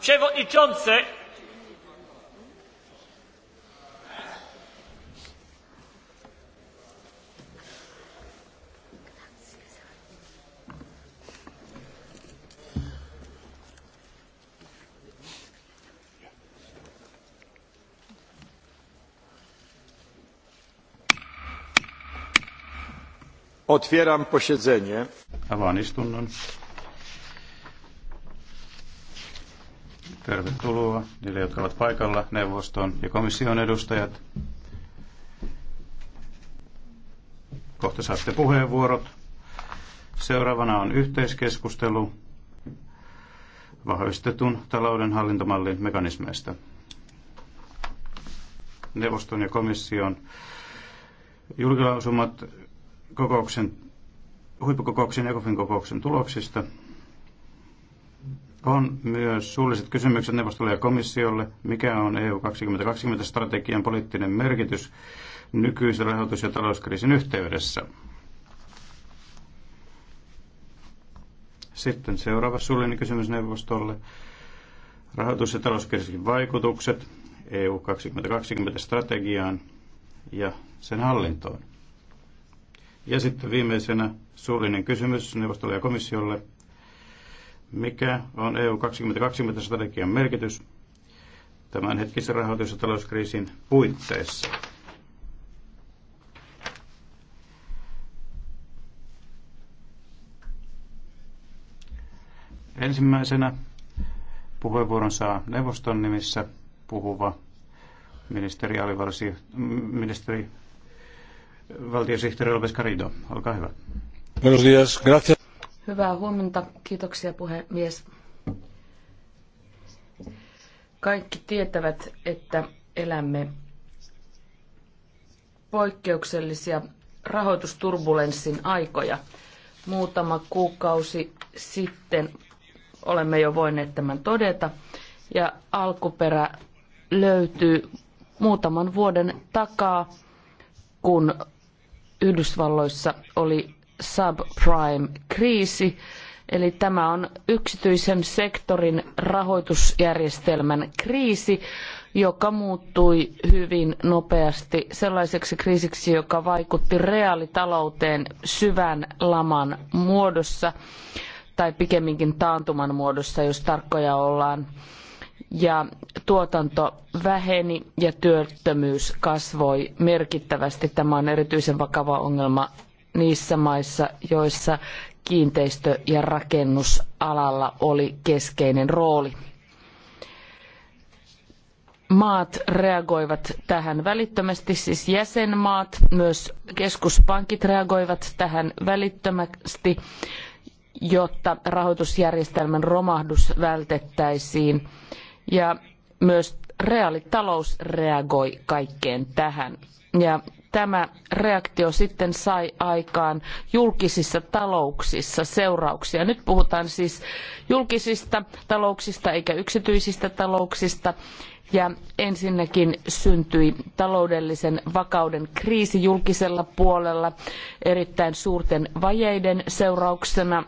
Przewodniczący! Otwieram posiedzenie. Avaan istunnon. Tervetuloa niille, jotka ovat paikalla, neuvoston ja komission edustajat. Kohta saatte puheenvuorot. Seuraavana on yhteiskeskustelu vahvistetun talouden hallintomallin mekanismeista. Neuvoston ja komission julkilausumat kokouksen, huippukokouksen ja kokouksen tuloksista on myös suulliset kysymykset neuvostolle ja komissiolle, mikä on EU 2020-strategian poliittinen merkitys nykyisen rahoitus- ja talouskriisin yhteydessä. Sitten seuraava suullinen kysymys neuvostolle. Rahoitus- ja talouskriisin vaikutukset EU 2020-strategiaan ja sen hallintoon. Ja sitten viimeisenä suullinen kysymys neuvostolle ja komissiolle mikä on EU 2020 strategian merkitys hetkisen rahoitus- ja talouskriisin puitteissa. Ensimmäisenä puheenvuoron saa neuvoston nimissä puhuva ministeri, Alivarsi, ministeri valtiosihteeri López Carido. Olkaa hyvä. Buenos días. Gracias. Hyvää huomenta. Kiitoksia puhemies. Kaikki tietävät, että elämme poikkeuksellisia rahoitusturbulenssin aikoja. Muutama kuukausi sitten olemme jo voineet tämän todeta ja alkuperä löytyy muutaman vuoden takaa, kun Yhdysvalloissa oli subprime-kriisi, eli tämä on yksityisen sektorin rahoitusjärjestelmän kriisi, joka muuttui hyvin nopeasti sellaiseksi kriisiksi, joka vaikutti reaalitalouteen syvän laman muodossa tai pikemminkin taantuman muodossa, jos tarkkoja ollaan. Ja tuotanto väheni ja työttömyys kasvoi merkittävästi. Tämä on erityisen vakava ongelma niissä maissa, joissa kiinteistö- ja rakennusalalla oli keskeinen rooli. Maat reagoivat tähän välittömästi, siis jäsenmaat, myös keskuspankit reagoivat tähän välittömästi, jotta rahoitusjärjestelmän romahdus vältettäisiin. Ja myös reaalitalous reagoi kaikkeen tähän. Ja tämä reaktio sitten sai aikaan julkisissa talouksissa seurauksia. Nyt puhutaan siis julkisista talouksista eikä yksityisistä talouksista. Ja ensinnäkin syntyi taloudellisen vakauden kriisi julkisella puolella erittäin suurten vajeiden seurauksena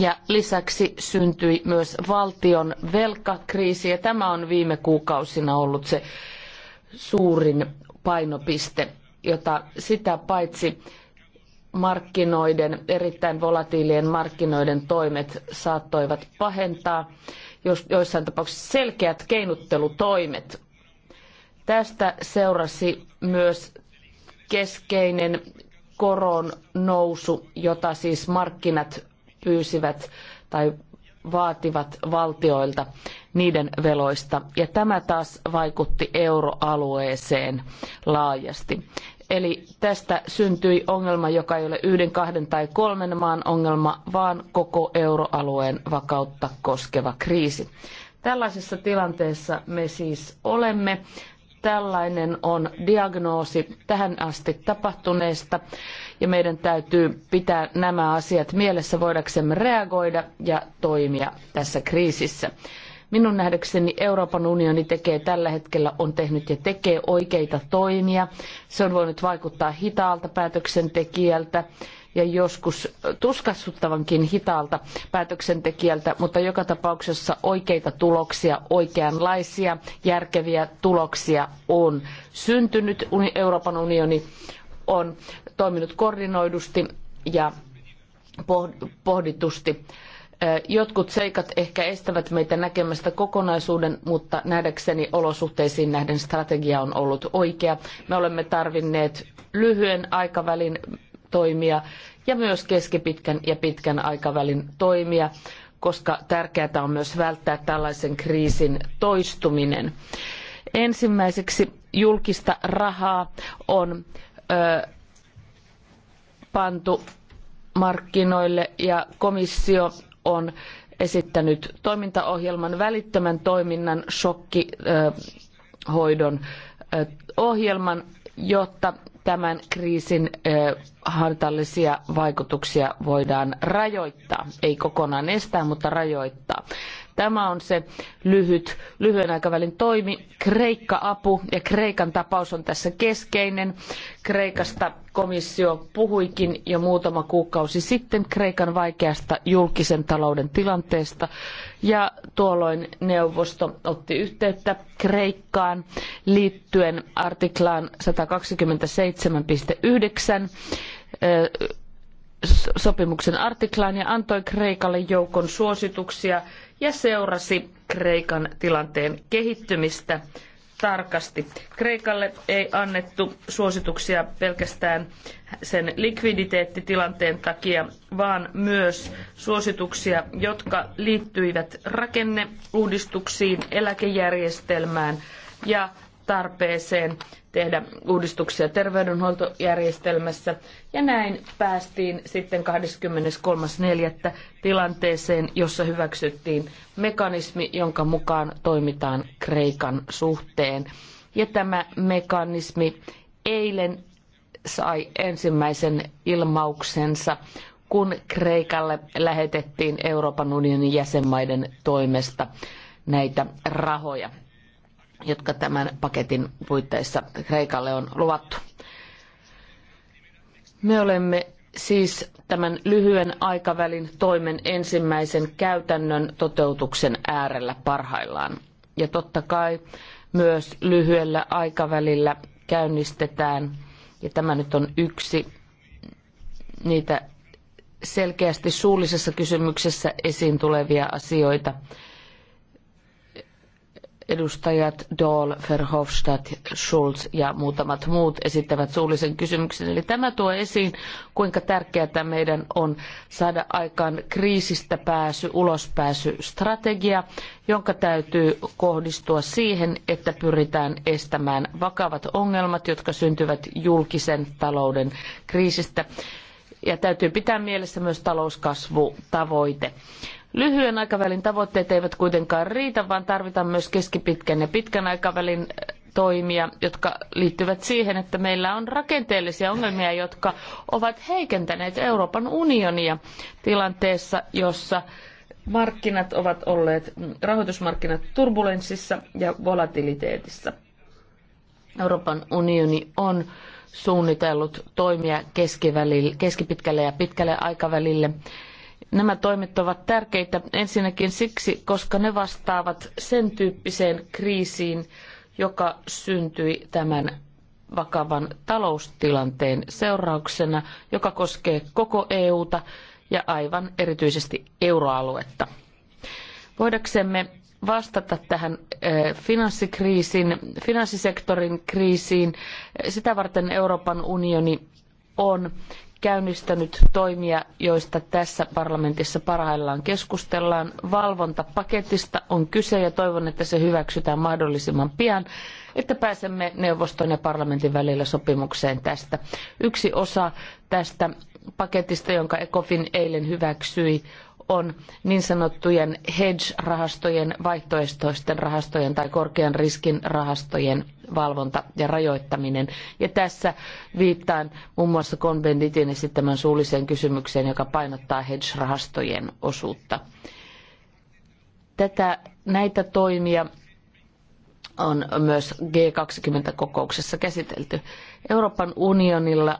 ja lisäksi syntyi myös valtion velkakriisi ja tämä on viime kuukausina ollut se suurin painopiste jota sitä paitsi markkinoiden, erittäin volatiilien markkinoiden toimet saattoivat pahentaa, jos, joissain tapauksissa selkeät keinuttelutoimet. Tästä seurasi myös keskeinen koron nousu, jota siis markkinat pyysivät tai vaativat valtioilta niiden veloista. Ja tämä taas vaikutti euroalueeseen laajasti. Eli tästä syntyi ongelma, joka ei ole yhden, kahden tai kolmen maan ongelma, vaan koko euroalueen vakautta koskeva kriisi. Tällaisessa tilanteessa me siis olemme. Tällainen on diagnoosi tähän asti tapahtuneesta ja meidän täytyy pitää nämä asiat mielessä voidaksemme reagoida ja toimia tässä kriisissä. Minun nähdäkseni Euroopan unioni tekee tällä hetkellä, on tehnyt ja tekee oikeita toimia. Se on voinut vaikuttaa hitaalta päätöksentekijältä ja joskus tuskassuttavankin hitaalta päätöksentekijältä, mutta joka tapauksessa oikeita tuloksia, oikeanlaisia, järkeviä tuloksia on syntynyt. Euroopan unioni on toiminut koordinoidusti ja pohditusti. Jotkut seikat ehkä estävät meitä näkemästä kokonaisuuden, mutta nähdäkseni olosuhteisiin nähden strategia on ollut oikea. Me olemme tarvinneet lyhyen aikavälin toimia ja myös keskipitkän ja pitkän aikavälin toimia, koska tärkeää on myös välttää tällaisen kriisin toistuminen. Ensimmäiseksi julkista rahaa on ö, pantu markkinoille ja komissio on esittänyt toimintaohjelman välittömän toiminnan shokkihoidon ohjelman, jotta tämän kriisin haitallisia vaikutuksia voidaan rajoittaa, ei kokonaan estää, mutta rajoittaa. Tämä on se lyhyt, lyhyen aikavälin toimi. Kreikka-apu ja Kreikan tapaus on tässä keskeinen. Kreikasta komissio puhuikin jo muutama kuukausi sitten Kreikan vaikeasta julkisen talouden tilanteesta ja tuolloin neuvosto otti yhteyttä Kreikkaan liittyen artiklaan 127.9 sopimuksen artiklaan ja antoi Kreikalle joukon suosituksia ja seurasi Kreikan tilanteen kehittymistä tarkasti. Kreikalle ei annettu suosituksia pelkästään sen likviditeettitilanteen takia, vaan myös suosituksia, jotka liittyivät rakenneuudistuksiin, eläkejärjestelmään ja tarpeeseen tehdä uudistuksia terveydenhuoltojärjestelmässä. Ja näin päästiin sitten 23.4. tilanteeseen, jossa hyväksyttiin mekanismi, jonka mukaan toimitaan Kreikan suhteen. Ja tämä mekanismi eilen sai ensimmäisen ilmauksensa, kun Kreikalle lähetettiin Euroopan unionin jäsenmaiden toimesta näitä rahoja jotka tämän paketin puitteissa Kreikalle on luvattu. Me olemme siis tämän lyhyen aikavälin toimen ensimmäisen käytännön toteutuksen äärellä parhaillaan. Ja totta kai myös lyhyellä aikavälillä käynnistetään, ja tämä nyt on yksi niitä selkeästi suullisessa kysymyksessä esiin tulevia asioita, edustajat Dahl, Verhofstadt, Schulz ja muutamat muut esittävät suullisen kysymyksen. Eli tämä tuo esiin, kuinka tärkeää meidän on saada aikaan kriisistä pääsy, ulospääsy strategia, jonka täytyy kohdistua siihen, että pyritään estämään vakavat ongelmat, jotka syntyvät julkisen talouden kriisistä. Ja täytyy pitää mielessä myös talouskasvutavoite. Lyhyen aikavälin tavoitteet eivät kuitenkaan riitä, vaan tarvitaan myös keskipitkän ja pitkän aikavälin äh, toimia, jotka liittyvät siihen, että meillä on rakenteellisia ongelmia, jotka ovat heikentäneet Euroopan unionia tilanteessa, jossa markkinat ovat olleet, mm, rahoitusmarkkinat turbulenssissa ja volatiliteetissa. Euroopan unioni on suunnitellut toimia keskipitkälle ja pitkälle aikavälille Nämä toimet ovat tärkeitä ensinnäkin siksi, koska ne vastaavat sen tyyppiseen kriisiin, joka syntyi tämän vakavan taloustilanteen seurauksena, joka koskee koko EUta ja aivan erityisesti euroaluetta. Voidaksemme vastata tähän eh, finanssikriisin, finanssisektorin kriisiin, sitä varten Euroopan unioni on käynnistänyt toimia, joista tässä parlamentissa parhaillaan keskustellaan. Valvontapaketista on kyse ja toivon, että se hyväksytään mahdollisimman pian, että pääsemme neuvoston ja parlamentin välillä sopimukseen tästä. Yksi osa tästä paketista, jonka ECOFIN eilen hyväksyi, on niin sanottujen hedge-rahastojen, vaihtoehtoisten rahastojen tai korkean riskin rahastojen valvonta ja rajoittaminen. Ja tässä viittaan muun muassa Konbenditin esittämään suulliseen kysymykseen, joka painottaa hedge-rahastojen osuutta. Tätä, näitä toimia on myös G20-kokouksessa käsitelty. Euroopan unionilla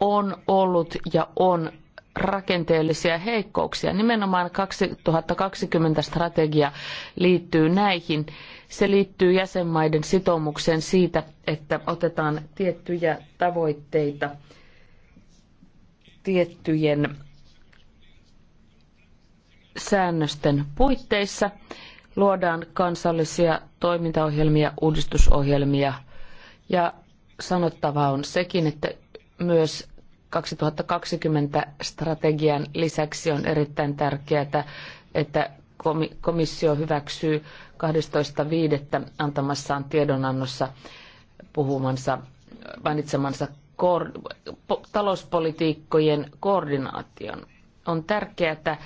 on ollut ja on rakenteellisia heikkouksia. Nimenomaan 2020 strategia liittyy näihin. Se liittyy jäsenmaiden sitoumukseen siitä, että otetaan tiettyjä tavoitteita tiettyjen säännösten puitteissa. Luodaan kansallisia toimintaohjelmia, uudistusohjelmia ja sanottavaa on sekin, että myös 2020 strategian lisäksi on erittäin tärkeää, että komissio hyväksyy 12.5. antamassaan tiedonannossa puhumansa, mainitsemansa talouspolitiikkojen koordinaation. On tärkeää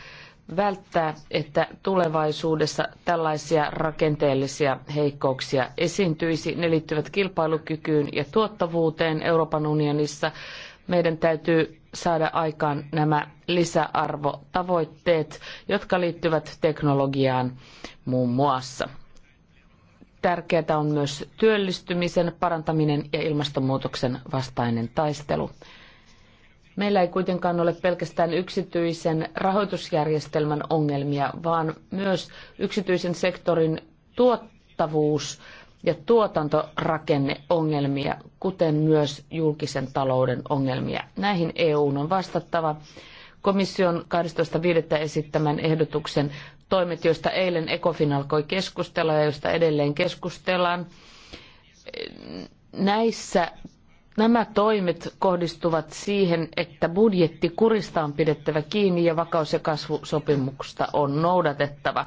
välttää, että tulevaisuudessa tällaisia rakenteellisia heikkouksia esiintyisi. Ne liittyvät kilpailukykyyn ja tuottavuuteen Euroopan unionissa meidän täytyy saada aikaan nämä lisäarvotavoitteet, jotka liittyvät teknologiaan muun muassa. Tärkeää on myös työllistymisen parantaminen ja ilmastonmuutoksen vastainen taistelu. Meillä ei kuitenkaan ole pelkästään yksityisen rahoitusjärjestelmän ongelmia, vaan myös yksityisen sektorin tuottavuus ja tuotantorakenneongelmia, kuten myös julkisen talouden ongelmia. Näihin EUn on vastattava. Komission 12.5. esittämän ehdotuksen toimet, joista eilen ECOFIN alkoi keskustella ja joista edelleen keskustellaan. Näissä Nämä toimet kohdistuvat siihen, että kurista on pidettävä kiinni ja vakaus- ja kasvusopimuksesta on noudatettava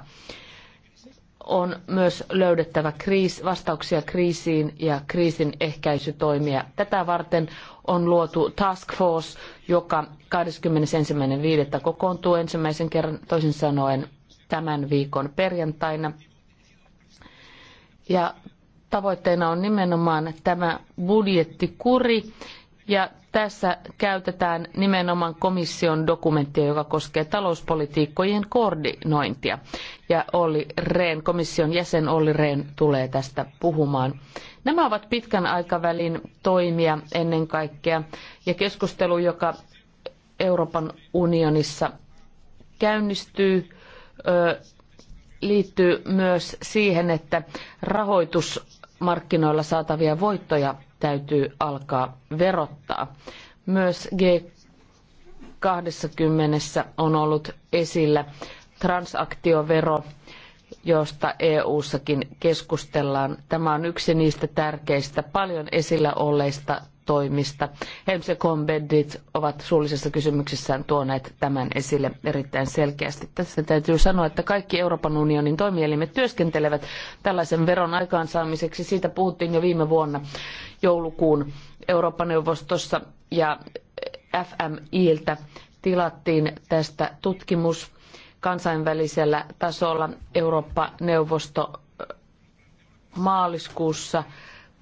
on myös löydettävä kriis, vastauksia kriisiin ja kriisin ehkäisytoimia. Tätä varten on luotu task force, joka 21.5. kokoontuu ensimmäisen kerran, toisin sanoen tämän viikon perjantaina. Ja tavoitteena on nimenomaan tämä budjettikuri ja tässä käytetään nimenomaan komission dokumenttia, joka koskee talouspolitiikkojen koordinointia. Ja Olli Rehn, komission jäsen Olli Rehn tulee tästä puhumaan. Nämä ovat pitkän aikavälin toimia ennen kaikkea. Ja keskustelu, joka Euroopan unionissa käynnistyy, liittyy myös siihen, että rahoitusmarkkinoilla saatavia voittoja täytyy alkaa verottaa. Myös G20 on ollut esillä transaktiovero, josta EU-sakin keskustellaan. Tämä on yksi niistä tärkeistä, paljon esillä olleista toimista. Helms ja ovat suullisessa kysymyksessään tuoneet tämän esille erittäin selkeästi. Tässä täytyy sanoa, että kaikki Euroopan unionin toimielimet työskentelevät tällaisen veron aikaansaamiseksi. Siitä puhuttiin jo viime vuonna joulukuun Euroopan neuvostossa ja FMIltä tilattiin tästä tutkimus kansainvälisellä tasolla Eurooppa-neuvosto äh, maaliskuussa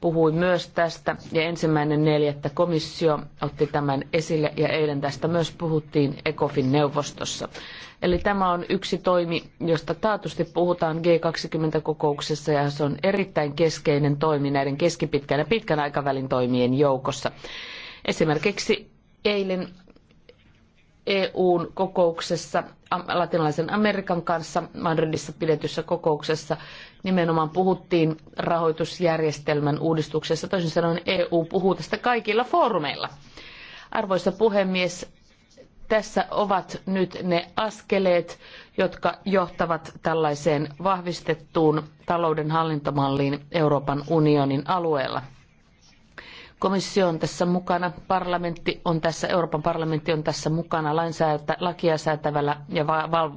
puhui myös tästä ja ensimmäinen neljättä komissio otti tämän esille ja eilen tästä myös puhuttiin ECOFIN neuvostossa. Eli tämä on yksi toimi, josta taatusti puhutaan G20-kokouksessa ja se on erittäin keskeinen toimi näiden keskipitkän ja pitkän aikavälin toimien joukossa. Esimerkiksi eilen EUn kokouksessa, latinalaisen Amerikan kanssa Madridissa pidetyssä kokouksessa nimenomaan puhuttiin rahoitusjärjestelmän uudistuksessa. Toisin sanoen EU puhuu tästä kaikilla foorumeilla. Arvoisa puhemies, tässä ovat nyt ne askeleet, jotka johtavat tällaiseen vahvistettuun talouden hallintomalliin Euroopan unionin alueella. Komissio on tässä mukana, parlamentti on tässä, Euroopan parlamentti on tässä mukana lainsäätä, lakia säätävällä ja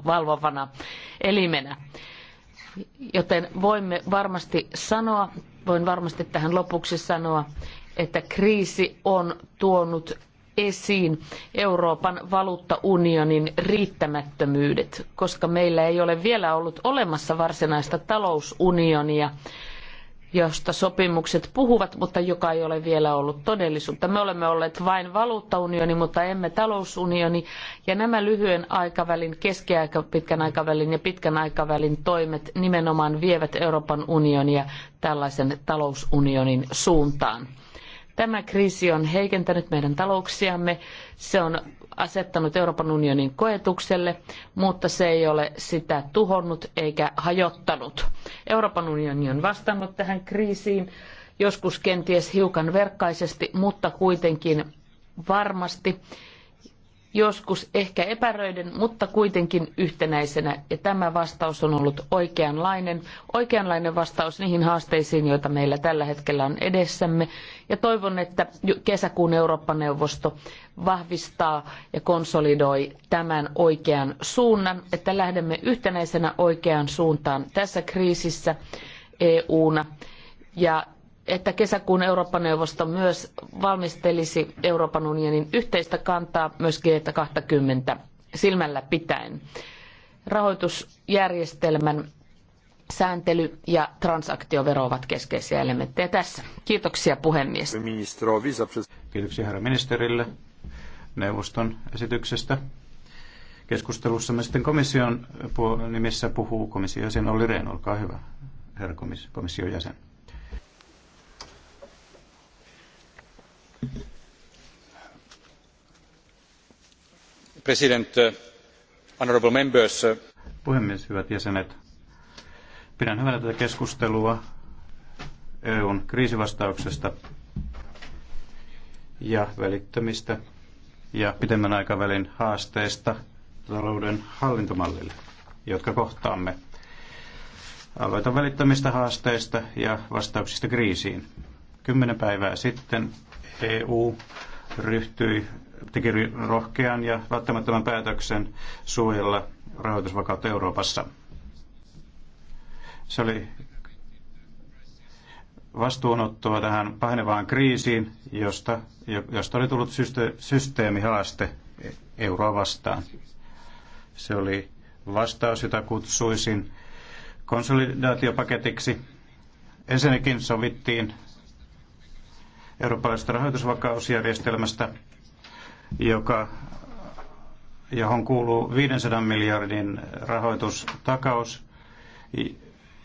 valvovana elimenä. Joten voimme varmasti sanoa, voin varmasti tähän lopuksi sanoa, että kriisi on tuonut esiin Euroopan valuuttaunionin riittämättömyydet, koska meillä ei ole vielä ollut olemassa varsinaista talousunionia josta sopimukset puhuvat, mutta joka ei ole vielä ollut todellisuutta. Me olemme olleet vain valuuttaunioni, mutta emme talousunioni. Ja nämä lyhyen aikavälin, keskiaika, pitkän aikavälin ja pitkän aikavälin toimet nimenomaan vievät Euroopan unionia tällaisen talousunionin suuntaan. Tämä kriisi on heikentänyt meidän talouksiamme, se on asettanut Euroopan unionin koetukselle, mutta se ei ole sitä tuhonnut eikä hajottanut. Euroopan unioni on vastannut tähän kriisiin, joskus kenties hiukan verkkaisesti, mutta kuitenkin varmasti joskus ehkä epäröiden, mutta kuitenkin yhtenäisenä. Ja tämä vastaus on ollut oikeanlainen, oikeanlainen vastaus niihin haasteisiin, joita meillä tällä hetkellä on edessämme. Ja toivon, että kesäkuun Eurooppa-neuvosto vahvistaa ja konsolidoi tämän oikean suunnan, että lähdemme yhtenäisenä oikeaan suuntaan tässä kriisissä EU: EUna ja että kesäkuun Eurooppa-neuvosto myös valmistelisi Euroopan unionin yhteistä kantaa myös G20 silmällä pitäen rahoitusjärjestelmän sääntely ja transaktiovero ovat keskeisiä elementtejä tässä. Kiitoksia puhemies. Kiitoksia herra ministerille neuvoston esityksestä. Keskustelussa me sitten komission nimissä puhuu komission jäsen Olli Rehn. Olkaa hyvä, herra komission jäsen. arvoisa uh, Puhemies, hyvät jäsenet. Pidän hyvänä tätä keskustelua EUn kriisivastauksesta ja välittömistä ja pitemmän aikavälin haasteista talouden hallintomallille, jotka kohtaamme. Aloitan välittömistä haasteista ja vastauksista kriisiin. Kymmenen päivää sitten EU ryhtyi, teki rohkean ja välttämättömän päätöksen suojella rahoitusvakautta Euroopassa. Se oli vastuunottoa tähän pahenevaan kriisiin, josta, josta oli tullut syste, systeemihaaste euroa vastaan. Se oli vastaus, jota kutsuisin konsolidaatiopaketiksi. Ensinnäkin sovittiin eurooppalaisesta rahoitusvakausjärjestelmästä, joka, johon kuuluu 500 miljardin rahoitustakaus,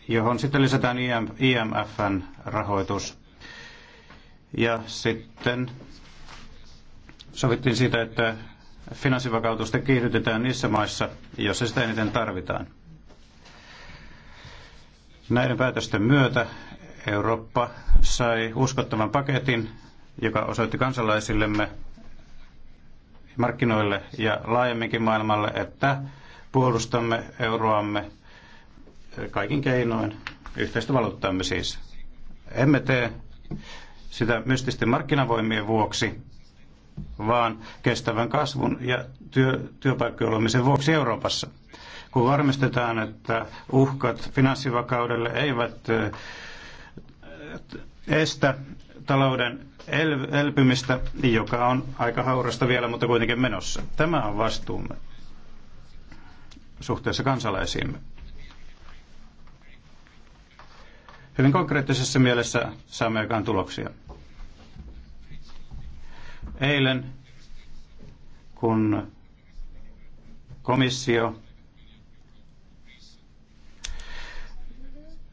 johon sitten lisätään IMFn rahoitus. Ja sitten sovittiin siitä, että finanssivakautusta kiihdytetään niissä maissa, joissa sitä eniten tarvitaan. Näiden päätösten myötä Eurooppa sai uskottavan paketin, joka osoitti kansalaisillemme, markkinoille ja laajemminkin maailmalle, että puolustamme euroamme kaikin keinoin, yhteistä valuuttaamme siis. Emme tee sitä mystisten markkinavoimien vuoksi, vaan kestävän kasvun ja työ, työpaikkojen luomisen vuoksi Euroopassa. Kun varmistetaan, että uhkat finanssivakaudelle eivät estä talouden elpymistä, joka on aika haurasta vielä, mutta kuitenkin menossa. Tämä on vastuumme suhteessa kansalaisiimme. Hyvin konkreettisessa mielessä saamme aikaan tuloksia. Eilen, kun komissio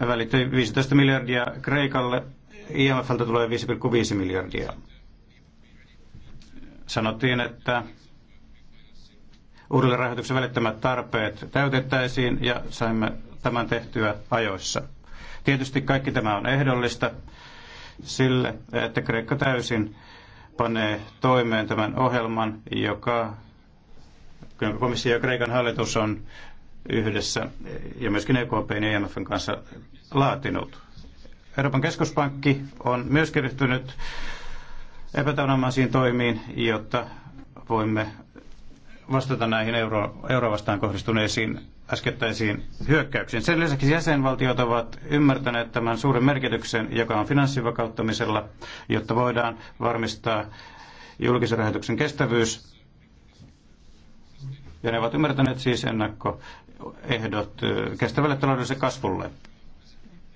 välitti 15 miljardia Kreikalle, IMFltä tulee 5,5 miljardia. Sanottiin, että uudelle rahoituksen välittämät tarpeet täytettäisiin ja saimme tämän tehtyä ajoissa. Tietysti kaikki tämä on ehdollista sille, että Kreikka täysin panee toimeen tämän ohjelman, joka komissio ja Kreikan hallitus on yhdessä ja myöskin EKP ja IMFn kanssa laatinut. Euroopan keskuspankki on myös ryhtynyt epätavanomaisiin toimiin, jotta voimme vastata näihin euro, euro vastaan kohdistuneisiin äskettäisiin hyökkäyksiin. Sen lisäksi jäsenvaltiot ovat ymmärtäneet tämän suuren merkityksen, joka on finanssivakauttamisella, jotta voidaan varmistaa julkisen rahoituksen kestävyys. Ja ne ovat ymmärtäneet siis ennakkoehdot eh, kestävälle taloudelliselle kasvulle.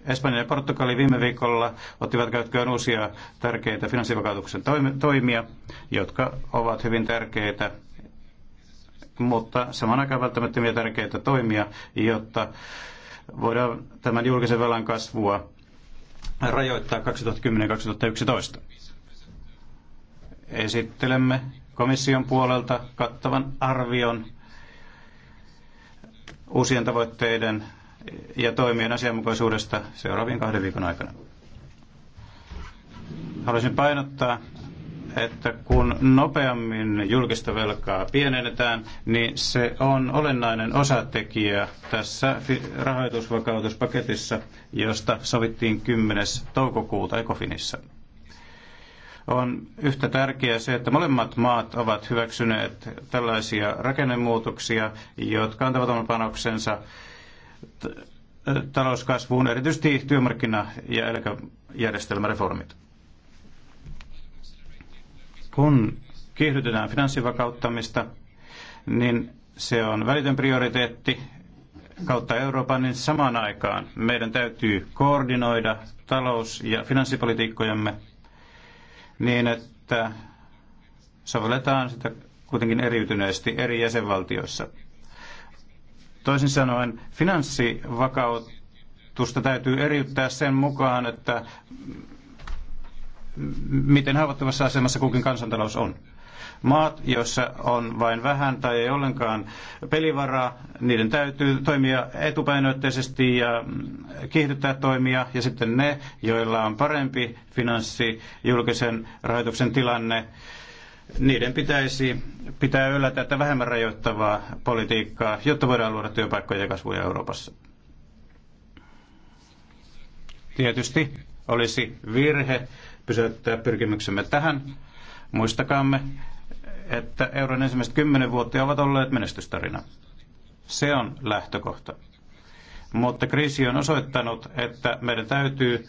Espanja ja Portugali viime viikolla ottivat käyttöön uusia tärkeitä finanssivakautuksen toimia, jotka ovat hyvin tärkeitä, mutta saman aikaan välttämättömiä tärkeitä toimia, jotta voidaan tämän julkisen velan kasvua rajoittaa 2010-2011. Esittelemme komission puolelta kattavan arvion uusien tavoitteiden ja toimien asianmukaisuudesta seuraavien kahden viikon aikana. Haluaisin painottaa, että kun nopeammin julkista velkaa pienennetään, niin se on olennainen osatekijä tässä rahoitusvakautuspaketissa, josta sovittiin 10. toukokuuta Ekofinissa. On yhtä tärkeää se, että molemmat maat ovat hyväksyneet tällaisia rakennemuutoksia, jotka antavat oman panoksensa talouskasvuun, erityisesti työmarkkina- ja eläkejärjestelmäreformit. Kun kiihdytetään finanssivakauttamista, niin se on välitön prioriteetti kautta Euroopan, niin samaan aikaan meidän täytyy koordinoida talous- ja finanssipolitiikkojamme niin, että sovelletaan sitä kuitenkin eriytyneesti eri jäsenvaltioissa. Toisin sanoen finanssivakautusta täytyy eriyttää sen mukaan, että miten haavoittuvassa asemassa kukin kansantalous on. Maat, joissa on vain vähän tai ei ollenkaan pelivaraa, niiden täytyy toimia etupainoitteisesti ja kiihdyttää toimia. Ja sitten ne, joilla on parempi finanssi, julkisen rahoituksen tilanne, niiden pitäisi pitää yllä tätä vähemmän rajoittavaa politiikkaa, jotta voidaan luoda työpaikkoja ja kasvuja Euroopassa. Tietysti olisi virhe pysäyttää pyrkimyksemme tähän. Muistakaamme, että euron ensimmäiset kymmenen vuotta ovat olleet menestystarina. Se on lähtökohta. Mutta kriisi on osoittanut, että meidän täytyy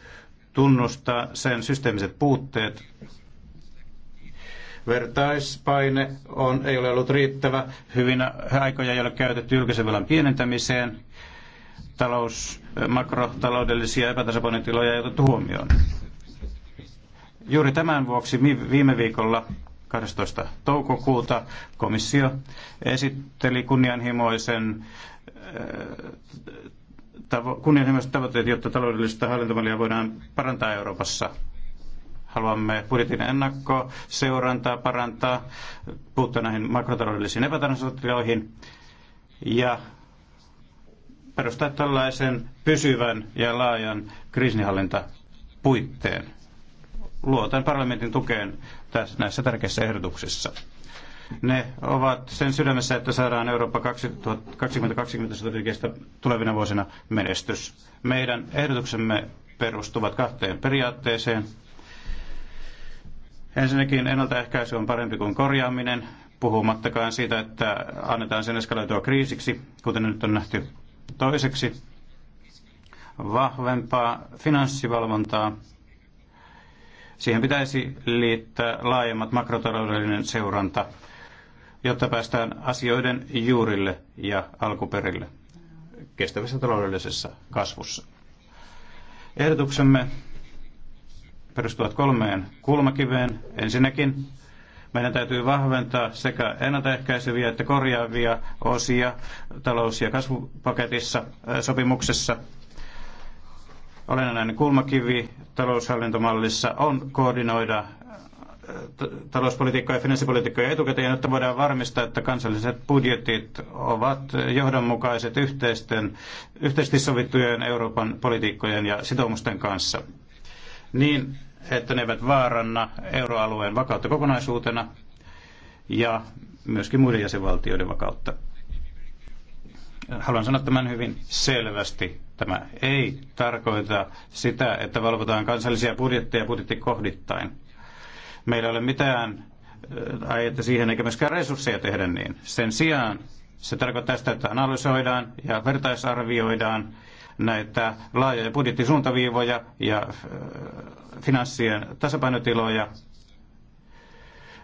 tunnustaa sen systeemiset puutteet Vertaispaine on, ei ole ollut riittävä. Hyvinä aikoja ei ole käytetty julkisen velan pienentämiseen. Talous, eh, makrotaloudellisia epätasapainotiloja ei otettu huomioon. Juuri tämän vuoksi viime viikolla 12. toukokuuta komissio esitteli kunnianhimoisen eh, kunnianhimoiset tavoitteet, jotta taloudellista hallintomallia voidaan parantaa Euroopassa. Haluamme budjetin ennakkoseurantaa parantaa, puuttua näihin makrotaloudellisiin epätasapainoihin ja perustaa tällaisen pysyvän ja laajan kriisinhallintapuitteen. Luotan parlamentin tukeen tässä, näissä tärkeissä ehdotuksissa. Ne ovat sen sydämessä, että saadaan Eurooppa 2020 strategiasta tulevina vuosina menestys. Meidän ehdotuksemme perustuvat kahteen periaatteeseen. Ensinnäkin ennaltaehkäisy on parempi kuin korjaaminen, puhumattakaan siitä, että annetaan sen eskaloitua kriisiksi, kuten nyt on nähty toiseksi. Vahvempaa finanssivalvontaa. Siihen pitäisi liittää laajemmat makrotaloudellinen seuranta, jotta päästään asioiden juurille ja alkuperille kestävässä taloudellisessa kasvussa. Ehdotuksemme perustuvat kolmeen kulmakiveen. Ensinnäkin meidän täytyy vahventaa sekä ennaltaehkäiseviä että korjaavia osia talous- ja kasvupaketissa sopimuksessa. Olennainen kulmakivi taloushallintomallissa on koordinoida talouspolitiikkaa ja finanssipolitiikkaa etukäteen, jotta voidaan varmistaa, että kansalliset budjetit ovat johdonmukaiset yhteisten, yhteisesti sovittujen Euroopan politiikkojen ja sitoumusten kanssa. Niin että ne eivät vaaranna euroalueen vakautta kokonaisuutena ja myöskin muiden jäsenvaltioiden vakautta. Haluan sanoa tämän hyvin selvästi. Tämä ei tarkoita sitä, että valvotaan kansallisia budjetteja budjettikohdittain. Meillä ei ole mitään äh, aietta siihen, eikä myöskään resursseja tehdä niin. Sen sijaan se tarkoittaa sitä, että analysoidaan ja vertaisarvioidaan näitä laajoja budjettisuuntaviivoja ja äh, finanssien tasapainotiloja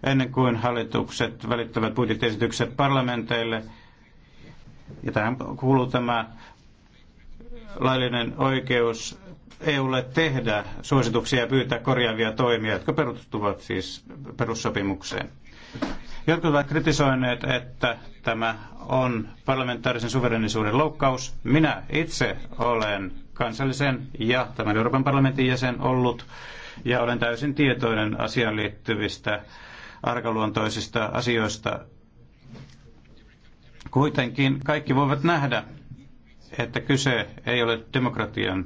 ennen kuin hallitukset välittävät budjettiesitykset parlamenteille. Ja tähän kuuluu tämä laillinen oikeus EUlle tehdä suosituksia ja pyytää korjaavia toimia, jotka perustuvat siis perussopimukseen. Jotkut ovat kritisoineet, että tämä on parlamentaarisen suverenisuuden loukkaus. Minä itse olen kansallisen ja tämän Euroopan parlamentin jäsen ollut ja olen täysin tietoinen asiaan liittyvistä arkaluontoisista asioista. Kuitenkin kaikki voivat nähdä, että kyse ei ole demokratian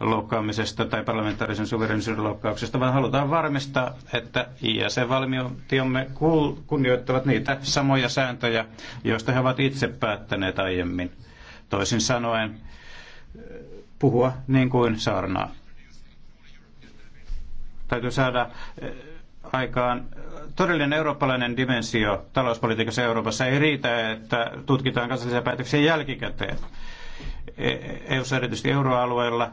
loukkaamisesta tai parlamentaarisen suverenisuuden loukkauksesta, vaan halutaan varmistaa, että jäsenvalmiotiomme kunnioittavat niitä samoja sääntöjä, joista he ovat itse päättäneet aiemmin. Toisin sanoen, puhua niin kuin saarnaa. Täytyy saada eh, aikaan eh, todellinen eurooppalainen dimensio talouspolitiikassa Euroopassa. Ei riitä, että tutkitaan kansallisia päätöksiä jälkikäteen. eu e erityisesti euroalueella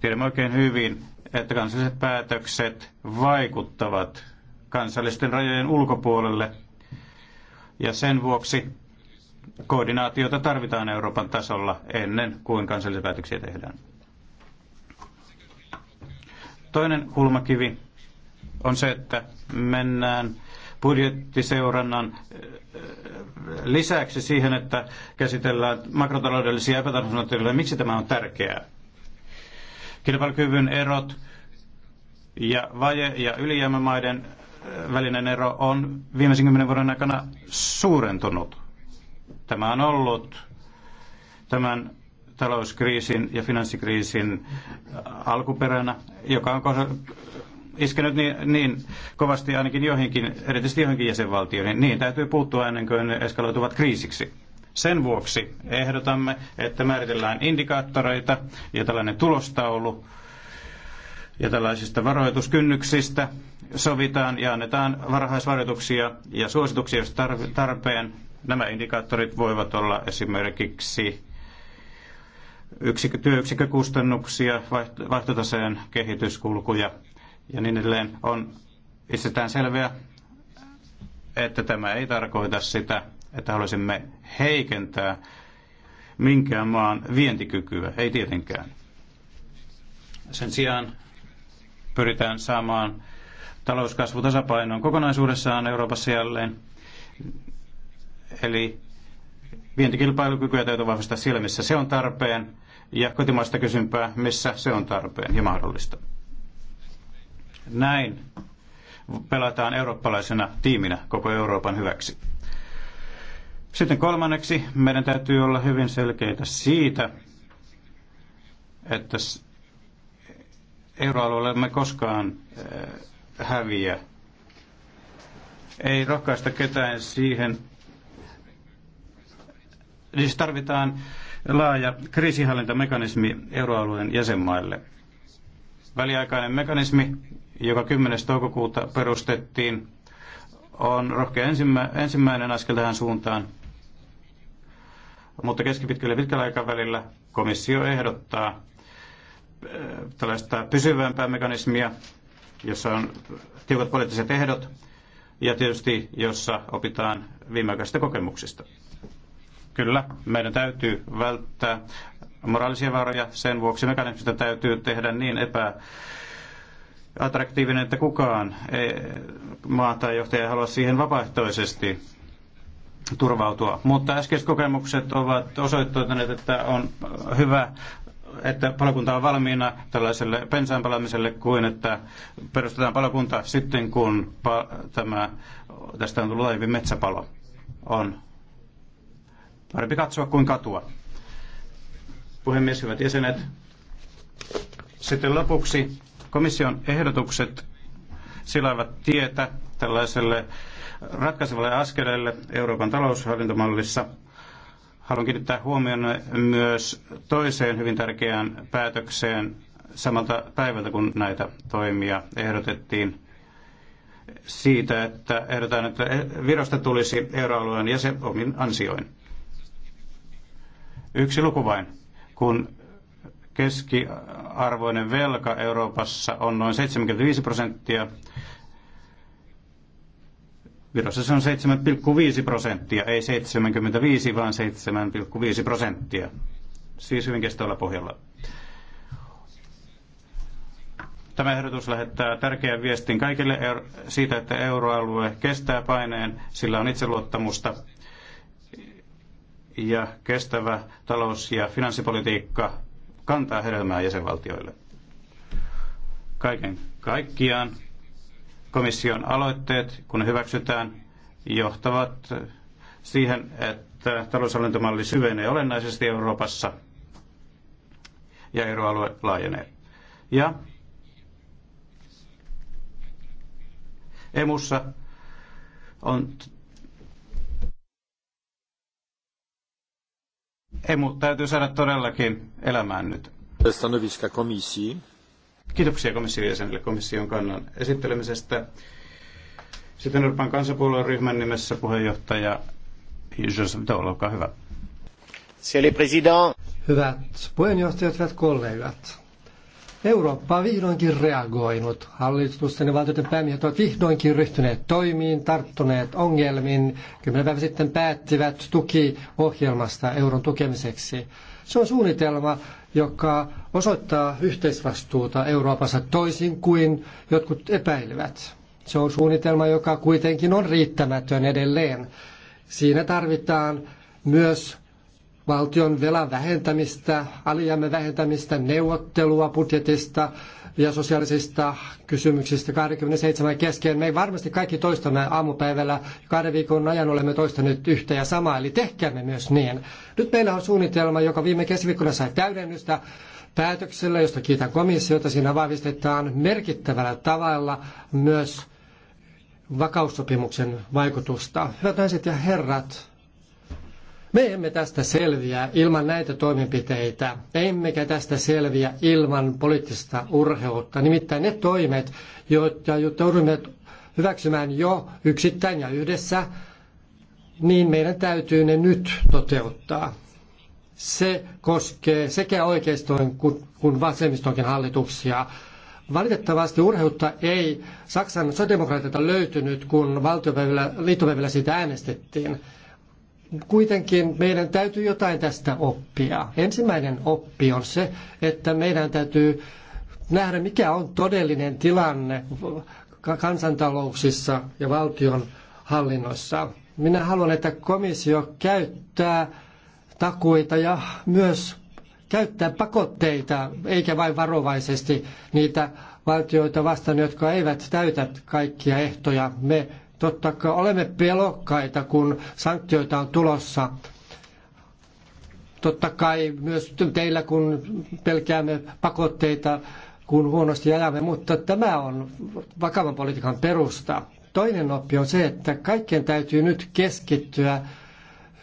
tiedämme oikein hyvin, että kansalliset päätökset vaikuttavat kansallisten rajojen ulkopuolelle. Ja sen vuoksi koordinaatiota tarvitaan Euroopan tasolla ennen kuin kansallisia päätöksiä tehdään. Toinen kulmakivi on se, että mennään budjettiseurannan äh, äh, lisäksi siihen, että käsitellään makrotaloudellisia epätasapainotiloja. Miksi tämä on tärkeää? Kilpailukyvyn erot ja vaje- ja ylijäämämaiden äh, välinen ero on viimeisen kymmenen vuoden aikana suurentunut. Tämä on ollut tämän talouskriisin ja finanssikriisin alkuperänä, joka on iskenyt niin, niin kovasti ainakin joihinkin, erityisesti joihinkin jäsenvaltioihin, niin täytyy puuttua ennen kuin ne eskaloituvat kriisiksi. Sen vuoksi ehdotamme, että määritellään indikaattoreita ja tällainen tulostaulu ja tällaisista varoituskynnyksistä sovitaan ja annetaan varhaisvaroituksia ja suosituksia, jos tarpeen, Nämä indikaattorit voivat olla esimerkiksi yksikö, työyksikkökustannuksia, vaihtotaseen kehityskulkuja ja niin edelleen. On itsestään selviä, että tämä ei tarkoita sitä, että haluaisimme heikentää minkään maan vientikykyä, ei tietenkään. Sen sijaan pyritään saamaan talouskasvu tasapainoon kokonaisuudessaan Euroopassa jälleen – Eli vientikilpailukykyä täytyy vahvistaa siellä, missä se on tarpeen, ja kotimaista kysympää, missä se on tarpeen ja mahdollista. Näin pelataan eurooppalaisena tiiminä koko Euroopan hyväksi. Sitten kolmanneksi meidän täytyy olla hyvin selkeitä siitä, että euroalueella emme koskaan äh, häviä. Ei rohkaista ketään siihen, siis tarvitaan laaja kriisinhallintamekanismi euroalueen jäsenmaille. Väliaikainen mekanismi, joka 10. toukokuuta perustettiin, on rohkea ensimmä, ensimmäinen askel tähän suuntaan. Mutta keskipitkällä ja pitkällä aikavälillä komissio ehdottaa äh, tällaista pysyvämpää mekanismia, jossa on tiukat poliittiset ehdot ja tietysti jossa opitaan viimeaikaisista kokemuksista. Kyllä, meidän täytyy välttää moraalisia varoja. Sen vuoksi mekanismista täytyy tehdä niin epä attraktiivinen, että kukaan ei, maa tai johtaja ei halua siihen vapaaehtoisesti turvautua. Mutta äskeiset kokemukset ovat osoittaneet, että on hyvä että palokunta on valmiina tällaiselle pensaan palaamiselle kuin että perustetaan palokunta sitten, kun pa- tämä, tästä on tullut laajempi metsäpalo. On Parempi katsoa kuin katua. Puhemies, hyvät jäsenet. Sitten lopuksi komission ehdotukset silaivat tietä tällaiselle ratkaisevalle askeleelle Euroopan taloushallintomallissa. Haluan kiinnittää huomioon myös toiseen hyvin tärkeään päätökseen samalta päivältä, kun näitä toimia ehdotettiin siitä, että ehdotetaan, että Virosta tulisi euroalueen jäsen omin ansioin. Yksi luku vain. Kun keskiarvoinen velka Euroopassa on noin 75 prosenttia, Virossa se on 7,5 prosenttia, ei 75, vaan 7,5 prosenttia. Siis hyvin kestävällä pohjalla. Tämä ehdotus lähettää tärkeän viestin kaikille siitä, että euroalue kestää paineen, sillä on itseluottamusta ja kestävä talous- ja finanssipolitiikka kantaa hedelmää jäsenvaltioille. Kaiken kaikkiaan komission aloitteet, kun ne hyväksytään, johtavat siihen, että taloushallintomalli syvenee olennaisesti Euroopassa ja euroalue laajenee. Ja Emussa on Emu täytyy saada todellakin elämään nyt. Stanoviska komissii. Kiitoksia komission jäsenille komission kannan esittelemisestä. Sitten Euroopan kansanpuolueen ryhmän nimessä puheenjohtaja Joseph Daul, olkaa hyvä. Hyvät puheenjohtajat, hyvät kollegat. Eurooppa on vihdoinkin reagoinut. Hallitusten ja valtioiden päämiehet ovat vihdoinkin ryhtyneet toimiin, tarttuneet ongelmiin. Kymmenen päivä sitten päättivät tukiohjelmasta euron tukemiseksi. Se on suunnitelma, joka osoittaa yhteisvastuuta Euroopassa toisin kuin jotkut epäilevät. Se on suunnitelma, joka kuitenkin on riittämätön edelleen. Siinä tarvitaan myös valtion velan vähentämistä, alijäämän vähentämistä, neuvottelua budjetista ja sosiaalisista kysymyksistä 27 kesken. Me varmasti kaikki toistamme aamupäivällä. Kahden viikon ajan olemme toistaneet yhtä ja samaa, eli tehkäämme myös niin. Nyt meillä on suunnitelma, joka viime keskiviikkona sai täydennystä päätöksellä, josta kiitän komissiota. Siinä vahvistetaan merkittävällä tavalla myös vakaussopimuksen vaikutusta. Hyvät naiset ja herrat, me emme tästä selviä ilman näitä toimenpiteitä, emmekä tästä selviä ilman poliittista urheutta. Nimittäin ne toimet, joita joudumme hyväksymään jo yksittäin ja yhdessä, niin meidän täytyy ne nyt toteuttaa. Se koskee sekä oikeistoin kuin vasemmistonkin hallituksia. Valitettavasti urheutta ei Saksan sodemokraatilta löytynyt, kun valtiopäivillä, liittopäivillä siitä äänestettiin. Kuitenkin meidän täytyy jotain tästä oppia. Ensimmäinen oppi on se, että meidän täytyy nähdä, mikä on todellinen tilanne kansantalouksissa ja valtion hallinnoissa. Minä haluan, että komissio käyttää takuita ja myös käyttää pakotteita, eikä vain varovaisesti niitä valtioita vastaan, jotka eivät täytä kaikkia ehtoja. Me Totta kai olemme pelokkaita, kun sanktioita on tulossa. Totta kai myös teillä, kun pelkäämme pakotteita, kun huonosti ajamme, mutta tämä on vakavan politiikan perusta. Toinen oppi on se, että kaikkien täytyy nyt keskittyä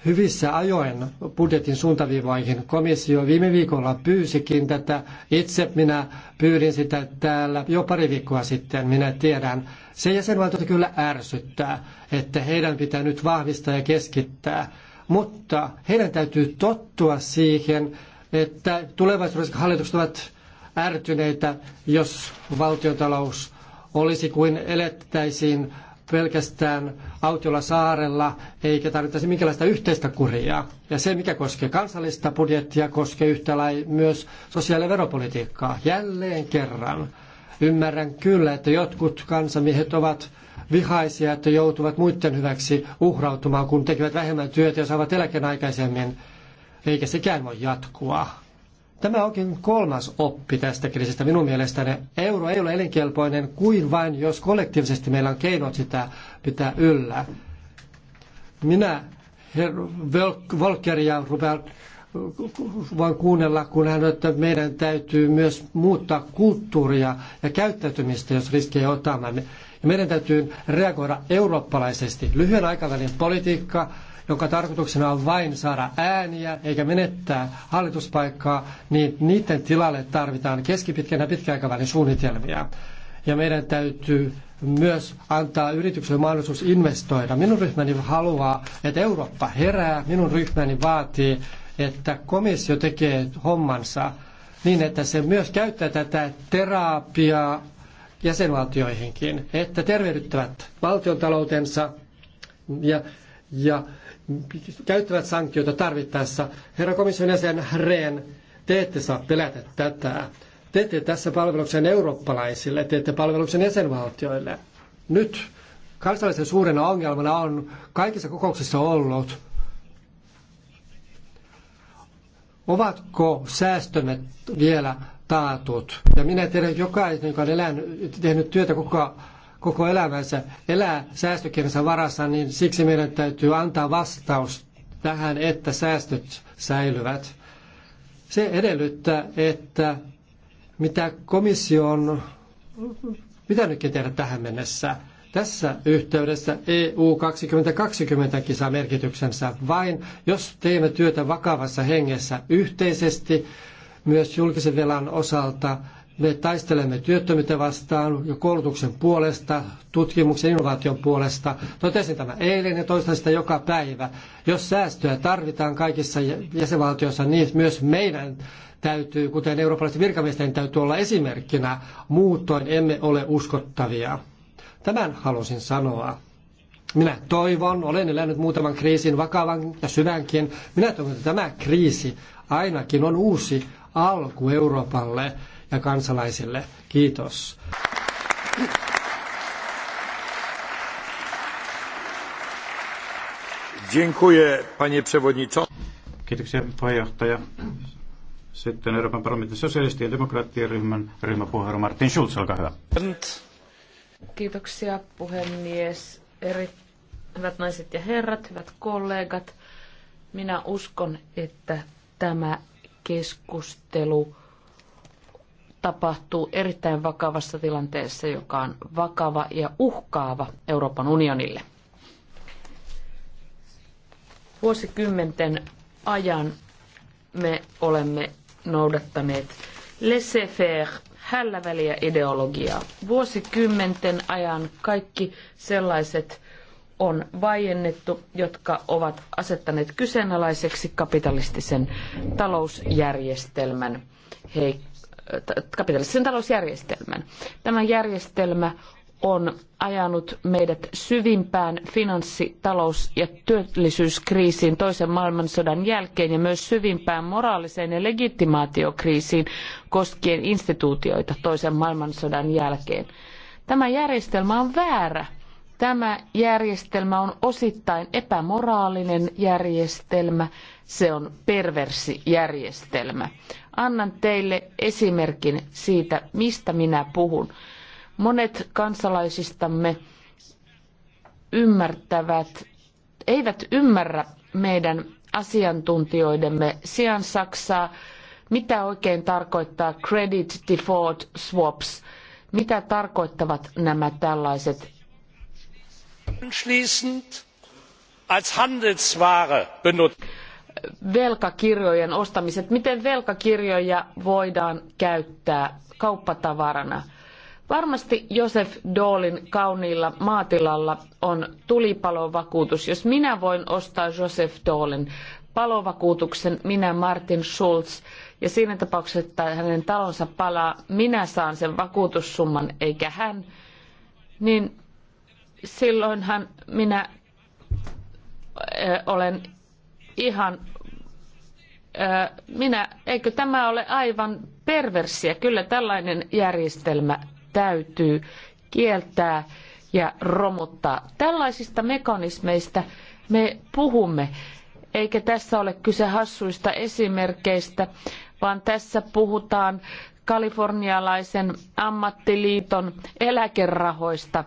hyvissä ajoin budjetin suuntaviivoihin. Komissio viime viikolla pyysikin tätä. Itse minä pyydin sitä täällä jo pari viikkoa sitten, minä tiedän. Se jäsenvaltiota kyllä ärsyttää, että heidän pitää nyt vahvistaa ja keskittää. Mutta heidän täytyy tottua siihen, että tulevaisuudessa hallitukset ovat ärtyneitä, jos valtiontalous olisi kuin elettäisiin pelkästään autiolla saarella, eikä tarvittaisi minkälaista yhteistä kuria. Ja se, mikä koskee kansallista budjettia, koskee yhtä lailla myös sosiaali- ja veropolitiikkaa. Jälleen kerran. Ymmärrän kyllä, että jotkut kansamiehet ovat vihaisia, että joutuvat muiden hyväksi uhrautumaan, kun tekevät vähemmän työtä ja saavat eläken aikaisemmin. Eikä sekään voi jatkua. Tämä onkin kolmas oppi tästä kriisistä minun mielestäni. Euro ei ole elinkelpoinen kuin vain, jos kollektiivisesti meillä on keinot sitä pitää yllä. Minä Volkeria rupean vaan kuunnella, kun hän on että meidän täytyy myös muuttaa kulttuuria ja käyttäytymistä, jos riskejä otamme. Ja meidän täytyy reagoida eurooppalaisesti. Lyhyen aikavälin politiikka jonka tarkoituksena on vain saada ääniä eikä menettää hallituspaikkaa, niin niiden tilalle tarvitaan keskipitkän ja pitkäaikavälin suunnitelmia. Ja meidän täytyy myös antaa yritykselle mahdollisuus investoida. Minun ryhmäni haluaa, että Eurooppa herää. Minun ryhmäni vaatii, että komissio tekee hommansa niin, että se myös käyttää tätä terapiaa jäsenvaltioihinkin, että tervehdyttävät valtiontaloutensa ja, ja käyttävät sanktioita tarvittaessa. Herra komission jäsen Rehn, te ette saa pelätä tätä. Teette tässä palveluksen eurooppalaisille, ette palveluksen jäsenvaltioille. Nyt kansallisen suurena ongelmana on kaikissa kokouksissa ollut, ovatko säästömme vielä taatut. Ja minä tiedän jokainen, joka on elänyt, tehnyt työtä koko koko elämänsä elää säästökirjansa varassa, niin siksi meidän täytyy antaa vastaus tähän, että säästöt säilyvät. Se edellyttää, että mitä komissio on pitänytkin tehdä tähän mennessä. Tässä yhteydessä EU 2020 saa merkityksensä vain, jos teemme työtä vakavassa hengessä yhteisesti, myös julkisen velan osalta – me taistelemme työttömyyttä vastaan ja koulutuksen puolesta, tutkimuksen ja innovaation puolesta. Totesin tämä eilen ja toistan sitä joka päivä. Jos säästöä tarvitaan kaikissa jäsenvaltioissa, niin myös meidän täytyy, kuten eurooppalaisten virkamiesten täytyy olla esimerkkinä. Muutoin emme ole uskottavia. Tämän halusin sanoa. Minä toivon, olen elänyt muutaman kriisin, vakavan ja syvänkin. Minä toivon, että tämä kriisi ainakin on uusi alku Euroopalle ja kansalaisille. Kiitos. Dziękuję, panie przewodniczący. Kiitoksia, puheenjohtaja. Sitten Euroopan parlamentin sosialistien ja demokraattien ryhmän ryhmäpuheenjohtaja Martin Schulz, olkaa hyvä. Kiitoksia puhemies. Eri, hyvät naiset ja herrat, hyvät kollegat. Minä uskon, että tämä keskustelu tapahtuu erittäin vakavassa tilanteessa, joka on vakava ja uhkaava Euroopan unionille. Vuosikymmenten ajan me olemme noudattaneet laissez-faire hälläväliä ideologiaa. Vuosikymmenten ajan kaikki sellaiset on vaiennettu, jotka ovat asettaneet kyseenalaiseksi kapitalistisen talousjärjestelmän heikkoa kapitalistisen talousjärjestelmän. Tämä järjestelmä on ajanut meidät syvimpään finanssi-, talous- ja työllisyyskriisiin toisen maailmansodan jälkeen ja myös syvimpään moraaliseen ja legitimaatiokriisiin koskien instituutioita toisen maailmansodan jälkeen. Tämä järjestelmä on väärä Tämä järjestelmä on osittain epämoraalinen järjestelmä, se on perversi järjestelmä. Annan teille esimerkin siitä, mistä minä puhun. Monet kansalaisistamme ymmärtävät, eivät ymmärrä meidän asiantuntijoidemme sijaan Saksaa, mitä oikein tarkoittaa credit default swaps, mitä tarkoittavat nämä tällaiset anschließend als handelsware Velkakirjojen ostamiset. Miten velkakirjoja voidaan käyttää kauppatavarana? Varmasti Josef Doolin kauniilla maatilalla on tulipalovakuutus. Jos minä voin ostaa Josef Doolin palovakuutuksen, minä Martin Schulz, ja siinä tapauksessa, että hänen talonsa palaa, minä saan sen vakuutussumman eikä hän, niin silloinhan minä olen ihan minä, eikö tämä ole aivan perversiä? Kyllä tällainen järjestelmä täytyy kieltää ja romuttaa. Tällaisista mekanismeista me puhumme, eikä tässä ole kyse hassuista esimerkkeistä, vaan tässä puhutaan kalifornialaisen ammattiliiton eläkerahoista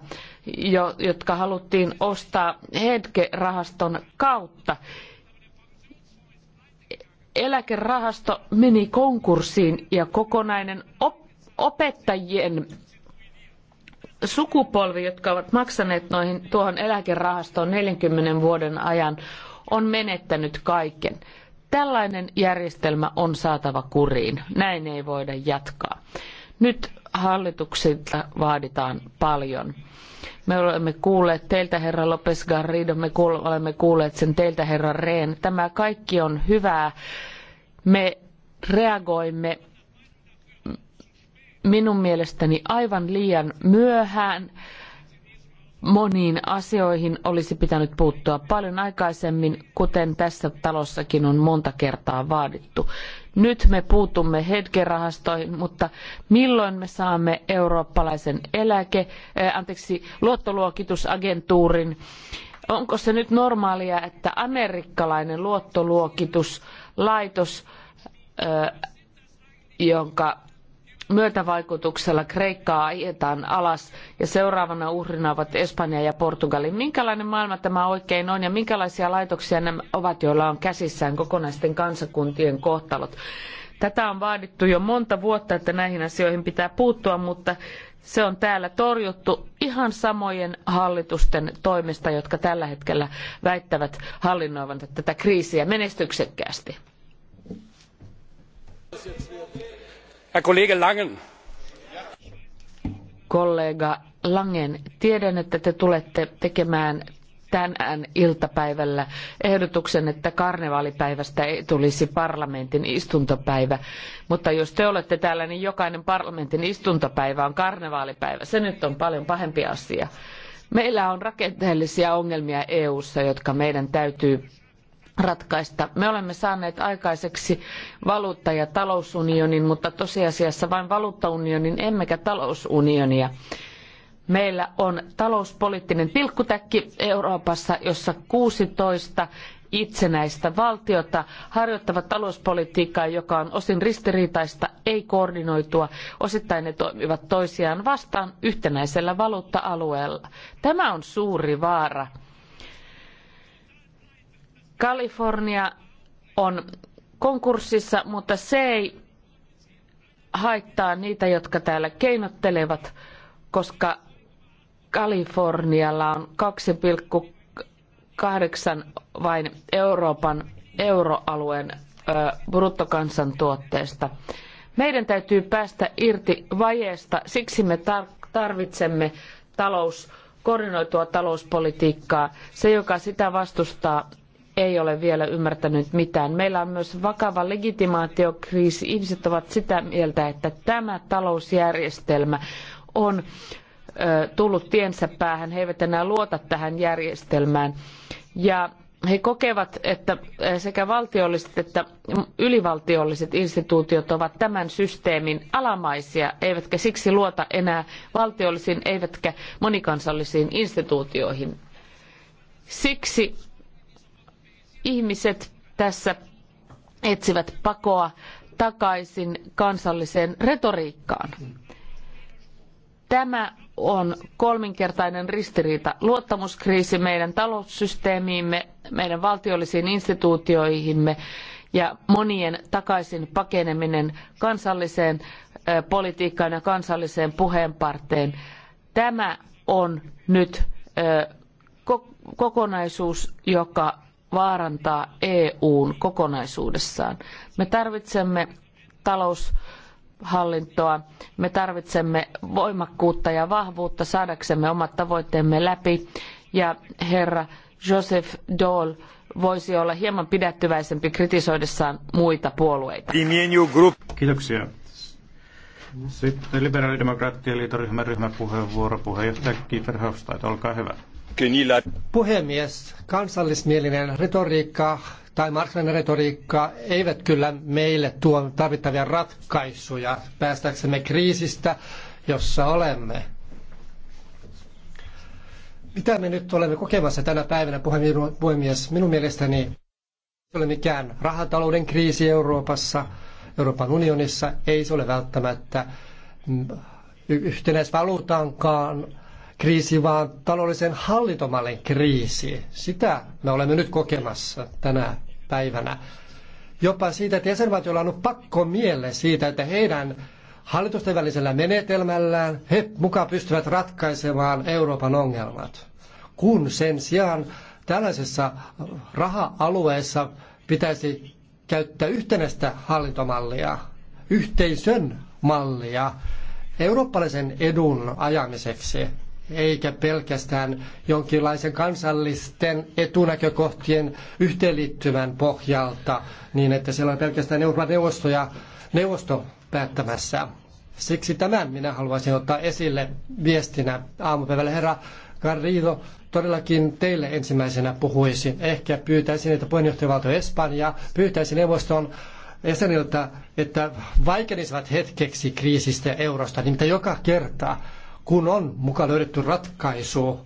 jotka haluttiin ostaa hetkerahaston kautta. Eläkerahasto meni konkurssiin ja kokonainen opettajien sukupolvi, jotka ovat maksaneet noihin, tuohon eläkerahastoon 40 vuoden ajan, on menettänyt kaiken. Tällainen järjestelmä on saatava kuriin. Näin ei voida jatkaa. Nyt hallituksilta vaaditaan paljon. Me olemme kuulleet teiltä, herra Lopes Garrido, me kuul- olemme kuulleet sen teiltä, herra Rehn. Tämä kaikki on hyvää. Me reagoimme minun mielestäni aivan liian myöhään. Moniin asioihin olisi pitänyt puuttua paljon aikaisemmin, kuten tässä talossakin on monta kertaa vaadittu. Nyt me puutumme hetkerahastoihin, mutta milloin me saamme eurooppalaisen eläke, ää, eh, anteeksi, luottoluokitusagentuurin? Onko se nyt normaalia, että amerikkalainen luottoluokituslaitos, ää, eh, jonka myötävaikutuksella Kreikkaa ajetaan alas ja seuraavana uhrina ovat Espanja ja Portugali. Minkälainen maailma tämä oikein on ja minkälaisia laitoksia nämä ovat, joilla on käsissään kokonaisten kansakuntien kohtalot? Tätä on vaadittu jo monta vuotta, että näihin asioihin pitää puuttua, mutta se on täällä torjuttu ihan samojen hallitusten toimesta, jotka tällä hetkellä väittävät hallinnoivan tätä kriisiä menestyksekkäästi herr kollege langen kollega Langen, tiedän, että te tulette tekemään tänään iltapäivällä ehdotuksen, että karnevaalipäivästä ei tulisi parlamentin istuntopäivä. Mutta jos te olette täällä, niin jokainen parlamentin istuntopäivä on karnevaalipäivä. Se nyt on paljon pahempi asia. Meillä on rakenteellisia ongelmia EU:ssa, jotka meidän täytyy ratkaista. Me olemme saaneet aikaiseksi valuutta- ja talousunionin, mutta tosiasiassa vain valuuttaunionin emmekä talousunionia. Meillä on talouspoliittinen tilkkutäkki Euroopassa, jossa 16 itsenäistä valtiota harjoittavat talouspolitiikkaa, joka on osin ristiriitaista, ei koordinoitua. Osittain ne toimivat toisiaan vastaan yhtenäisellä valuutta-alueella. Tämä on suuri vaara Kalifornia on konkurssissa, mutta se ei haittaa niitä, jotka täällä keinottelevat, koska Kalifornialla on 2,8 vain Euroopan euroalueen bruttokansantuotteesta. Meidän täytyy päästä irti vajeesta, siksi me tarvitsemme talous, koordinoitua talouspolitiikkaa. Se, joka sitä vastustaa, ei ole vielä ymmärtänyt mitään. Meillä on myös vakava legitimaatiokriisi. Ihmiset ovat sitä mieltä, että tämä talousjärjestelmä on tullut tiensä päähän. He eivät enää luota tähän järjestelmään. Ja he kokevat, että sekä valtiolliset että ylivaltiolliset instituutiot ovat tämän systeemin alamaisia, eivätkä siksi luota enää valtiollisiin eivätkä monikansallisiin instituutioihin. Siksi Ihmiset tässä etsivät pakoa takaisin kansalliseen retoriikkaan. Tämä on kolminkertainen ristiriita. Luottamuskriisi meidän taloussysteemiimme, meidän valtiollisiin instituutioihimme ja monien takaisin pakeneminen kansalliseen politiikkaan ja kansalliseen puheenparteen. Tämä on nyt kokonaisuus, joka vaarantaa EUn kokonaisuudessaan. Me tarvitsemme taloushallintoa, me tarvitsemme voimakkuutta ja vahvuutta saadaksemme omat tavoitteemme läpi. Ja herra Joseph Daul voisi olla hieman pidättyväisempi kritisoidessaan muita puolueita. Kiitoksia. Sitten liberaalidemokraattien liiton ryhmän ryhmäpuheenvuoro, puheenjohtaja Kiefer Hofstad, olkaa hyvä. Puhemies, kansallismielinen retoriikka tai markkinoiden retoriikka eivät kyllä meille tuo tarvittavia ratkaisuja päästäksemme kriisistä, jossa olemme. Mitä me nyt olemme kokemassa tänä päivänä, puhemies? Minun mielestäni ei ole mikään rahatalouden kriisi Euroopassa, Euroopan unionissa. Ei se ole välttämättä yhtenäisvaluutankaan kriisi, vaan taloudellisen hallintomallin kriisi. Sitä me olemme nyt kokemassa tänä päivänä. Jopa siitä, että jäsenvaltioilla on ollut pakko siitä, että heidän hallitusten välisellä menetelmällään he mukaan pystyvät ratkaisemaan Euroopan ongelmat. Kun sen sijaan tällaisessa raha-alueessa pitäisi käyttää yhtenäistä hallintomallia, yhteisön mallia, eurooppalaisen edun ajamiseksi eikä pelkästään jonkinlaisen kansallisten etunäkökohtien yhteenliittymän pohjalta, niin että siellä on pelkästään Euroopan neuvosto ja neuvosto päättämässä. Siksi tämän minä haluaisin ottaa esille viestinä aamupäivällä. Herra Garrido, todellakin teille ensimmäisenä puhuisin. Ehkä pyytäisin, että puheenjohtajavaltio Espanja pyytäisi neuvoston jäseniltä, että vaikenisivat hetkeksi kriisistä ja eurosta, nimittäin joka kerta kun on mukaan löydetty ratkaisu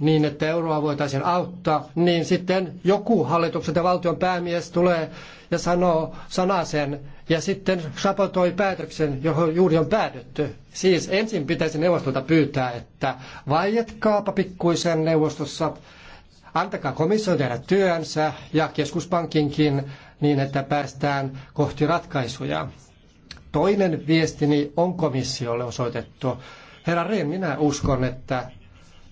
niin, että euroa voitaisiin auttaa, niin sitten joku hallituksen tai valtion päämies tulee ja sanoo sanasen ja sitten sapotoi päätöksen, johon juuri on päädytty. Siis ensin pitäisi neuvostolta pyytää, että vaietkaapa pikkuisen neuvostossa, antakaa komission tehdä työnsä ja keskuspankinkin niin, että päästään kohti ratkaisuja. Toinen viestini on komissiolle osoitettu. Herra Rehn, minä uskon, että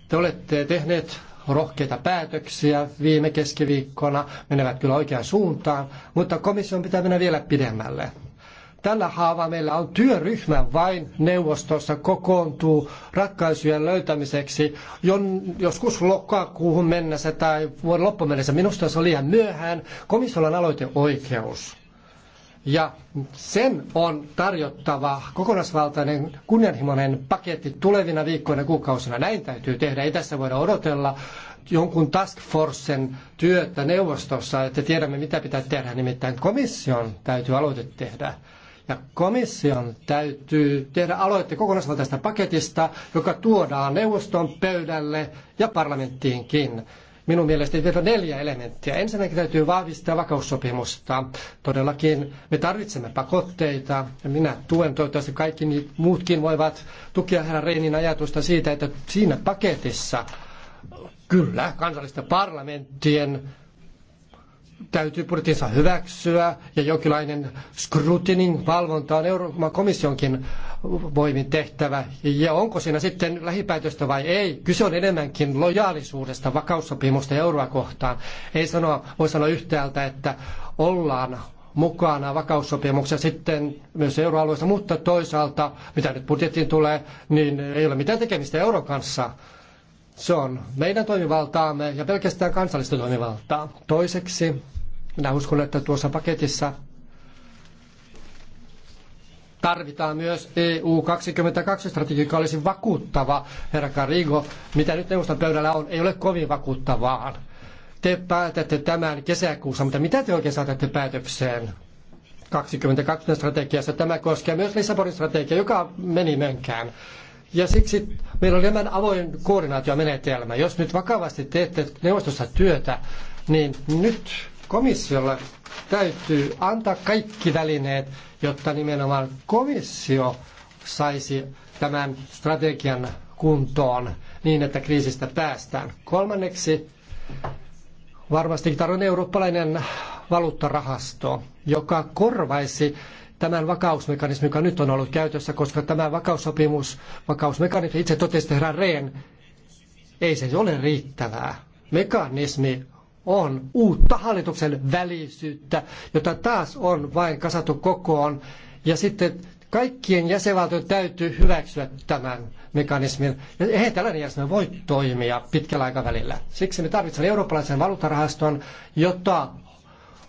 te olette tehneet rohkeita päätöksiä viime keskiviikkona, menevät kyllä oikeaan suuntaan, mutta komission pitää mennä vielä pidemmälle. Tällä haavaa meillä on työryhmä vain neuvostossa kokoontuu ratkaisujen löytämiseksi jon, joskus lokakuuhun mennessä tai vuoden loppuun mennessä. Minusta se on liian myöhään. Komissiolla on aloiteoikeus. Ja sen on tarjottava kokonaisvaltainen kunnianhimoinen paketti tulevina viikkoina ja kuukausina. Näin täytyy tehdä. Ei tässä voida odotella jonkun task forcen työtä neuvostossa, että tiedämme mitä pitää tehdä. Nimittäin komission täytyy aloite tehdä. Ja komission täytyy tehdä aloite kokonaisvaltaista paketista, joka tuodaan neuvoston pöydälle ja parlamenttiinkin minun mielestäni vielä neljä elementtiä. Ensinnäkin täytyy vahvistaa vakaussopimusta. Todellakin me tarvitsemme pakotteita ja minä tuen toivottavasti kaikki niin muutkin voivat tukea herra Reinin ajatusta siitä, että siinä paketissa kyllä kansallisten parlamenttien täytyy budjetissa hyväksyä ja jonkinlainen skrutinin valvonta on Euroopan komissionkin voimin tehtävä. Ja onko siinä sitten lähipäätöstä vai ei? Kyse on enemmänkin lojaalisuudesta, vakaussopimusta ja euroa kohtaan. Ei sanoa, voi sanoa yhtäältä, että ollaan mukana vakaussopimuksessa sitten myös euroalueessa, mutta toisaalta, mitä nyt budjettiin tulee, niin ei ole mitään tekemistä euron kanssa. Se on meidän toimivaltaamme ja pelkästään kansallista toimivaltaa. Toiseksi, minä uskon, että tuossa paketissa tarvitaan myös EU 22 strategia, joka olisi vakuuttava, herra Karigo. Mitä nyt neuvoston pöydällä on, ei ole kovin vakuuttavaa. Te päätätte tämän kesäkuussa, mutta mitä te oikein saatatte päätökseen? 2020 strategiassa. Tämä koskee myös Lissabonin strategiaa, joka meni mönkään. Ja siksi meillä oli enemmän avoin koordinaatiomenetelmä. Jos nyt vakavasti teette neuvostossa työtä, niin nyt komissiolla täytyy antaa kaikki välineet, jotta nimenomaan komissio saisi tämän strategian kuntoon niin, että kriisistä päästään. Kolmanneksi varmasti tarvitaan eurooppalainen valuuttarahasto, joka korvaisi tämän vakausmekanismin, joka nyt on ollut käytössä, koska tämä vakaussopimus, vakausmekanismi, itse totesi herra Rehn, ei se ole riittävää. Mekanismi on uutta hallituksen välisyyttä, jota taas on vain kasattu kokoon. Ja sitten kaikkien jäsenvaltion täytyy hyväksyä tämän mekanismin. Ja eihän tällainen järjestelmä voi toimia pitkällä aikavälillä. Siksi me tarvitsemme eurooppalaisen valuuttarahaston, jota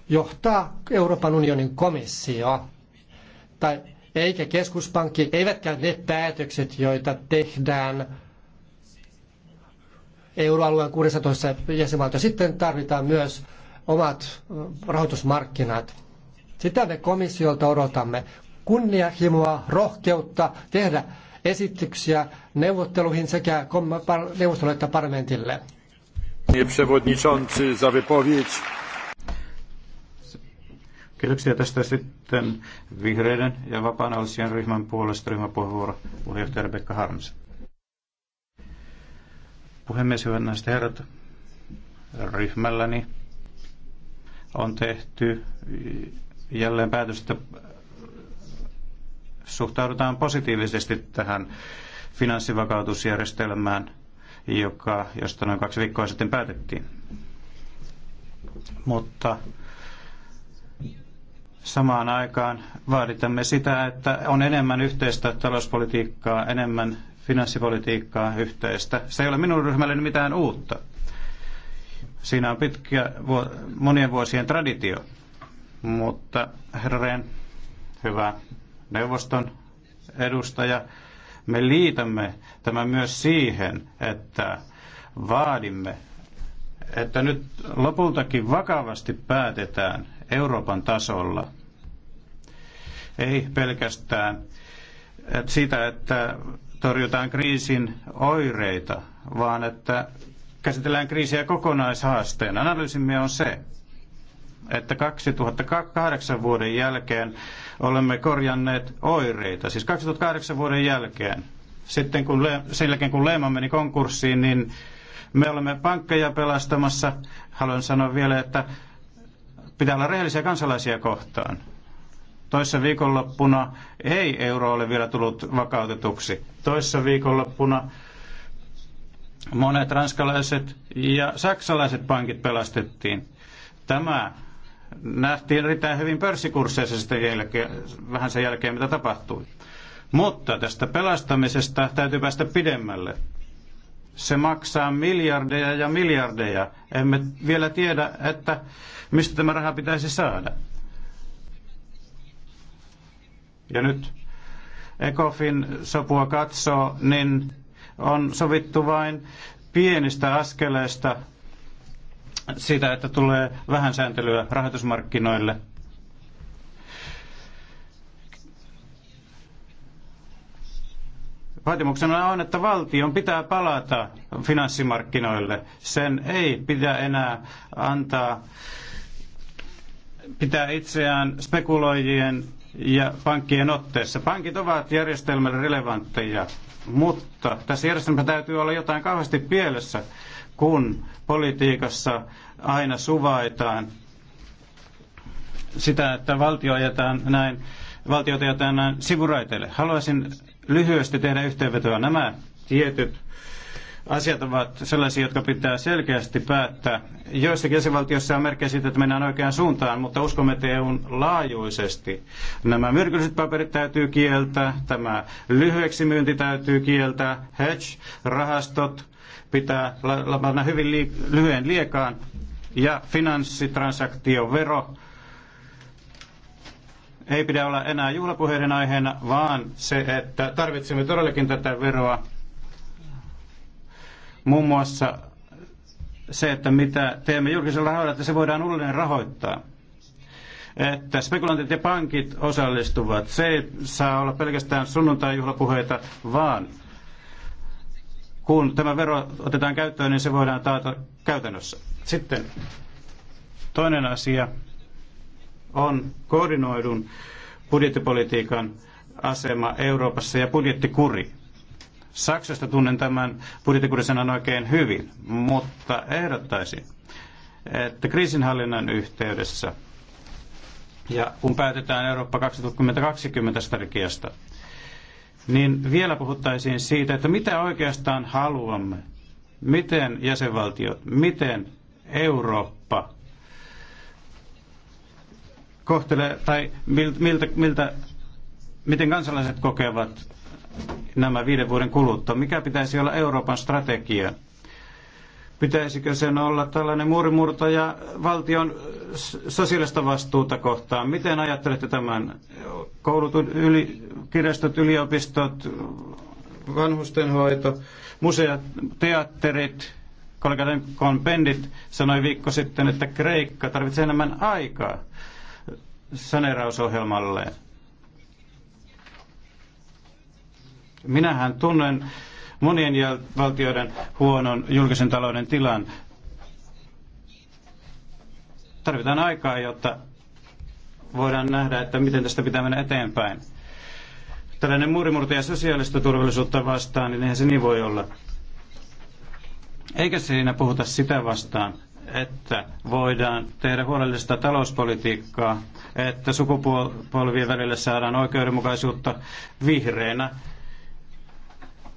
johtaa Euroopan unionin komissio tai eikä keskuspankki, eivätkä ne päätökset, joita tehdään euroalueen 16 jäsenvaltio. Sitten tarvitaan myös omat rahoitusmarkkinat. Sitä me komissiolta odotamme. Kunnianhimoa, rohkeutta tehdä esityksiä neuvotteluihin sekä neuvostolle että parlamentille. Panie przewodniczący, za wypowiedź. Kiitoksia tästä sitten vihreiden ja vapaanallisien ryhmän puolesta ryhmäpuheenvuoro puheenjohtaja Rebekka Harms. Puhemies, hyvät naiset herrat, ryhmälläni on tehty jälleen päätös, että suhtaudutaan positiivisesti tähän finanssivakautusjärjestelmään, joka, josta noin kaksi viikkoa sitten päätettiin. Mutta Samaan aikaan vaaditamme sitä, että on enemmän yhteistä talouspolitiikkaa, enemmän finanssipolitiikkaa yhteistä. Se ei ole minun ryhmälleni mitään uutta. Siinä on pitkä, monien vuosien traditio. Mutta herra Rehn, hyvä neuvoston edustaja, me liitämme tämän myös siihen, että vaadimme, että nyt lopultakin vakavasti päätetään Euroopan tasolla ei pelkästään sitä, että torjutaan kriisin oireita, vaan että käsitellään kriisiä kokonaishaasteena. Analyysimme on se, että 2008 vuoden jälkeen olemme korjanneet oireita, siis 2008 vuoden jälkeen. Sitten kun, sen jälkeen kun Lehman meni konkurssiin, niin me olemme pankkeja pelastamassa. Haluan sanoa vielä, että pitää olla rehellisiä kansalaisia kohtaan. Toissa viikonloppuna ei euro ole vielä tullut vakautetuksi. Toissa viikonloppuna monet ranskalaiset ja saksalaiset pankit pelastettiin. Tämä nähtiin erittäin hyvin pörssikursseissa sitten jälkeen, vähän sen jälkeen, mitä tapahtui. Mutta tästä pelastamisesta täytyy päästä pidemmälle. Se maksaa miljardeja ja miljardeja. Emme vielä tiedä, että mistä tämä raha pitäisi saada ja nyt ECOFin sopua katsoo, niin on sovittu vain pienistä askeleista siitä, että tulee vähän sääntelyä rahoitusmarkkinoille. Vaatimuksena on, että valtion pitää palata finanssimarkkinoille. Sen ei pidä enää antaa pitää itseään spekuloijien ja pankkien otteessa. Pankit ovat järjestelmälle relevantteja, mutta tässä järjestelmässä täytyy olla jotain kauheasti pielessä, kun politiikassa aina suvaitaan sitä, että valtio ajetaan näin, valtiota ajetaan näin sivuraiteille. Haluaisin lyhyesti tehdä yhteenvetoa nämä tietyt asiat ovat sellaisia, jotka pitää selkeästi päättää. Joissakin jäsenvaltioissa on merkkejä siitä, että mennään oikeaan suuntaan, mutta uskomme, että EUn laajuisesti nämä myrkylliset paperit täytyy kieltää, tämä lyhyeksi myynti täytyy kieltää, hedge-rahastot pitää panna hyvin li- lyhyen liekaan ja finanssitransaktiovero ei pidä olla enää juhlapuheiden aiheena, vaan se, että tarvitsemme todellakin tätä veroa Muun muassa se, että mitä teemme julkisella rahoilla, että se voidaan uudelleen rahoittaa. Että spekulantit ja pankit osallistuvat. Se ei saa olla pelkästään sunnuntai-juhlapuheita, vaan kun tämä vero otetaan käyttöön, niin se voidaan taata käytännössä. Sitten toinen asia on koordinoidun budjettipolitiikan asema Euroopassa ja budjettikuri. Saksasta tunnen tämän budjettikurisanan oikein hyvin, mutta ehdottaisin, että kriisinhallinnan yhteydessä ja kun päätetään Eurooppa 2020 strategiasta, niin vielä puhuttaisiin siitä, että mitä oikeastaan haluamme, miten jäsenvaltiot, miten Eurooppa kohtelee, tai miltä, miltä, miten kansalaiset kokevat nämä viiden vuoden kuluttua? Mikä pitäisi olla Euroopan strategia? Pitäisikö sen olla tällainen murimurtaja valtion sosiaalista vastuuta kohtaan? Miten ajattelette tämän? koulutun yli, kirjastot, yliopistot, vanhustenhoito, museot, teatterit, kollega Konpendit sanoi viikko sitten, että Kreikka tarvitsee enemmän aikaa saneerausohjelmalleen. Minähän tunnen monien valtioiden huonon julkisen talouden tilan. Tarvitaan aikaa, jotta voidaan nähdä, että miten tästä pitää mennä eteenpäin. Tällainen ja sosiaalista turvallisuutta vastaan, niin eihän se niin voi olla. Eikä siinä puhuta sitä vastaan, että voidaan tehdä huolellista talouspolitiikkaa, että sukupolvien välille saadaan oikeudenmukaisuutta vihreänä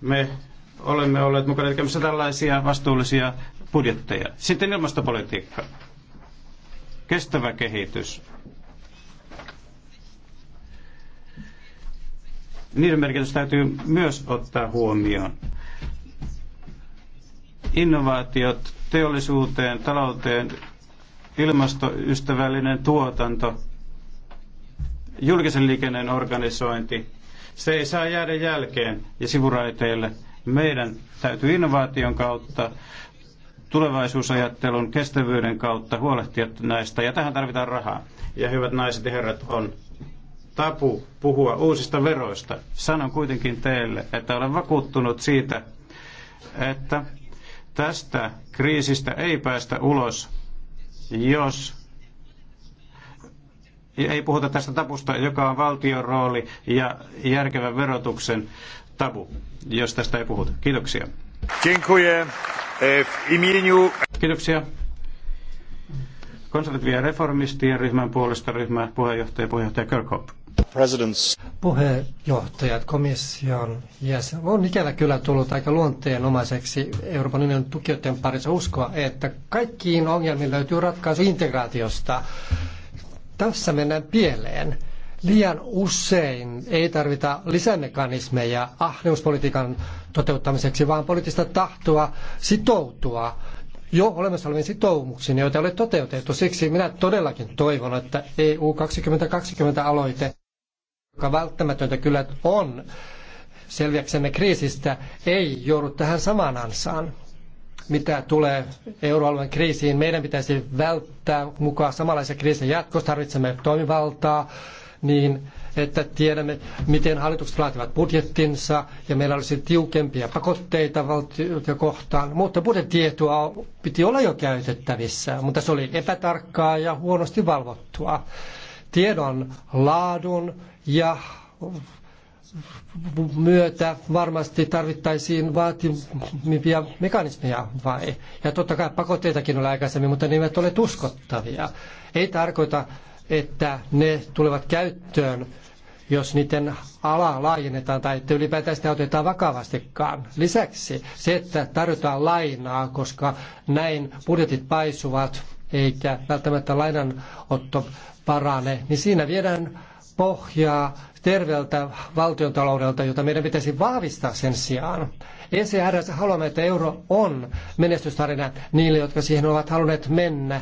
me olemme olleet mukana tekemässä tällaisia vastuullisia budjetteja. Sitten ilmastopolitiikka, kestävä kehitys. Niiden merkitys täytyy myös ottaa huomioon. Innovaatiot teollisuuteen, talouteen, ilmastoystävällinen tuotanto, julkisen liikenteen organisointi, se ei saa jäädä jälkeen ja sivuraiteille. Meidän täytyy innovaation kautta, tulevaisuusajattelun, kestävyyden kautta huolehtia näistä. Ja tähän tarvitaan rahaa. Ja hyvät naiset ja herrat, on tapu puhua uusista veroista. Sanon kuitenkin teille, että olen vakuuttunut siitä, että tästä kriisistä ei päästä ulos, jos ei puhuta tästä tabusta, joka on valtion rooli ja järkevän verotuksen tabu, jos tästä ei puhuta. Kiitoksia. E, Kiitoksia. Konservatiivien reformistien ryhmän puolesta ryhmä puheenjohtaja, puheenjohtaja Kirkhope. Presidents. Puheenjohtajat, komission jäsen. On ikävä kyllä tullut aika luonteenomaiseksi Euroopan unionin tukijoiden parissa uskoa, että kaikkiin ongelmiin löytyy ratkaisu integraatiosta. Tässä mennään pieleen. Liian usein ei tarvita lisämekanismeja ahneuspolitiikan toteuttamiseksi, vaan poliittista tahtoa sitoutua jo olemassa oleviin sitoumuksiin, joita ei ole toteutettu. Siksi minä todellakin toivon, että EU 2020-aloite, joka välttämätöntä kyllä on selviäksemme kriisistä, ei joudu tähän samaan ansaan mitä tulee euroalueen kriisiin. Meidän pitäisi välttää mukaan samanlaisia kriisejä jatkossa. Tarvitsemme toimivaltaa niin, että tiedämme, miten hallitukset laativat budjettinsa ja meillä olisi tiukempia pakotteita valtioita kohtaan. Mutta budjettietoa piti olla jo käytettävissä, mutta se oli epätarkkaa ja huonosti valvottua. Tiedon laadun ja myötä varmasti tarvittaisiin vaativimpia mekanismeja vai? Ja totta kai pakotteitakin oli aikaisemmin, mutta ne eivät ole uskottavia. Ei tarkoita, että ne tulevat käyttöön, jos niiden ala laajennetaan tai että ylipäätään sitä otetaan vakavastikaan. Lisäksi se, että tarjotaan lainaa, koska näin budjetit paisuvat eikä välttämättä lainanotto parane, niin siinä viedään pohjaa terveeltä valtiontaloudelta, jota meidän pitäisi vahvistaa sen sijaan. ECRS haluamme, että euro on menestystarina niille, jotka siihen ovat halunneet mennä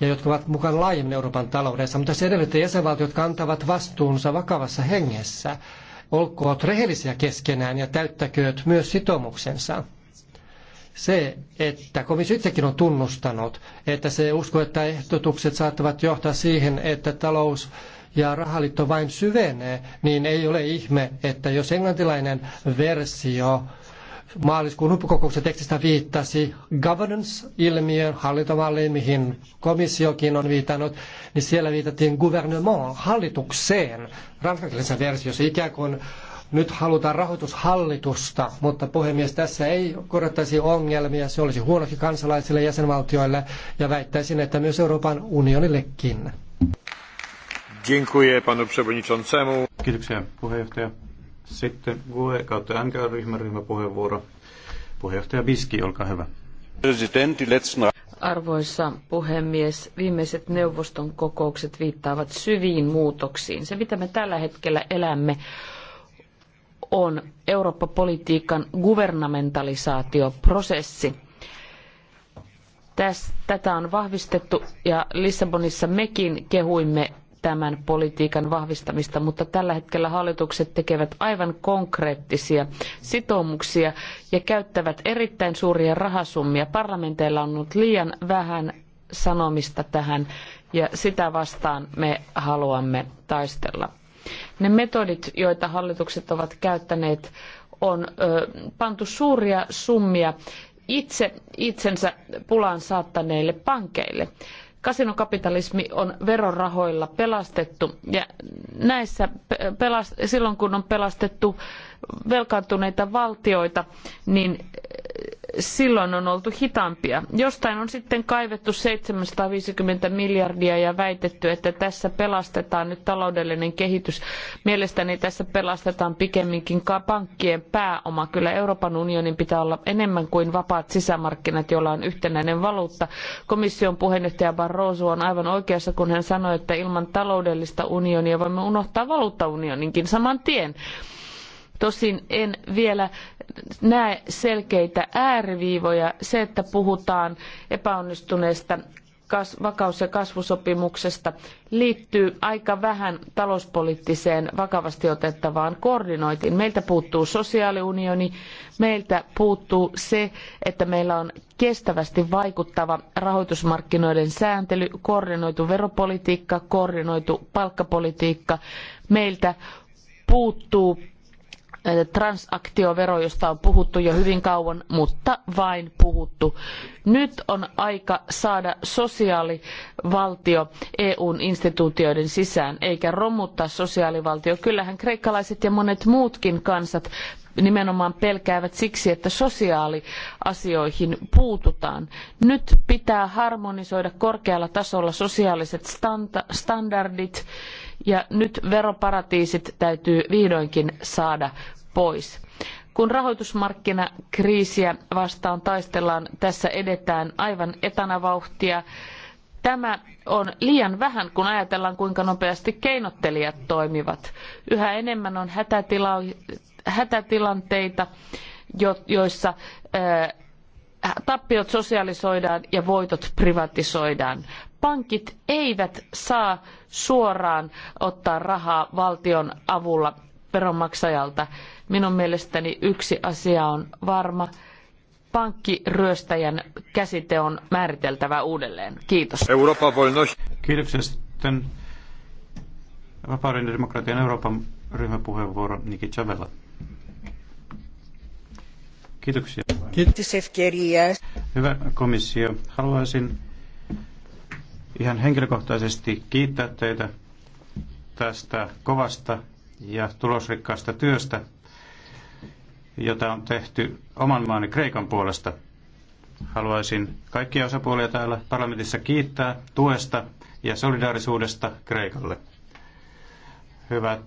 ja jotka ovat mukaan laajemmin Euroopan taloudessa, mutta se edellyttää jäsenvaltiot kantavat vastuunsa vakavassa hengessä. Olkoot rehellisiä keskenään ja täyttäkööt myös sitoumuksensa. Se, että komissio itsekin on tunnustanut, että se uskoo, että ehdotukset saattavat johtaa siihen, että talous ja rahaliitto vain syvenee, niin ei ole ihme, että jos englantilainen versio maaliskuun huippukokouksen tekstistä viittasi governance-ilmiön, hallintomalliin, mihin komissiokin on viitannut, niin siellä viitattiin gouvernement, hallitukseen, ranskankielisessä versiossa, ikään kuin nyt halutaan rahoitushallitusta, mutta puhemies, tässä ei korottaisi ongelmia, se olisi huonoksi kansalaisille, jäsenvaltioille ja väittäisin, että myös Euroopan unionillekin. Dziękuję panu przewodniczącemu. Kiitoksia puheenjohtaja. Sitten GUE kautta NK-ryhmän ryhmäpuheenvuoro. Puheenjohtaja Biski, olkaa hyvä. Arvoisa puhemies, viimeiset neuvoston kokoukset viittaavat syviin muutoksiin. Se, mitä me tällä hetkellä elämme, on Eurooppa-politiikan guvernamentalisaatioprosessi. tätä on vahvistettu ja Lissabonissa mekin kehuimme tämän politiikan vahvistamista, mutta tällä hetkellä hallitukset tekevät aivan konkreettisia sitoumuksia ja käyttävät erittäin suuria rahasummia. Parlamenteilla on ollut liian vähän sanomista tähän ja sitä vastaan me haluamme taistella. Ne metodit, joita hallitukset ovat käyttäneet, on ö, pantu suuria summia itse itsensä pulaan saattaneille pankeille kasinokapitalismi on verorahoilla pelastettu ja näissä pelast- silloin kun on pelastettu velkaantuneita valtioita, niin silloin on oltu hitaampia. Jostain on sitten kaivettu 750 miljardia ja väitetty, että tässä pelastetaan nyt taloudellinen kehitys. Mielestäni tässä pelastetaan pikemminkin pankkien pääoma. Kyllä Euroopan unionin pitää olla enemmän kuin vapaat sisämarkkinat, joilla on yhtenäinen valuutta. Komission puheenjohtaja Barroso on aivan oikeassa, kun hän sanoi, että ilman taloudellista unionia voimme unohtaa valuuttaunioninkin saman tien. Tosin en vielä näe selkeitä ääriviivoja. Se, että puhutaan epäonnistuneesta vakaus- ja kasvusopimuksesta liittyy aika vähän talouspoliittiseen vakavasti otettavaan koordinointiin. Meiltä puuttuu sosiaaliunioni, meiltä puuttuu se, että meillä on kestävästi vaikuttava rahoitusmarkkinoiden sääntely, koordinoitu veropolitiikka, koordinoitu palkkapolitiikka. Meiltä puuttuu Äh, transaktiovero, josta on puhuttu jo hyvin kauan, mutta vain puhuttu. Nyt on aika saada sosiaalivaltio EUn instituutioiden sisään, eikä romuttaa sosiaalivaltio. Kyllähän kreikkalaiset ja monet muutkin kansat nimenomaan pelkäävät siksi, että sosiaaliasioihin puututaan. Nyt pitää harmonisoida korkealla tasolla sosiaaliset standardit ja nyt veroparatiisit täytyy vihdoinkin saada pois. Kun rahoitusmarkkinakriisiä vastaan taistellaan, tässä edetään aivan etanavauhtia. Tämä on liian vähän, kun ajatellaan, kuinka nopeasti keinottelijat toimivat. Yhä enemmän on hätätila- hätätilanteita, joissa äh, tappiot sosialisoidaan ja voitot privatisoidaan. Pankit eivät saa suoraan ottaa rahaa valtion avulla veronmaksajalta. Minun mielestäni yksi asia on varma. Pankkiryöstäjän käsite on määriteltävä uudelleen. Kiitos. Euroopan voinnos. Kiitoksia sitten Vapauden ja demokratian Euroopan ryhmäpuheenvuoro Niki Chavella. Kiitoksia. Kiitos. Hyvä komissio. Haluaisin ihan henkilökohtaisesti kiittää teitä tästä kovasta ja tulosrikkaasta työstä, jota on tehty oman maani Kreikan puolesta. Haluaisin kaikkia osapuolia täällä parlamentissa kiittää tuesta ja solidaarisuudesta Kreikalle. Hyvät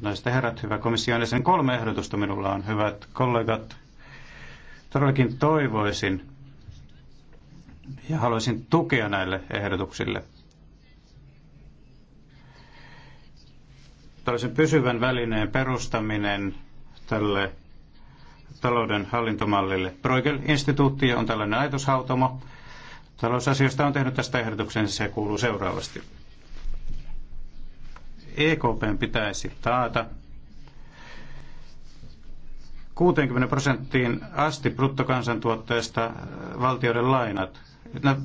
naiset ja herrat, hyvä komission sen kolme ehdotusta minulla on. Hyvät kollegat, todellakin toivoisin ja haluaisin tukea näille ehdotuksille. tällaisen pysyvän välineen perustaminen tälle talouden hallintomallille. Bruegel-instituutti on tällainen ajatushautomo. Talousasioista on tehnyt tästä ehdotuksen, se kuuluu seuraavasti. EKP pitäisi taata 60 prosenttiin asti bruttokansantuotteesta valtioiden lainat.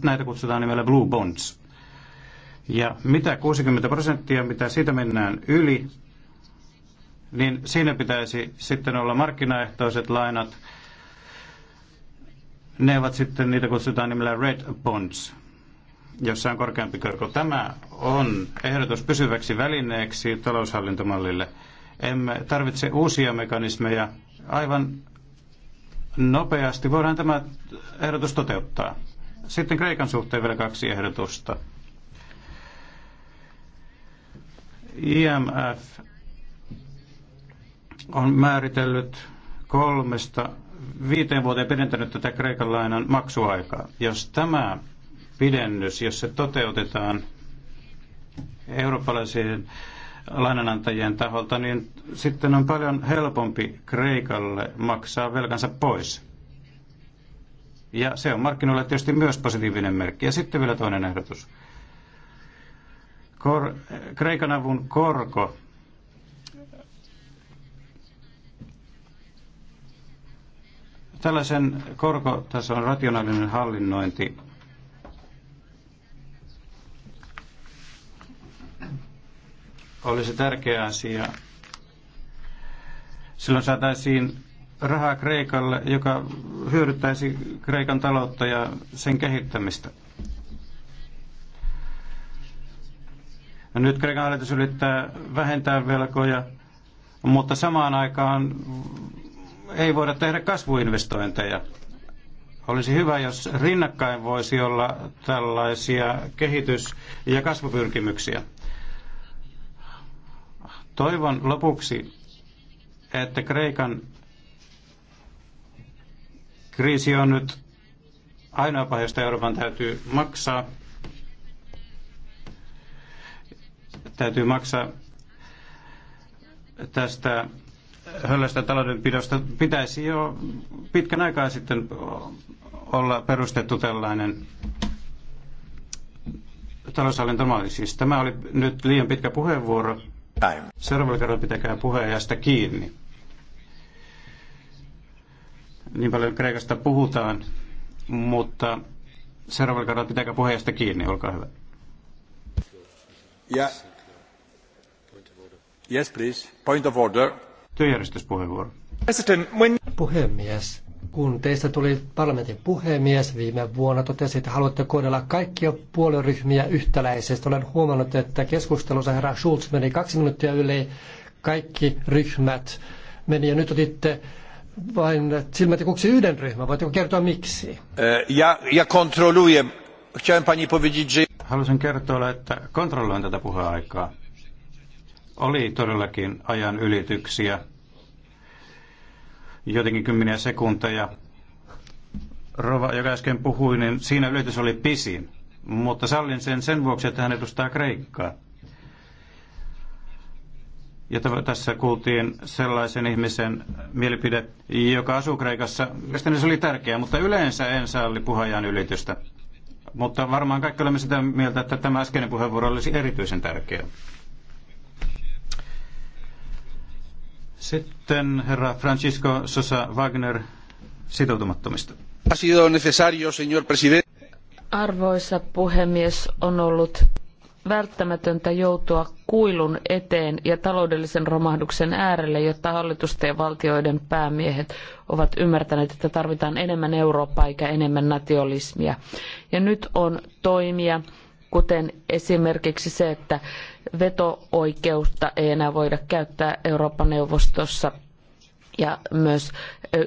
Näitä kutsutaan nimellä Blue Bonds. Ja mitä 60 prosenttia, mitä siitä mennään yli, niin siinä pitäisi sitten olla markkinaehtoiset lainat. Ne ovat sitten, niitä kutsutaan nimellä red bonds, jossa on korkeampi korko. Tämä on ehdotus pysyväksi välineeksi taloushallintomallille. Emme tarvitse uusia mekanismeja. Aivan nopeasti voidaan tämä ehdotus toteuttaa. Sitten Kreikan suhteen vielä kaksi ehdotusta. IMF on määritellyt kolmesta viiteen vuoteen pidentänyt tätä Kreikan lainan maksuaikaa. Jos tämä pidennys, jos se toteutetaan eurooppalaisien lainanantajien taholta, niin sitten on paljon helpompi Kreikalle maksaa velkansa pois. Ja se on markkinoille tietysti myös positiivinen merkki. Ja sitten vielä toinen ehdotus. Kor- Kreikan avun korko Tällaisen korkotason rationaalinen hallinnointi olisi tärkeä asia. Silloin saataisiin rahaa Kreikalle, joka hyödyttäisi Kreikan taloutta ja sen kehittämistä. Nyt Kreikan hallitus yrittää vähentää velkoja, mutta samaan aikaan ei voida tehdä kasvuinvestointeja. Olisi hyvä, jos rinnakkain voisi olla tällaisia kehitys- ja kasvupyrkimyksiä. Toivon lopuksi, että Kreikan kriisi on nyt ainoa paha, Euroopan täytyy maksaa. täytyy maksaa tästä höllästä taloudenpidosta. Pitäisi jo pitkän aikaa sitten olla perustettu tällainen taloushallintomalli. Siis tämä oli nyt liian pitkä puheenvuoro. Seuraavalla kerralla pitäkää puheenjohtajasta kiinni. Niin paljon Kreikasta puhutaan, mutta seuraavalla kerralla pitäkää puheenjohtajasta kiinni, olkaa hyvä. Ja Puhemies, kun teistä tuli parlamentin puhemies viime vuonna, totesi, että haluatte kohdella kaikkia puolueryhmiä yhtäläisesti. Olen huomannut, että keskustelussa herra Schulz meni kaksi minuuttia yli kaikki ryhmät meni ja nyt otitte vain silmätikuksi yhden ryhmän. Voitteko kertoa miksi? Eh, ja, ja kontrolluję. Chciałem pani powiedzieć, że... Haluaisin kertoa, että kontrolloin tätä puheaikaa oli todellakin ajan ylityksiä, jotenkin kymmeniä sekunteja. Rova, joka äsken puhui, niin siinä ylitys oli pisin, mutta sallin sen sen vuoksi, että hän edustaa Kreikkaa. Ja tässä kuultiin sellaisen ihmisen mielipide, joka asuu Kreikassa. Mielestäni se oli tärkeää, mutta yleensä en salli puhajan ylitystä. Mutta varmaan kaikki olemme sitä mieltä, että tämä äskeinen puheenvuoro olisi erityisen tärkeä. Sitten herra Francisco Sosa Wagner sitoutumattomista. Ha sido necesario, señor presidente. Arvoisa puhemies, on ollut välttämätöntä joutua kuilun eteen ja taloudellisen romahduksen äärelle, jotta hallitusten ja valtioiden päämiehet ovat ymmärtäneet, että tarvitaan enemmän Eurooppaa eikä enemmän nationalismia. Ja nyt on toimia, kuten esimerkiksi se, että veto-oikeutta ei enää voida käyttää Euroopan neuvostossa ja myös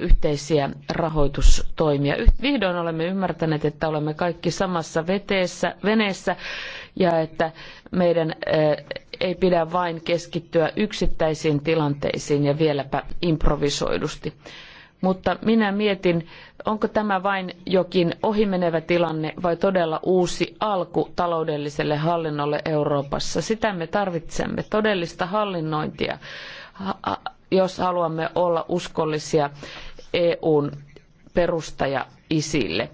yhteisiä rahoitustoimia. Vihdoin olemme ymmärtäneet, että olemme kaikki samassa veteessä, veneessä ja että meidän ei pidä vain keskittyä yksittäisiin tilanteisiin ja vieläpä improvisoidusti mutta minä mietin, onko tämä vain jokin ohimenevä tilanne vai todella uusi alku taloudelliselle hallinnolle Euroopassa. Sitä me tarvitsemme, todellista hallinnointia, jos haluamme olla uskollisia EUn perustaja isille.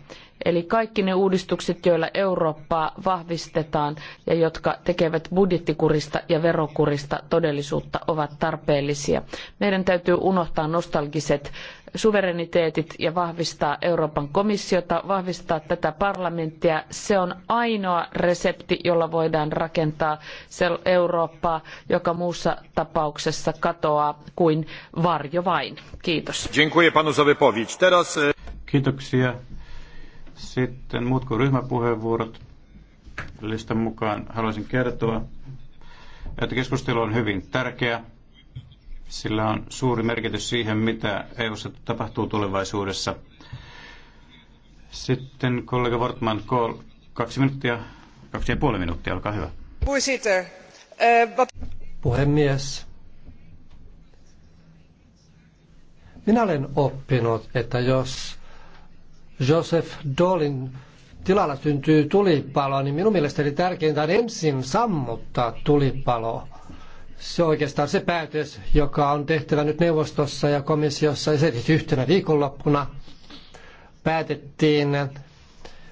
Eli kaikki ne uudistukset, joilla Eurooppaa vahvistetaan ja jotka tekevät budjettikurista ja verokurista todellisuutta, ovat tarpeellisia. Meidän täytyy unohtaa nostalgiset suvereniteetit ja vahvistaa Euroopan komissiota, vahvistaa tätä parlamenttia. Se on ainoa resepti, jolla voidaan rakentaa Eurooppaa, joka muussa tapauksessa katoaa kuin varjo vain. Kiitos. E, Kiitoksia. Sitten muut kuin ryhmäpuheenvuorot listan mukaan haluaisin kertoa, että keskustelu on hyvin tärkeä. Sillä on suuri merkitys siihen, mitä EU:ssa tapahtuu tulevaisuudessa. Sitten kollega Wortman, call, kaksi minuuttia, kaksi ja puoli minuuttia, olkaa hyvä. Puhemies, minä olen oppinut, että jos Joseph Dolin tilalla syntyy tulipalo, niin minun mielestäni tärkeintä on ensin sammuttaa tulipalo se oikeastaan se päätös, joka on tehtävä nyt neuvostossa ja komissiossa esitetty yhtenä viikonloppuna, päätettiin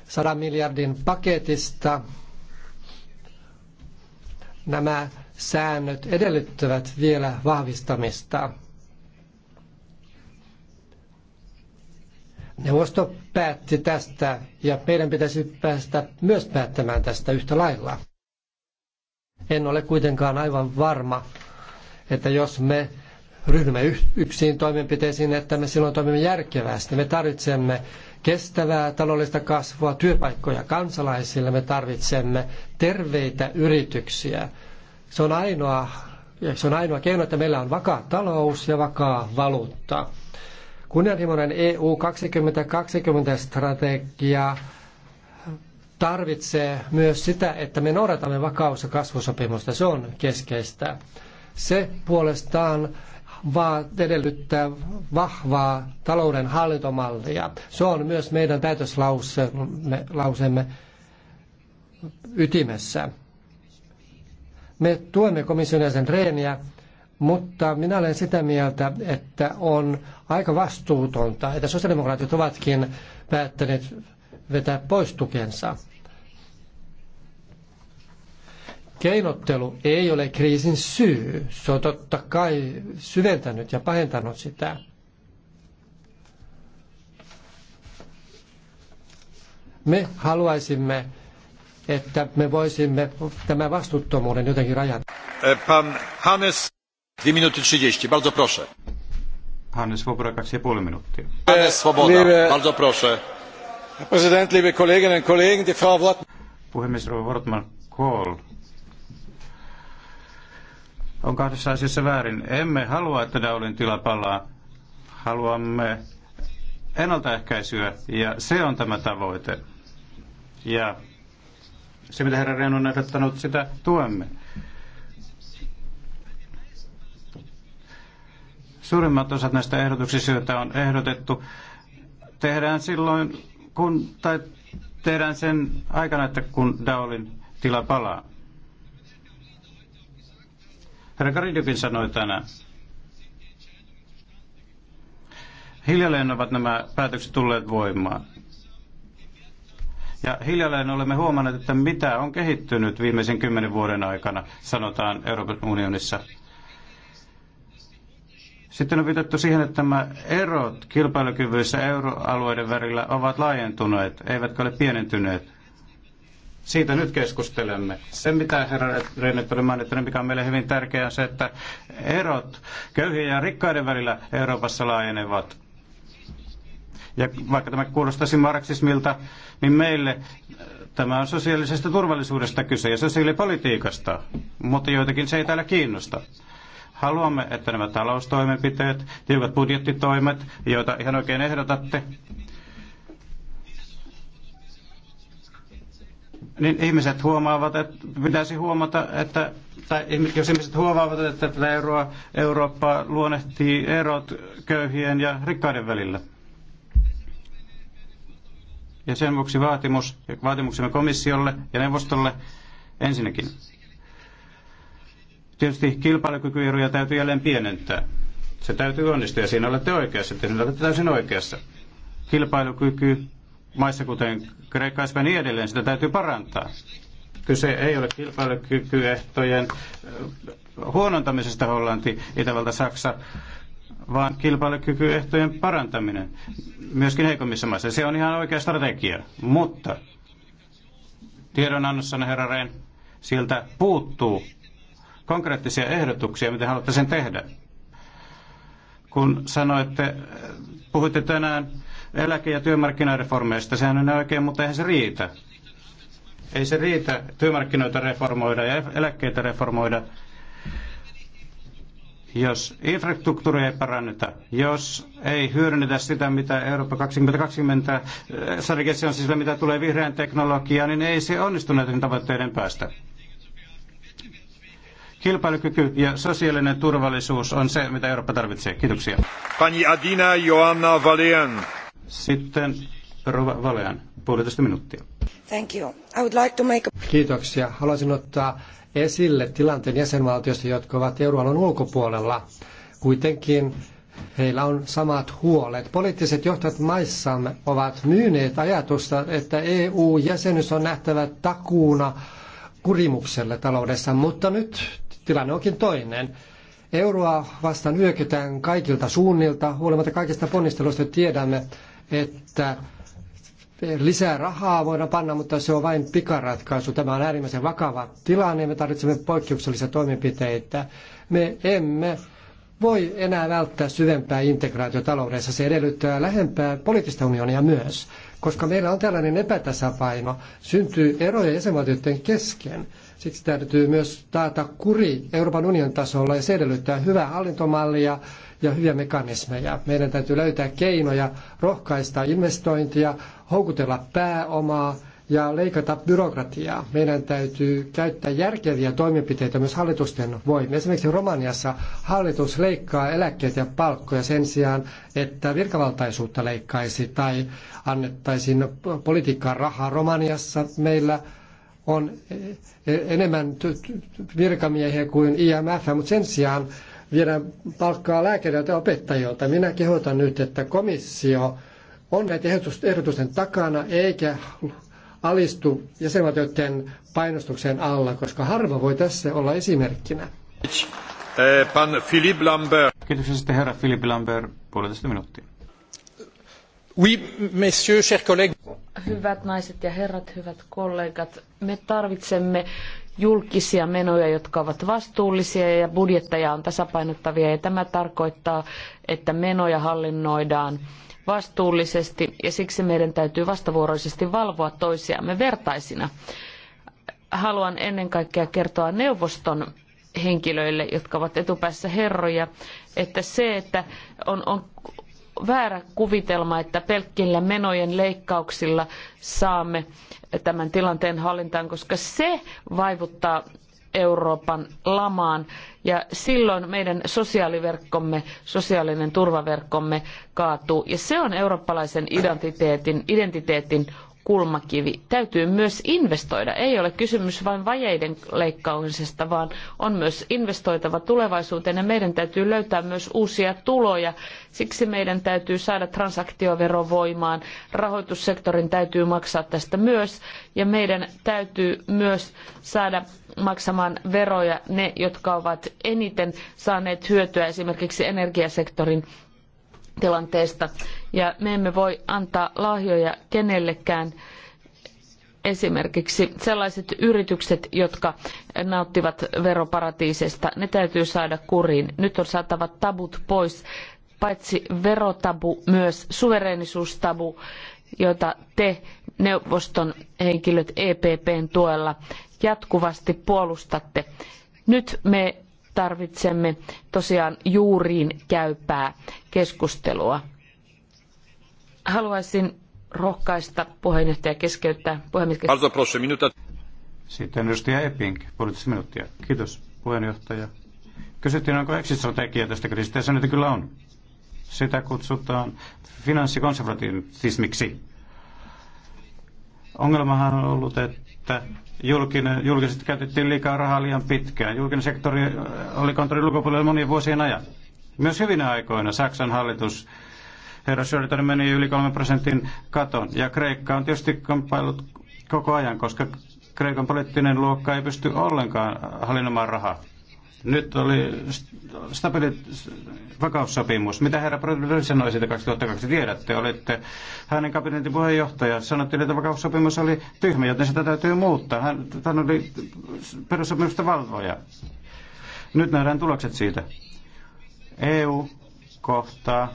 100 miljardin paketista. Nämä säännöt edellyttävät vielä vahvistamista. Neuvosto päätti tästä ja meidän pitäisi päästä myös päättämään tästä yhtä lailla. En ole kuitenkaan aivan varma, että jos me ryhdymme yksiin toimenpiteisiin, että me silloin toimimme järkevästi. Me tarvitsemme kestävää taloudellista kasvua, työpaikkoja kansalaisille, me tarvitsemme terveitä yrityksiä. Se on ainoa, se on ainoa keino, että meillä on vakaa talous ja vakaa valuutta. Kunnianhimoinen EU 2020 strategia tarvitsee myös sitä, että me noudatamme vakaus- ja kasvusopimusta. Se on keskeistä. Se puolestaan vaan edellyttää vahvaa talouden hallintomallia. Se on myös meidän päätöslausemme ytimessä. Me tuemme komission jäsen reeniä, mutta minä olen sitä mieltä, että on aika vastuutonta, että sosiaalidemokraatit ovatkin päättäneet vetää pois tukensa. Keinottelu ei ole kriisin syy. Se on totta kai syventänyt ja pahentanut sitä. Me haluaisimme, että me voisimme tämän vastuuttomuuden jotenkin rajata. E, pan Hannes, 2 minuutti 30, bardzo proszę. Hannes Svoboda, 2,5 minuuttia. Hannes Svoboda, liebe, bardzo proszę. President, liebe Kolleginnen und Kollegen, die Frau Wortmann. Puhemies Rauha Wortmann call on kahdessa asiassa väärin. Emme halua, että Daulin tila palaa. Haluamme ennaltaehkäisyä ja se on tämä tavoite. Ja se, mitä herra Rehn on ehdottanut, sitä tuemme. Suurimmat osat näistä ehdotuksista, joita on ehdotettu, tehdään silloin, kun, tai tehdään sen aikana, että kun Daulin tila palaa. Herra Karidikin sanoi tänään. Hiljalleen ovat nämä päätökset tulleet voimaan. Ja hiljalleen olemme huomanneet, että mitä on kehittynyt viimeisen kymmenen vuoden aikana, sanotaan Euroopan unionissa. Sitten on viitattu siihen, että nämä erot kilpailukyvyissä euroalueiden välillä ovat laajentuneet, eivätkä ole pienentyneet. Siitä nyt keskustelemme. Se, mitä herra Reinet oli mainittanut, mikä on meille hyvin tärkeää, on se, että erot köyhien ja rikkaiden välillä Euroopassa laajenevat. Ja vaikka tämä kuulostaisi marksismilta, niin meille äh, tämä on sosiaalisesta turvallisuudesta kyse ja sosiaalipolitiikasta, mutta joitakin se ei täällä kiinnosta. Haluamme, että nämä taloustoimenpiteet, tiukat budjettitoimet, joita ihan oikein ehdotatte, niin ihmiset huomaavat, että pitäisi huomata, että, tai jos ihmiset huomaavat, että tätä euroa, Eurooppaa luonnehtii erot köyhien ja rikkaiden välillä. Ja sen vuoksi vaatimus, vaatimuksemme komissiolle ja neuvostolle ensinnäkin. Tietysti kilpailukykyeroja täytyy jälleen pienentää. Se täytyy onnistua ja siinä olette oikeassa, että olette täysin oikeassa. Kilpailukyky maissa kuten Kreikassa, ja niin edelleen, sitä täytyy parantaa. Kyse ei ole kilpailukykyehtojen huonontamisesta Hollanti, Itävalta, Saksa, vaan kilpailukykyehtojen parantaminen myöskin heikommissa maissa. Se on ihan oikea strategia, mutta tiedonannossa herra Rehn, sieltä puuttuu konkreettisia ehdotuksia, miten haluatte sen tehdä. Kun sanoitte, puhuitte tänään eläke- ja työmarkkinareformeista. Sehän on oikein, mutta eihän se riitä. Ei se riitä työmarkkinoita reformoida ja eläkkeitä reformoida, jos infrastruktuuria ei paranneta, jos ei hyödynnetä sitä, mitä Eurooppa 2020 eh, strategiassa on sillä, siis mitä tulee vihreään teknologiaan, niin ei se onnistu näiden tavoitteiden päästä. Kilpailukyky ja sosiaalinen turvallisuus on se, mitä Eurooppa tarvitsee. Kiitoksia. Pani Adina Joanna Valian. Sitten Rova Valean, puolitoista minuuttia. Thank you. I would like to make a... Kiitoksia. Haluaisin ottaa esille tilanteen jäsenvaltioista, jotka ovat euroalueen ulkopuolella. Kuitenkin heillä on samat huolet. Poliittiset johtajat maissamme ovat myyneet ajatusta, että EU-jäsenyys on nähtävä takuuna kurimukselle taloudessa, mutta nyt tilanne onkin toinen. Euroa vastaan yökytään kaikilta suunnilta, huolimatta kaikista ponnisteluista tiedämme, että lisää rahaa voidaan panna, mutta se on vain pikaratkaisu. Tämä on äärimmäisen vakava tilanne. Me tarvitsemme poikkeuksellisia toimenpiteitä. Me emme voi enää välttää syvempää integraatiotaloudessa. Se edellyttää lähempää poliittista unionia myös, koska meillä on tällainen epätasapaino. Syntyy eroja jäsenvaltioiden kesken. Siksi täytyy myös taata kuri Euroopan unionin tasolla ja se edellyttää hyvää hallintomallia ja hyviä mekanismeja. Meidän täytyy löytää keinoja rohkaista investointia, houkutella pääomaa ja leikata byrokratiaa. Meidän täytyy käyttää järkeviä toimenpiteitä myös hallitusten voimin. Esimerkiksi Romaniassa hallitus leikkaa eläkkeet ja palkkoja sen sijaan, että virkavaltaisuutta leikkaisi tai annettaisiin politiikkaan rahaa. Romaniassa meillä on e- e- enemmän virkamiehiä kuin IMF, mutta sen sijaan viedään palkkaa lääkäriltä ja opettajilta. Minä kehotan nyt, että komissio on näiden ehdotusten takana eikä alistu jäsenvaltioiden painostuksen alla, koska harva voi tässä olla esimerkkinä. Eh, pan Philippe Lambert. Kiitoksia sitten herra Philippe Lambert, puolitoista minuuttia. Oui, messieurs, chers collègues. Hyvät naiset ja herrat, hyvät kollegat, me tarvitsemme julkisia menoja, jotka ovat vastuullisia ja budjetteja on tasapainottavia. Ja tämä tarkoittaa, että menoja hallinnoidaan vastuullisesti ja siksi meidän täytyy vastavuoroisesti valvoa toisiamme vertaisina. Haluan ennen kaikkea kertoa neuvoston henkilöille, jotka ovat etupäässä herroja, että se, että on, on väärä kuvitelma, että pelkkillä menojen leikkauksilla saamme tämän tilanteen hallintaan, koska se vaivuttaa Euroopan lamaan ja silloin meidän sosiaaliverkkomme, sosiaalinen turvaverkkomme kaatuu ja se on eurooppalaisen identiteetin, identiteetin kulmakivi. Täytyy myös investoida. Ei ole kysymys vain vajeiden leikkaamisesta, vaan on myös investoitava tulevaisuuteen ja meidän täytyy löytää myös uusia tuloja. Siksi meidän täytyy saada transaktiovero voimaan. Rahoitussektorin täytyy maksaa tästä myös ja meidän täytyy myös saada maksamaan veroja ne, jotka ovat eniten saaneet hyötyä esimerkiksi energiasektorin tilanteesta. Ja me emme voi antaa lahjoja kenellekään esimerkiksi sellaiset yritykset, jotka nauttivat veroparatiisesta, ne täytyy saada kuriin. Nyt on saatava tabut pois, paitsi verotabu, myös suvereenisuustabu, jota te neuvoston henkilöt EPPn tuella jatkuvasti puolustatte. Nyt me tarvitsemme tosiaan juuriin käypää keskustelua. Haluaisin rohkaista puheenjohtaja keskeyttää puhemies. Sitten edustaja Epping, puolitoista minuuttia. Kiitos puheenjohtaja. Kysyttiin, onko exit-strategia tästä kriisistä, ja sanoin, kyllä on. Sitä kutsutaan finanssikonservatismiksi. Ongelmahan on ollut, että Julkinen, julkisesti käytettiin liikaa rahaa liian pitkään. Julkinen sektori oli kontrollin ulkopuolella monien vuosien ajan. Myös hyvinä aikoina Saksan hallitus herra Sheridan meni yli 3 prosentin katon. Ja Kreikka on tietysti kamppailut koko ajan, koska Kreikan poliittinen luokka ei pysty ollenkaan hallinnomaan rahaa. Nyt oli stabiilit vakaussopimus. Mitä herra Brodin sanoi siitä 2002? Tiedätte, olitte hänen kabinetin puheenjohtaja. Sanottiin, että vakaussopimus oli tyhmä, joten sitä täytyy muuttaa. Hän, hän oli perussopimusta valvoja. Nyt nähdään tulokset siitä. EU kohtaa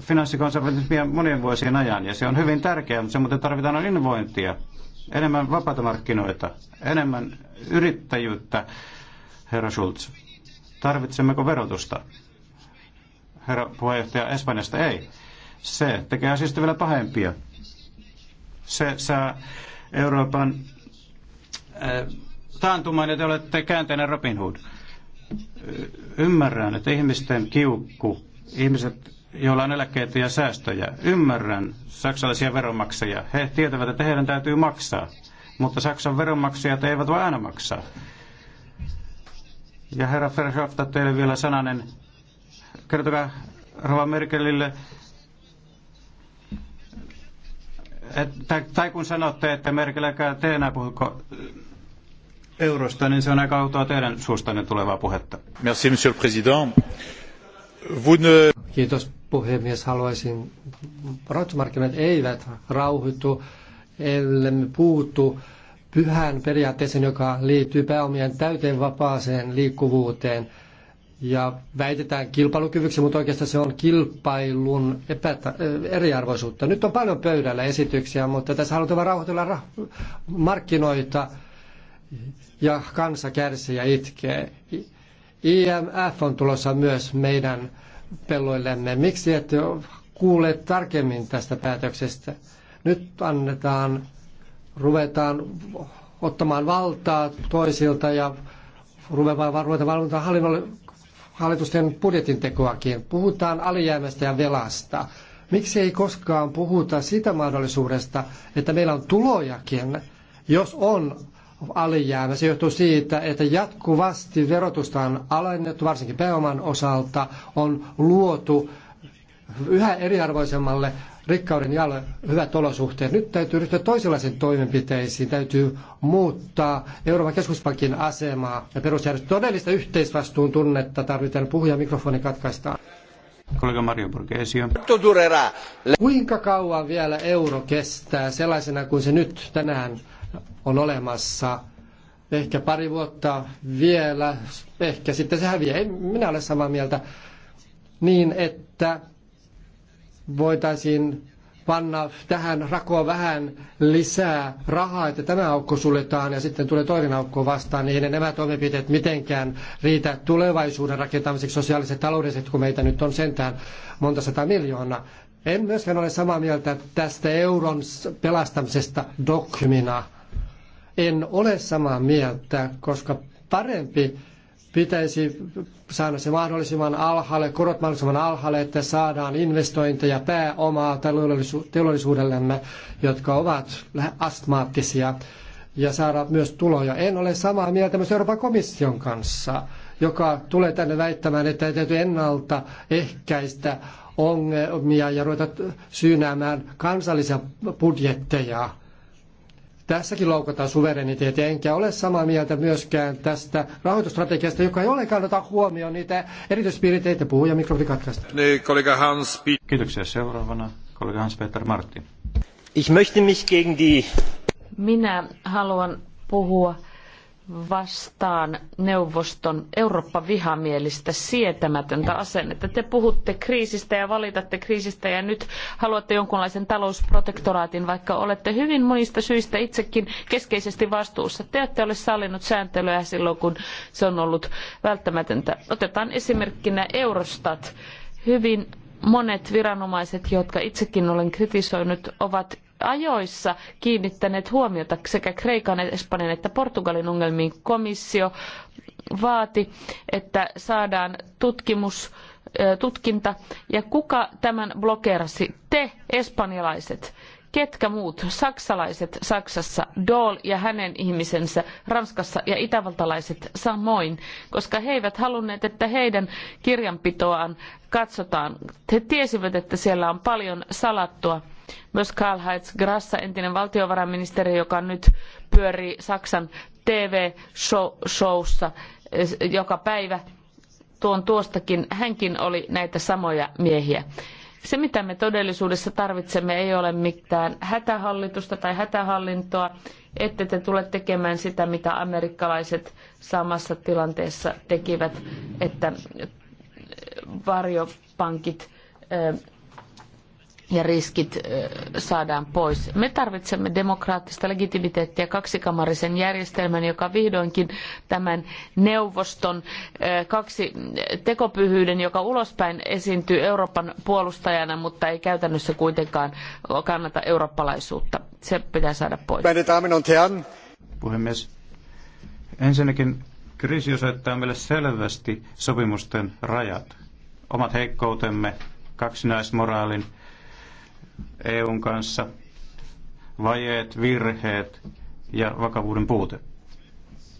finanssikonservatismia monien vuosien ajan, ja se on hyvin tärkeää, mutta se muuten tarvitaan innovointia, enemmän vapaata markkinoita, enemmän yrittäjyyttä, herra Schulz. Tarvitsemmeko verotusta? Herra puheenjohtaja Espanjasta ei. Se tekee asioista vielä pahempia. Se saa Euroopan äh, taantumaan ja te olette käänteinen Robin Hood. Ymmärrän, että ihmisten kiukku, ihmiset, joilla on eläkkeitä ja säästöjä, ymmärrän saksalaisia veronmaksajia. He tietävät, että heidän täytyy maksaa, mutta Saksan veronmaksajat eivät voi aina maksaa. Ja herra Ferschafta, teille vielä sananen. Kertokaa Rova Merkelille, että, tai, kun sanotte, että Merkeläkään te enää puhuko eurosta, niin se on aika autoa teidän suustanne tulevaa puhetta. Merci, monsieur le président. Vous ne... Kiitos puhemies. Haluaisin, rahoitusmarkkinat eivät rauhoitu, ellei puuttu pyhään periaatteeseen, joka liittyy pääomien täyteen vapaaseen liikkuvuuteen. Ja väitetään kilpailukyvyksi, mutta oikeastaan se on kilpailun epätä, eriarvoisuutta. Nyt on paljon pöydällä esityksiä, mutta tässä halutaan vain rauhoitella markkinoita ja kansa kärsii ja itkee. IMF on tulossa myös meidän pelloillemme. Miksi et kuule tarkemmin tästä päätöksestä? Nyt annetaan ruvetaan ottamaan valtaa toisilta ja ruvetaan, ruvetaan hallitusten budjetin tekoakin. Puhutaan alijäämästä ja velasta. Miksi ei koskaan puhuta sitä mahdollisuudesta, että meillä on tulojakin, jos on alijäämä. Se johtuu siitä, että jatkuvasti verotusta on alennettu, varsinkin pääoman osalta on luotu yhä eriarvoisemmalle rikkauden ja hyvät olosuhteet. Nyt täytyy ryhtyä toisenlaisiin toimenpiteisiin. Täytyy muuttaa Euroopan keskuspankin asemaa ja perusjärjestelmää. Todellista yhteisvastuun tunnetta tarvitaan. Puhuja mikrofoni katkaistaan. Kollega Mario Borgesio. Kuinka kauan vielä euro kestää sellaisena kuin se nyt tänään on olemassa? Ehkä pari vuotta vielä, ehkä sitten se häviää. En minä ole samaa mieltä. Niin, että voitaisiin panna tähän rakoon vähän lisää rahaa, että tämä aukko suljetaan ja sitten tulee toinen aukko vastaan, niin ei nämä toimenpiteet mitenkään riitä tulevaisuuden rakentamiseksi sosiaaliset taloudelliset, kun meitä nyt on sentään monta sata miljoonaa. En myöskään ole samaa mieltä tästä euron pelastamisesta dogmina. En ole samaa mieltä, koska parempi pitäisi saada se mahdollisimman alhaalle, korot mahdollisimman alhaalle, että saadaan investointeja pääomaa teollisuudellemme, jotka ovat astmaattisia, ja saada myös tuloja. En ole samaa mieltä myös Euroopan komission kanssa, joka tulee tänne väittämään, että täytyy ennalta ehkäistä ongelmia ja ruveta syynäämään kansallisia budjetteja Tässäkin loukataan suvereniteetti, enkä ole samaa mieltä myöskään tästä rahoitusstrategiasta, joka ei ollenkaan ota huomioon niitä erityispiirteitä. Puhuja mikrofoni katkaista. Niin, kollega Hans Kiitoksia. Seuraavana kollega Hans-Peter Martin. Ich möchte mich gegen die... Minä haluan puhua vastaan neuvoston Eurooppa-vihamielistä sietämätöntä asennetta. Te puhutte kriisistä ja valitatte kriisistä ja nyt haluatte jonkunlaisen talousprotektoraatin, vaikka olette hyvin monista syistä itsekin keskeisesti vastuussa. Te ette ole sallinut sääntelyä silloin, kun se on ollut välttämätöntä. Otetaan esimerkkinä Eurostat. Hyvin monet viranomaiset, jotka itsekin olen kritisoinut, ovat ajoissa kiinnittäneet huomiota sekä Kreikan, Espanjan että Portugalin ongelmiin. Komissio vaati, että saadaan tutkimus, tutkinta. Ja kuka tämän blokerasi? Te, espanjalaiset ketkä muut saksalaiset Saksassa, Dahl ja hänen ihmisensä Ranskassa ja itävaltalaiset samoin, koska he eivät halunneet, että heidän kirjanpitoaan katsotaan. He tiesivät, että siellä on paljon salattua myös Karl Heinz Grassa, entinen valtiovarainministeri, joka nyt pyörii Saksan TV-showssa eh, joka päivä, tuon tuostakin, hänkin oli näitä samoja miehiä. Se, mitä me todellisuudessa tarvitsemme, ei ole mitään hätähallitusta tai hätähallintoa, ette te tule tekemään sitä, mitä amerikkalaiset samassa tilanteessa tekivät, että varjopankit eh, ja riskit saadaan pois. Me tarvitsemme demokraattista legitimiteettiä kaksikamarisen järjestelmän, joka vihdoinkin tämän neuvoston kaksi tekopyhyyden, joka ulospäin esiintyy Euroopan puolustajana, mutta ei käytännössä kuitenkaan kannata eurooppalaisuutta. Se pitää saada pois. Puhemies, ensinnäkin kriisi osoittaa meille selvästi sopimusten rajat, omat heikkoutemme, kaksinaismoraalin EUn kanssa, vajeet, virheet ja vakavuuden puute.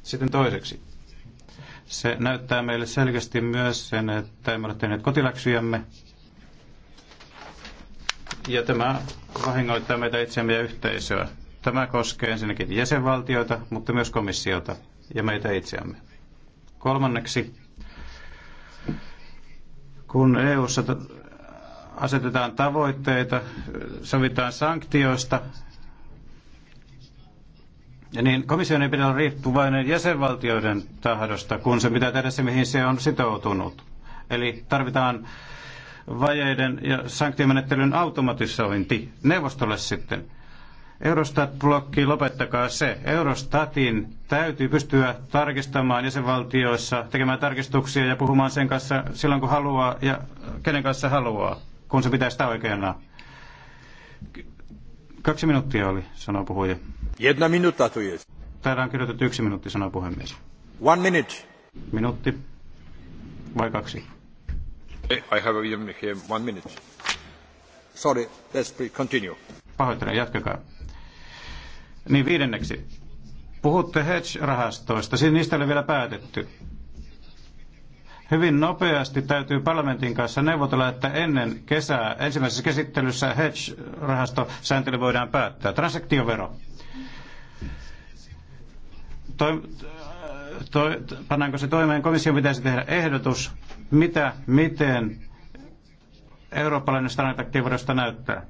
Sitten toiseksi. Se näyttää meille selkeästi myös sen, että emme ole tehneet kotiläksyjämme. Ja tämä vahingoittaa meitä itsemme ja yhteisöä. Tämä koskee ensinnäkin jäsenvaltioita, mutta myös komissiota ja meitä itseämme. Kolmanneksi, kun EU:ssa asetetaan tavoitteita, sovitaan sanktioista, ja niin komission ei pidä olla riippuvainen jäsenvaltioiden tahdosta, kun se pitää tehdä se, mihin se on sitoutunut. Eli tarvitaan vajeiden ja sanktiomenettelyn automatisointi neuvostolle sitten. Eurostat-blokki, lopettakaa se. Eurostatin täytyy pystyä tarkistamaan jäsenvaltioissa, tekemään tarkistuksia ja puhumaan sen kanssa silloin kun haluaa ja kenen kanssa haluaa kun se pitää sitä oikeana. Kaksi minuuttia oli, sanoo puhuja. Jedna minuutta tu jest. Täällä on kirjoitettu yksi minuutti, sanoo puhemies. One minute. Minuutti vai kaksi? Eh, I have here one minute. Sorry, let's continue. Pahoittelen, jatkakaa. Niin viidenneksi. Puhutte hedge-rahastoista, siis niistä ei ole vielä päätetty. Hyvin nopeasti täytyy parlamentin kanssa neuvotella, että ennen kesää ensimmäisessä käsittelyssä hedge-rahastosääntely voidaan päättää. Transaktiovero. Toi, toi, pannaanko se toimeen? Komission pitäisi tehdä ehdotus, mitä, miten eurooppalainen standardaktiivuudesta näyttää.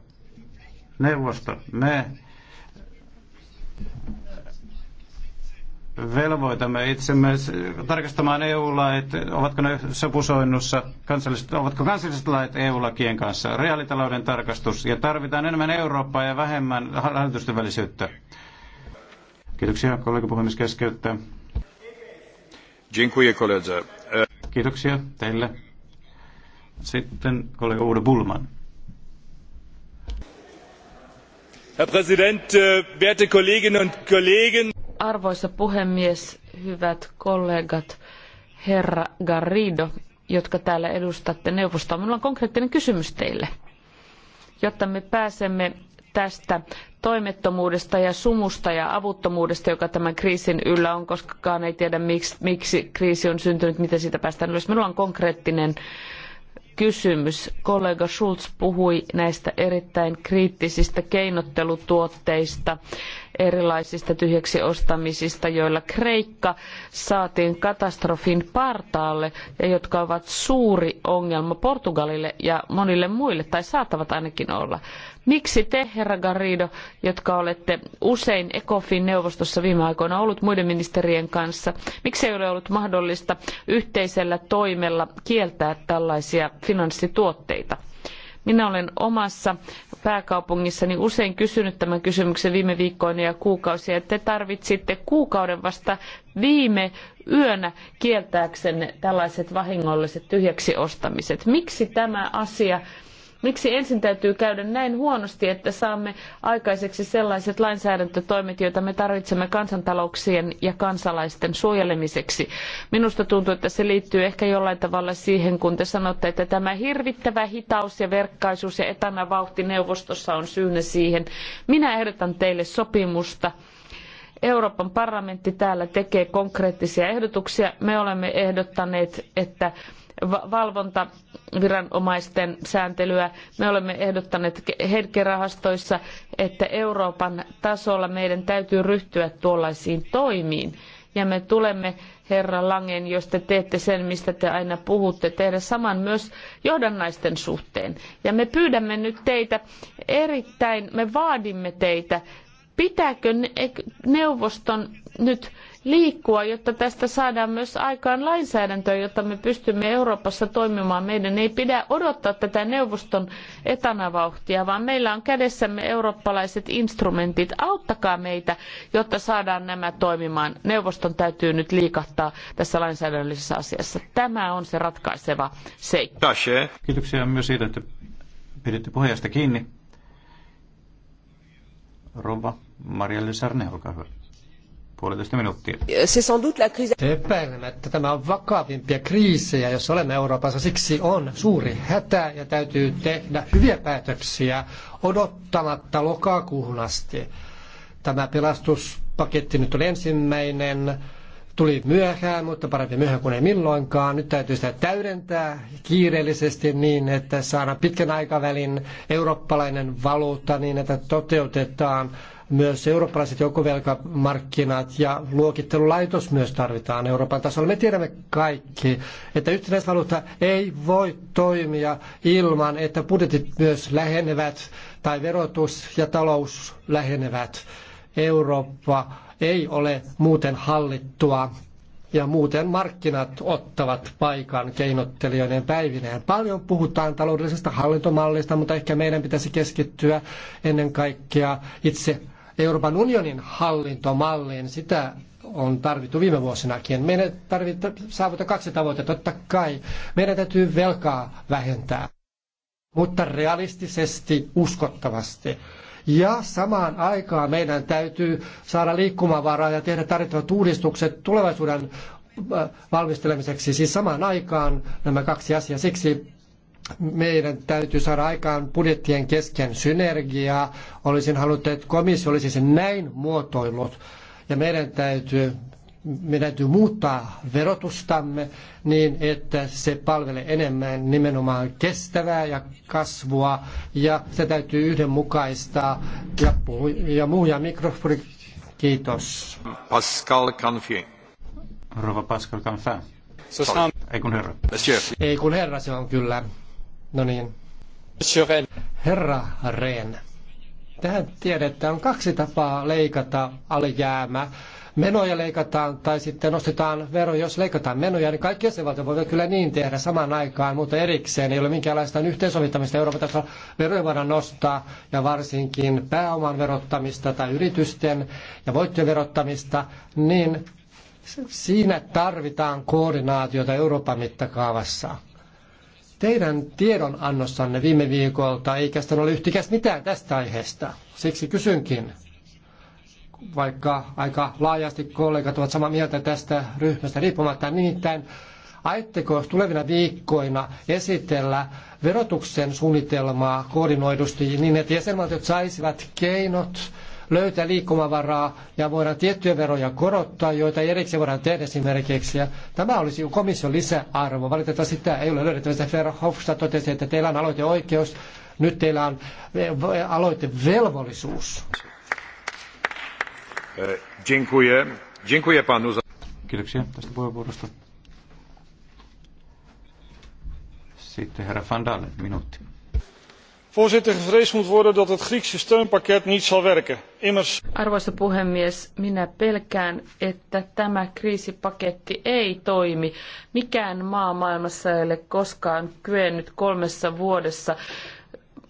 Neuvosto, me velvoitamme itsemme tarkastamaan EU-lait, ovatko ne sopusoinnussa, kansalliset, ovatko kansalliset lait EU-lakien kanssa, reaalitalouden tarkastus ja tarvitaan enemmän Eurooppaa ja vähemmän hallitusten välisyyttä. Kiitoksia, kollega puhemies keskeyttää. Dziękuję koledze. Kiitoksia teille. Sitten kollega Uudo Bulman. Herr Präsident, äh, werte Kolleginnen und Kollegen! Arvoisa puhemies, hyvät kollegat, herra Garrido, jotka täällä edustatte neuvostoa. Minulla on konkreettinen kysymys teille, jotta me pääsemme tästä toimettomuudesta ja sumusta ja avuttomuudesta, joka tämän kriisin yllä on, koska ei tiedä miksi, miksi kriisi on syntynyt, miten siitä päästään ylös. Minulla on konkreettinen kysymys. Kollega Schulz puhui näistä erittäin kriittisistä keinottelutuotteista, erilaisista tyhjäksi ostamisista, joilla Kreikka saatiin katastrofin partaalle ja jotka ovat suuri ongelma Portugalille ja monille muille, tai saattavat ainakin olla. Miksi te, herra Garrido, jotka olette usein ECOFIN-neuvostossa viime aikoina ollut muiden ministerien kanssa, miksi ei ole ollut mahdollista yhteisellä toimella kieltää tällaisia finanssituotteita? Minä olen omassa pääkaupungissani usein kysynyt tämän kysymyksen viime viikkoina ja kuukausia, että te tarvitsitte kuukauden vasta viime yönä kieltääksenne tällaiset vahingolliset tyhjäksi ostamiset. Miksi tämä asia Miksi ensin täytyy käydä näin huonosti, että saamme aikaiseksi sellaiset lainsäädäntötoimet, joita me tarvitsemme kansantalouksien ja kansalaisten suojelemiseksi? Minusta tuntuu, että se liittyy ehkä jollain tavalla siihen, kun te sanotte, että tämä hirvittävä hitaus ja verkkaisuus ja etänävauhti neuvostossa on syynä siihen. Minä ehdotan teille sopimusta. Euroopan parlamentti täällä tekee konkreettisia ehdotuksia. Me olemme ehdottaneet, että valvontaviranomaisten sääntelyä. Me olemme ehdottaneet henkerahastoissa, että Euroopan tasolla meidän täytyy ryhtyä tuollaisiin toimiin. Ja me tulemme, herra Langen, jos te teette sen, mistä te aina puhutte, tehdä saman myös johdannaisten suhteen. Ja me pyydämme nyt teitä erittäin, me vaadimme teitä, pitääkö neuvoston nyt liikkua, jotta tästä saadaan myös aikaan lainsäädäntöä, jotta me pystymme Euroopassa toimimaan. Meidän ei pidä odottaa tätä neuvoston etanavauhtia, vaan meillä on kädessämme eurooppalaiset instrumentit. Auttakaa meitä, jotta saadaan nämä toimimaan. Neuvoston täytyy nyt liikahtaa tässä lainsäädännöllisessä asiassa. Tämä on se ratkaiseva seikka. Kiitoksia myös siitä, että piditte puheesta kiinni. Rouva Maria Lysarne, olkaa hyvä puolitoista minuuttia. Eh, Epäilemättä tämä on vakavimpia kriisejä, jos olemme Euroopassa. Siksi on suuri hätä ja täytyy tehdä hyviä päätöksiä odottamatta lokakuuhun asti. Tämä pelastuspaketti nyt on ensimmäinen. Tuli myöhään, mutta parempi myöhään kuin ei milloinkaan. Nyt täytyy sitä täydentää kiireellisesti niin, että saadaan pitkän aikavälin eurooppalainen valuutta niin, että toteutetaan myös eurooppalaiset joukkovelkamarkkinat ja luokittelulaitos myös tarvitaan Euroopan tasolla. Me tiedämme kaikki, että yhtenäisvaluutta ei voi toimia ilman, että budjetit myös lähenevät tai verotus ja talous lähenevät. Eurooppa ei ole muuten hallittua ja muuten markkinat ottavat paikan keinottelijoiden päivineen. Paljon puhutaan taloudellisesta hallintomallista, mutta ehkä meidän pitäisi keskittyä ennen kaikkea itse Euroopan unionin hallintomalliin, sitä on tarvittu viime vuosinakin. Meidän tarvitsee saavuttaa kaksi tavoitetta. Totta kai meidän täytyy velkaa vähentää, mutta realistisesti, uskottavasti. Ja samaan aikaan meidän täytyy saada liikkumavaraa ja tehdä tarvittavat uudistukset tulevaisuuden äh, valmistelemiseksi, siis samaan aikaan nämä kaksi asiaa. Siksi meidän täytyy saada aikaan budjettien kesken synergiaa. Olisin halunnut, että komissio olisi sen näin muotoillut. Ja meidän täytyy, meidän täytyy muuttaa verotustamme niin, että se palvelee enemmän nimenomaan kestävää ja kasvua. Ja se täytyy yhdenmukaistaa. Ja, puhu, ja muu mikrofoni. Kiitos. Pascal Canfin. Rova Pascal Canfin. Ei kun herra. Monsieur. Ei kun herra, se on kyllä. No niin. Herra Rehn. Tähän tiedetään on kaksi tapaa leikata alijäämä. Menoja leikataan tai sitten nostetaan vero. Jos leikataan menoja, niin kaikki jäsenvaltiot voivat kyllä niin tehdä samaan aikaan, mutta erikseen ei ole minkäänlaista yhteensovittamista Euroopan tasolla. Veroja voidaan nostaa ja varsinkin pääoman verottamista tai yritysten ja voittojen verottamista, niin siinä tarvitaan koordinaatiota Euroopan mittakaavassa. Teidän tiedonannossanne viime viikolta ei kestänyt ole yhtikäs mitään tästä aiheesta. Siksi kysynkin, vaikka aika laajasti kollegat ovat samaa mieltä tästä ryhmästä riippumatta, nimittäin aitteko tulevina viikkoina esitellä verotuksen suunnitelmaa koordinoidusti niin, että jäsenvaltiot saisivat keinot löytää liikkumavaraa ja voidaan tiettyjä veroja korottaa, joita ei erikseen voidaan tehdä esimerkiksi. Ja tämä olisi komission lisäarvo. Valitettavasti sitä ei ole löydettävissä. Verhofstadt totesi, että teillä on aloiteoikeus, nyt teillä on eh, aloitevelvollisuus. Eh, Kiitoksia tästä puheenvuorosta. Sitten herra minuutti. Voorzitter, gevreesd moet worden dat het Griekse steunpakket niet zal werken. Immers... Arvoisa puhemies, minä pelkään, että tämä kriisipaketti ei toimi. Mikään maa maailmassa ei ole koskaan kyennyt kolmessa vuodessa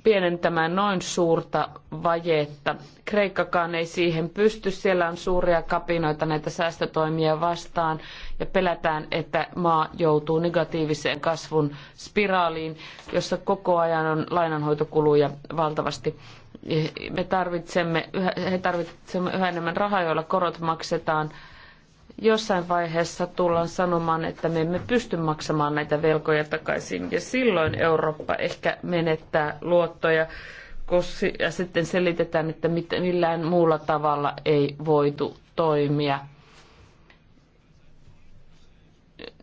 pienentämään noin suurta vajetta. Kreikkakaan ei siihen pysty. Siellä on suuria kapinoita näitä säästötoimia vastaan ja pelätään, että maa joutuu negatiiviseen kasvun spiraaliin, jossa koko ajan on lainanhoitokuluja valtavasti. Me tarvitsemme, he tarvitsemme yhä enemmän rahaa, joilla korot maksetaan jossain vaiheessa tullaan sanomaan, että me emme pysty maksamaan näitä velkoja takaisin. Ja silloin Eurooppa ehkä menettää luottoja, koska ja sitten selitetään, että millään muulla tavalla ei voitu toimia.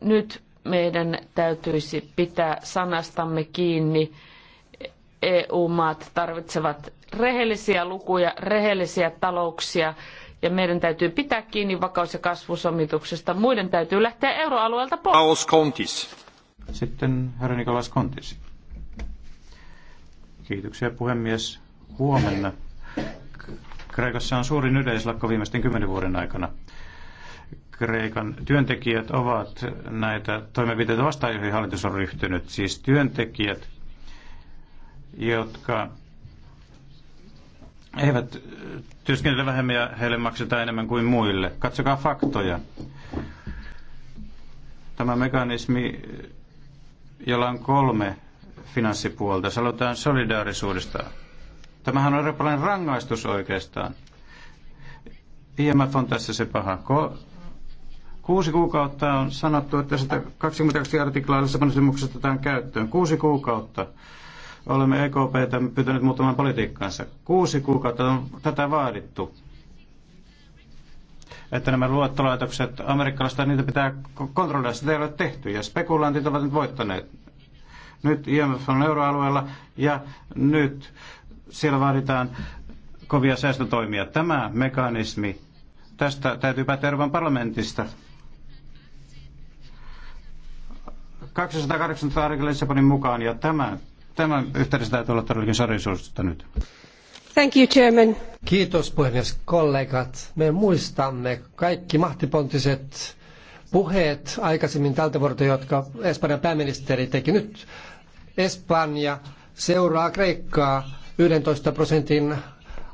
Nyt meidän täytyisi pitää sanastamme kiinni. EU-maat e tarvitsevat rehellisiä lukuja, rehellisiä talouksia ja meidän täytyy pitää kiinni vakaus- ja kasvusomituksesta. Muiden täytyy lähteä euroalueelta pois. Sitten herra Nikolas Kontis. Kiitoksia puhemies. Huomenna Kreikassa on suurin yleislakko viimeisten kymmenen vuoden aikana. Kreikan työntekijät ovat näitä toimenpiteitä vastaan, joihin hallitus on ryhtynyt. Siis työntekijät, jotka he eivät työskennellä vähemmän ja heille maksetaan enemmän kuin muille. Katsokaa faktoja. Tämä mekanismi, jolla on kolme finanssipuolta, sanotaan solidaarisuudesta. Tämähän on eurooppalainen rangaistus oikeastaan. IMF on tässä se paha. Ko- kuusi kuukautta on sanottu, että 122 artiklaa Lissabonin otetaan käyttöön. Kuusi kuukautta. Olemme EKPtä pyytäneet muuttamaan politiikkaansa. Kuusi kuukautta on tätä vaadittu että nämä luottolaitokset, amerikkalaiset, niitä pitää kontrolloida, sitä ei ole tehty. Ja spekulantit ovat nyt voittaneet. Nyt IMF on euroalueella ja nyt siellä vaaditaan kovia säästötoimia. Tämä mekanismi, tästä täytyy päättää Euroopan parlamentista. 280 artikla Lissabonin mukaan ja tämä Tämän yhteydessä täytyy olla todellakin sorisuusta nyt. Thank you, Chairman. Kiitos puhemies kollegat. Me muistamme kaikki mahtipontiset puheet aikaisemmin tältä vuodelta, jotka Espanjan pääministeri teki. Nyt Espanja seuraa Kreikkaa 11 prosentin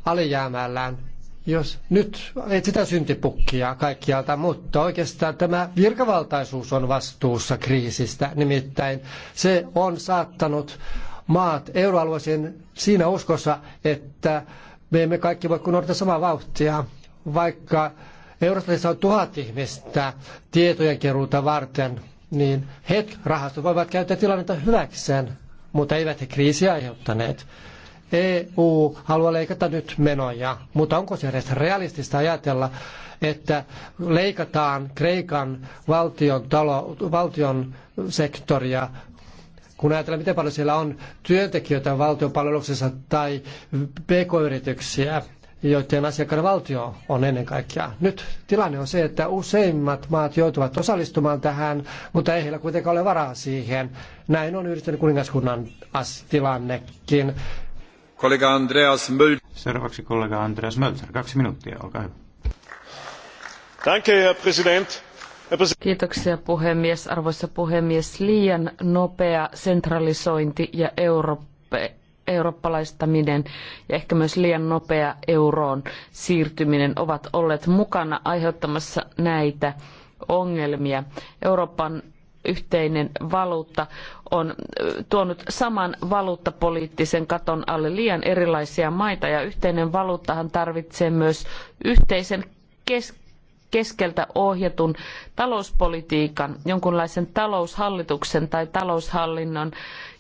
alijäämällään. Jos nyt etsitään syntipukkia kaikkialta, mutta oikeastaan tämä virkavaltaisuus on vastuussa kriisistä. Nimittäin se on saattanut maat euroalueeseen siinä uskossa, että me emme kaikki voi kunnioittaa samaa vauhtia, vaikka Eurostatissa on tuhat ihmistä tietojen keruuta varten, niin het rahastot voivat käyttää tilannetta hyväkseen, mutta eivät he kriisiä aiheuttaneet. EU haluaa leikata nyt menoja, mutta onko se edes realistista ajatella, että leikataan Kreikan valtion, talo, valtion sektoria kun ajatellaan, miten paljon siellä on työntekijöitä valtion palveluksessa tai pk-yrityksiä, joiden asiakkaan valtio on ennen kaikkea. Nyt tilanne on se, että useimmat maat joutuvat osallistumaan tähän, mutta ei heillä kuitenkaan ole varaa siihen. Näin on yhdistyneen kuningaskunnan tilannekin. Kollega Andreas Mölder. Seuraavaksi kollega Andreas Mölder. Kaksi minuuttia, olkaa hyvä. Danke, Herr Präsident. Kiitoksia puhemies. Arvoisa puhemies, liian nopea centralisointi ja Eurooppa eurooppalaistaminen ja ehkä myös liian nopea euroon siirtyminen ovat olleet mukana aiheuttamassa näitä ongelmia. Euroopan yhteinen valuutta on tuonut saman valuuttapoliittisen katon alle liian erilaisia maita ja yhteinen valuuttahan tarvitsee myös yhteisen kes- keskeltä ohjatun talouspolitiikan, jonkunlaisen taloushallituksen tai taloushallinnon.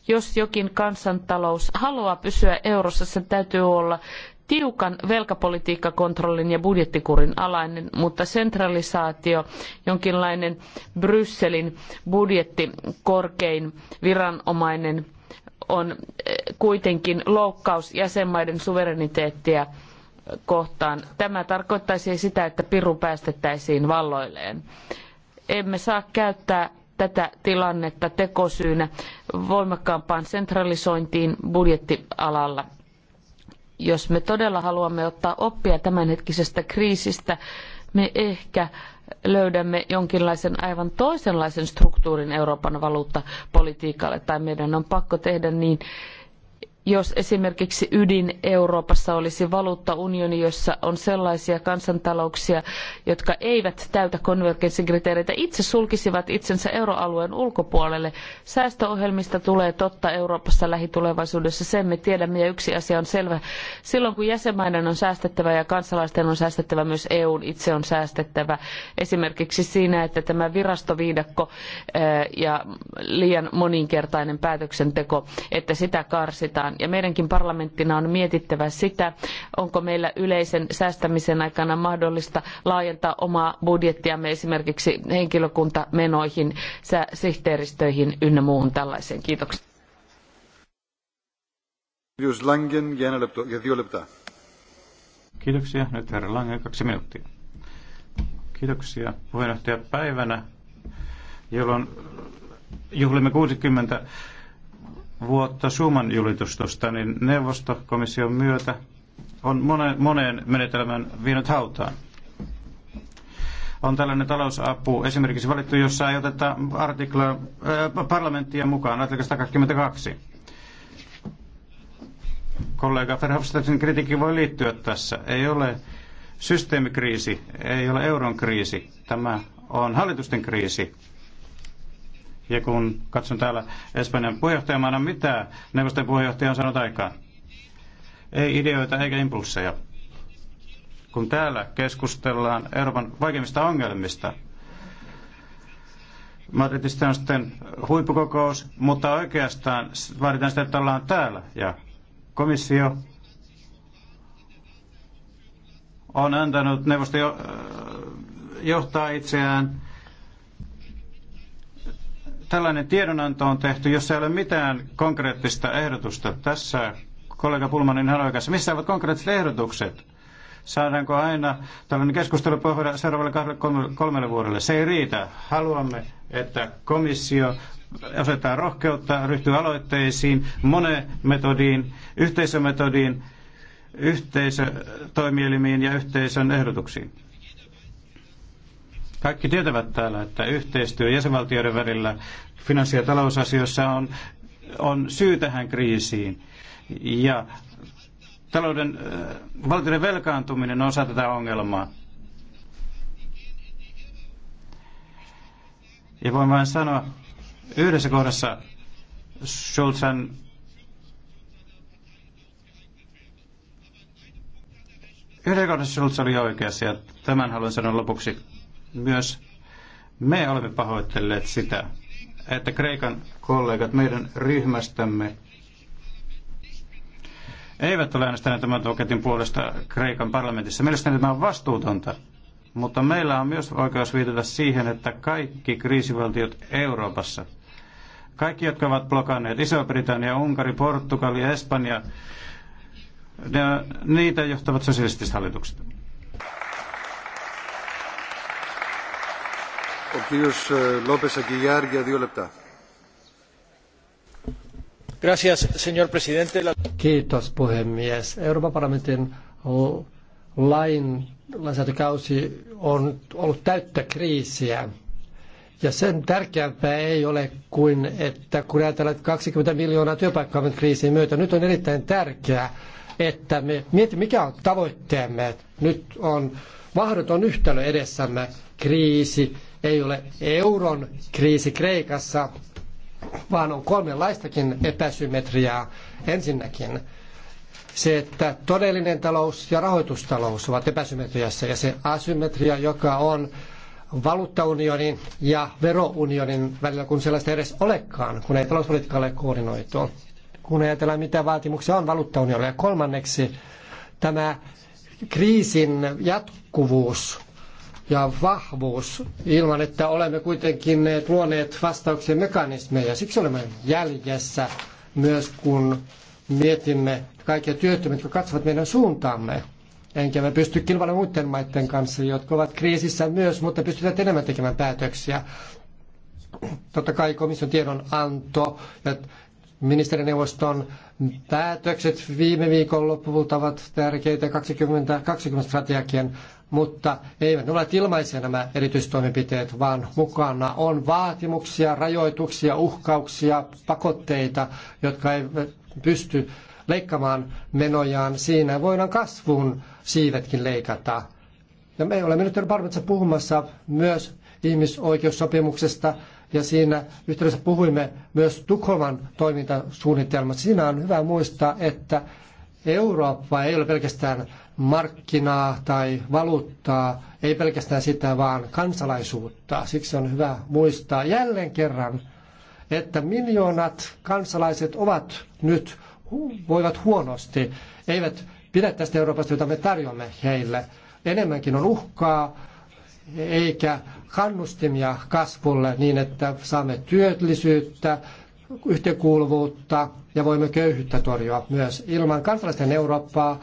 Jos jokin kansantalous haluaa pysyä eurossa, sen täytyy olla tiukan velkapolitiikkakontrollin ja budjettikurin alainen, mutta sentralisaatio, jonkinlainen Brysselin budjetti, korkein viranomainen, on eh, kuitenkin loukkaus jäsenmaiden suvereniteettia kohtaan. Tämä tarkoittaisi sitä, että piru päästettäisiin valloilleen. Emme saa käyttää tätä tilannetta tekosyynä voimakkaampaan sentralisointiin budjettialalla. Jos me todella haluamme ottaa oppia tämänhetkisestä kriisistä, me ehkä löydämme jonkinlaisen aivan toisenlaisen struktuurin Euroopan valuuttapolitiikalle, tai meidän on pakko tehdä niin, jos esimerkiksi ydin Euroopassa olisi valuuttaunioni, jossa on sellaisia kansantalouksia, jotka eivät täytä konvergenssikriteereitä, itse sulkisivat itsensä euroalueen ulkopuolelle. Säästöohjelmista tulee totta Euroopassa lähitulevaisuudessa, sen me tiedämme ja yksi asia on selvä. Silloin kun jäsenmaiden on säästettävä ja kansalaisten on säästettävä, myös EUn itse on säästettävä. Esimerkiksi siinä, että tämä virastoviidakko eh, ja liian moninkertainen päätöksenteko, että sitä karsitaan ja meidänkin parlamenttina on mietittävä sitä, onko meillä yleisen säästämisen aikana mahdollista laajentaa omaa budjettiamme esimerkiksi henkilökuntamenoihin, sihteeristöihin ynnä muuhun tällaiseen. Kiitoksia. Kiitoksia. Nyt herra Lange, kaksi minuuttia. Kiitoksia puheenjohtaja päivänä, jolloin juhlimme 60 vuotta Suomen julitustusta, niin neuvostokomission myötä on moneen, moneen menetelmän vienyt hautaan. On tällainen talousapu esimerkiksi valittu, jossa ei oteta artikla, äh, parlamenttia mukaan, artikla 122. Kollega Verhofstadtin kritiikki voi liittyä tässä. Ei ole systeemikriisi, ei ole euron kriisi. Tämä on hallitusten kriisi ja kun katson täällä Espanjan puheenjohtajamaana, mitä neuvoston puheenjohtaja on saanut aikaan? Ei ideoita eikä impulseja. Kun täällä keskustellaan Euroopan vaikeimmista ongelmista, Madridista on sitten huippukokous, mutta oikeastaan vaaditaan sitä, että ollaan täällä. Ja komissio on antanut neuvosto äh, johtaa itseään tällainen tiedonanto on tehty, jossa ei ole mitään konkreettista ehdotusta. Tässä kollega Pulmanin hän oikeassa. Missä ovat konkreettiset ehdotukset? Saadaanko aina tällainen keskustelu pohjaa seuraavalle kahdelle kolmelle vuodelle? Se ei riitä. Haluamme, että komissio osoittaa rohkeutta, ryhtyy aloitteisiin, monemetodiin, yhteisömetodiin, yhteisötoimielimiin ja yhteisön ehdotuksiin. Kaikki tietävät täällä, että yhteistyö jäsenvaltioiden välillä finanssi- ja talousasioissa on, on syy tähän kriisiin. Ja talouden, äh, valtioiden velkaantuminen on osa tätä ongelmaa. Ja voin vain sanoa, yhdessä kohdassa Schulzan Yhden kohdassa oli oikeassa ja tämän haluan sanoa lopuksi. Myös me olemme pahoitelleet sitä, että Kreikan kollegat meidän ryhmästämme eivät ole äänestäneet tämän paketin puolesta Kreikan parlamentissa. Mielestäni tämä on vastuutonta, mutta meillä on myös oikeus viitata siihen, että kaikki kriisivaltiot Euroopassa, kaikki jotka ovat blokanneet Iso-Britannia, Unkari, Portugali, Espanja, ne, niitä johtavat sosialistiset hallitukset. señor presidente Kiitos puhemies. Euroopan parlamentin lain lainsäädäntökausi on ollut täyttä kriisiä. Ja sen tärkeämpää ei ole kuin, että kun ajatellaan, että 20 miljoonaa työpaikkaa on kriisin myötä, nyt on erittäin tärkeää, että me mietimme, mikä on tavoitteemme. Nyt on mahdoton yhtälö edessämme kriisi, ei ole euron kriisi Kreikassa, vaan on kolmenlaistakin epäsymmetriaa. Ensinnäkin se, että todellinen talous ja rahoitustalous ovat epäsymmetriassa ja se asymmetria, joka on valuuttaunionin ja verounionin välillä, kun sellaista ei edes olekaan, kun ei talouspolitiikka ole koordinoitua. Kun ajatellaan, mitä vaatimuksia on valuuttaunionille. Ja kolmanneksi tämä kriisin jatkuvuus ja vahvuus ilman, että olemme kuitenkin luoneet vastauksen mekanismeja. Siksi olemme jäljessä myös, kun mietimme kaikkia työttömiä, jotka katsovat meidän suuntaamme. Enkä me pysty kilpailemaan muiden maiden kanssa, jotka ovat kriisissä myös, mutta pystytään enemmän tekemään päätöksiä. Totta kai komission tiedonanto ja Ministerineuvoston päätökset viime viikon lopulta ovat tärkeitä 2020 20 strategian, mutta eivät ne ole ilmaisia nämä erityistoimenpiteet, vaan mukana on vaatimuksia, rajoituksia, uhkauksia, pakotteita, jotka eivät pysty leikkaamaan menojaan. Siinä voidaan kasvun siivetkin leikata. Ja me olemme nyt parlamentissa puhumassa myös ihmisoikeussopimuksesta, ja siinä yhteydessä puhuimme myös Tukholman toimintasuunnitelmasta. Siinä on hyvä muistaa, että Eurooppa ei ole pelkästään markkinaa tai valuuttaa, ei pelkästään sitä, vaan kansalaisuutta. Siksi on hyvä muistaa jälleen kerran, että miljoonat kansalaiset ovat nyt, voivat huonosti, eivät pidä tästä Euroopasta, jota me tarjoamme heille. Enemmänkin on uhkaa, eikä kannustimia kasvulle niin, että saamme työllisyyttä, yhteenkuuluvuutta ja voimme köyhyyttä torjua myös. Ilman kansalaisten Eurooppaa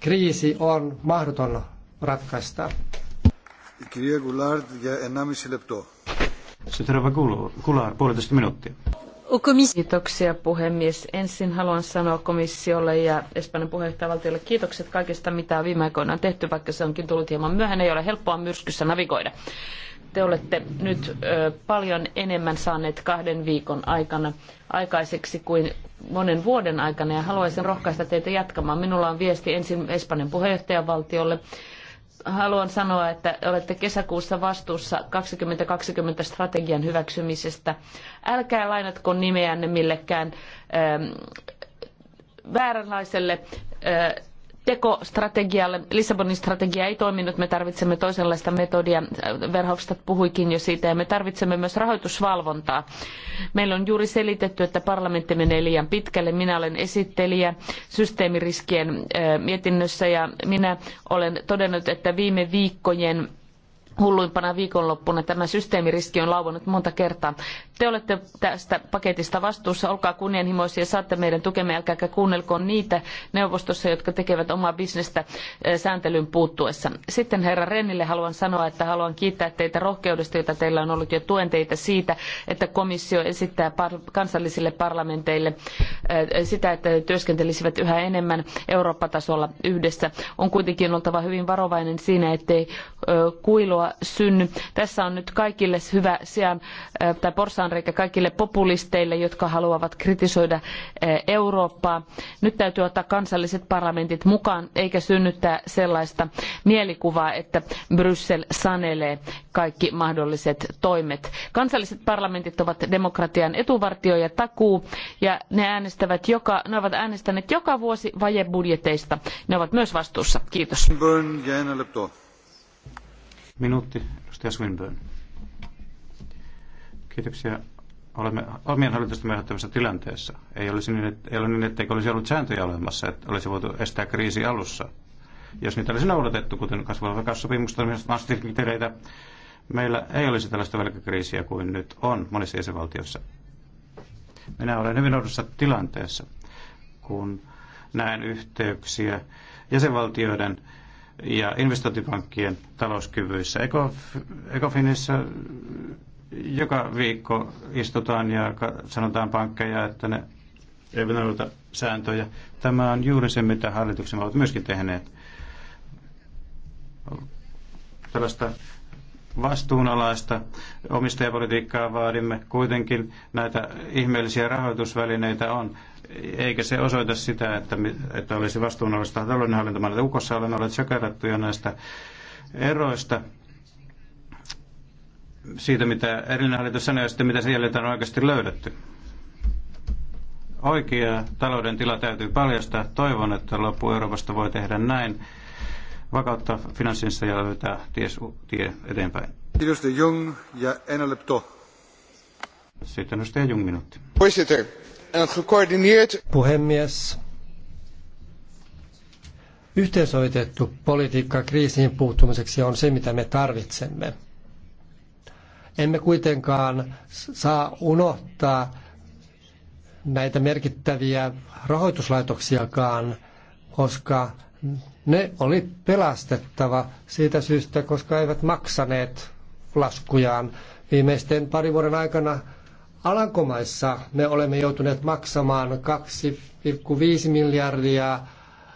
kriisi on mahdoton ratkaista. Kirje Goulard ja enemmistö lepto. Seuraava Goulard, puolitoista minuuttia. Kiitoksia puhemies. Ensin haluan sanoa komissiolle ja Espanjan puheenjohtajavaltiolle kiitokset kaikesta, mitä viime aikoina on tehty, vaikka se onkin tullut hieman myöhään. Ei ole helppoa myrskyssä navigoida te olette nyt paljon enemmän saaneet kahden viikon aikana aikaiseksi kuin monen vuoden aikana ja haluaisin rohkaista teitä jatkamaan. Minulla on viesti ensin Espanjan puheenjohtajavaltiolle. Haluan sanoa, että olette kesäkuussa vastuussa 2020 strategian hyväksymisestä. Älkää lainatko nimeänne millekään vääränlaiselle tekostrategialle. Lissabonin strategia ei toiminut, me tarvitsemme toisenlaista metodia. Verhofstadt puhuikin jo siitä ja me tarvitsemme myös rahoitusvalvontaa. Meillä on juuri selitetty, että parlamentti menee liian pitkälle. Minä olen esittelijä systeemiriskien mietinnössä ja minä olen todennut, että viime viikkojen hulluimpana viikonloppuna tämä systeemiriski on lauannut monta kertaa. Te olette tästä paketista vastuussa, olkaa kunnianhimoisia, saatte meidän tukemme, älkääkä kuunnelko niitä neuvostossa, jotka tekevät omaa bisnestä eh, sääntelyn puuttuessa. Sitten herra Rennille haluan sanoa, että haluan kiittää teitä rohkeudesta, jota teillä on ollut, ja tuen teitä siitä, että komissio esittää kansallisille parlamenteille eh, sitä, että työskentelisivät yhä enemmän Eurooppa-tasolla yhdessä. On kuitenkin oltava hyvin varovainen siinä, ettei eh, kuilua synny. Tässä on nyt kaikille hyvä sijaan tai porsaan reikä kaikille populisteille, jotka haluavat kritisoida eh, Eurooppaa. Nyt täytyy ottaa kansalliset parlamentit mukaan, eikä synnyttää sellaista mielikuvaa, että Bryssel sanelee kaikki mahdolliset toimet. Kansalliset parlamentit ovat demokratian etuvartio ja takuu, ja ne, äänestävät joka, ne ovat äänestäneet joka vuosi vajebudjeteista. Ne ovat myös vastuussa. Kiitos. Minuutti, edustaja Swinburne. Kiitoksia. Olemme omien hallitusten aiheuttamassa tilanteessa. Ei, olisi niin, että ei ole niin, etteikö olisi ollut sääntöjä olemassa, että olisi voitu estää kriisi alussa. Jos niitä olisi noudatettu, kuten kasvava vakaussopimusta, niin meillä ei olisi tällaista velkakriisiä kuin nyt on monissa jäsenvaltioissa. Minä olen hyvin oudossa tilanteessa, kun näen yhteyksiä jäsenvaltioiden ja investointipankkien talouskyvyissä. Ecofinissä joka viikko istutaan ja sanotaan pankkeja, että ne eivät noudata sääntöjä. Tämä on juuri se, mitä hallituksen ovat myöskin tehneet. Tällaista vastuunalaista omistajapolitiikkaa vaadimme. Kuitenkin näitä ihmeellisiä rahoitusvälineitä on, eikä se osoita sitä, että, että olisi vastuunalaista että Ukossa olen olleet sökärättyjä näistä eroista siitä, mitä erillinen hallitus sanoi ja sitten mitä siellä on oikeasti löydetty. Oikea talouden tila täytyy paljastaa. Toivon, että loppu Euroopasta voi tehdä näin. Vakauttaa finanssinsa ja löytää ties, tie eteenpäin. Kiitos Jung ja Enä Lepto. Sitten edustaja Jung minuutti. Puhemies, Yhteensovitettu politiikka kriisiin puuttumiseksi on se, mitä me tarvitsemme. Emme kuitenkaan saa unohtaa näitä merkittäviä rahoituslaitoksiakaan, koska ne oli pelastettava siitä syystä, koska eivät maksaneet laskujaan. Viimeisten parin vuoden aikana Alankomaissa me olemme joutuneet maksamaan 2,5 miljardia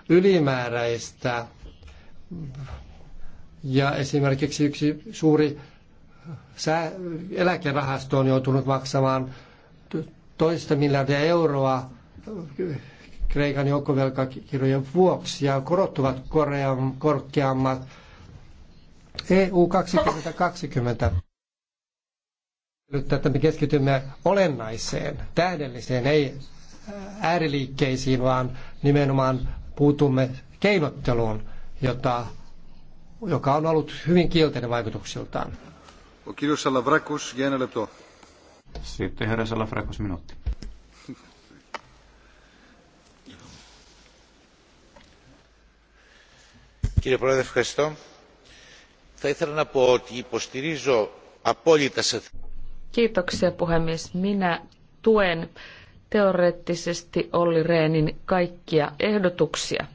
ylimääräistä. Ja esimerkiksi yksi suuri eläkerahasto on joutunut maksamaan toista miljardia euroa Kreikan joukkovelkakirjojen vuoksi ja korot ovat korkeammat. EU 2020 että me keskitymme olennaiseen, tähdelliseen, ei ääriliikkeisiin, vaan nimenomaan puutumme keinotteluun, jota, joka on ollut hyvin kielteinen vaikutuksiltaan. Sitten herra Salafrakos minuutti. Κύριε Πρόεδρε, ευχαριστώ. Θα ήθελα να πω ότι υποστηρίζω απόλυτα σε... puhemies. Minä tuen teoreettisesti Olli Rehnin kaikkia ehdotuksia.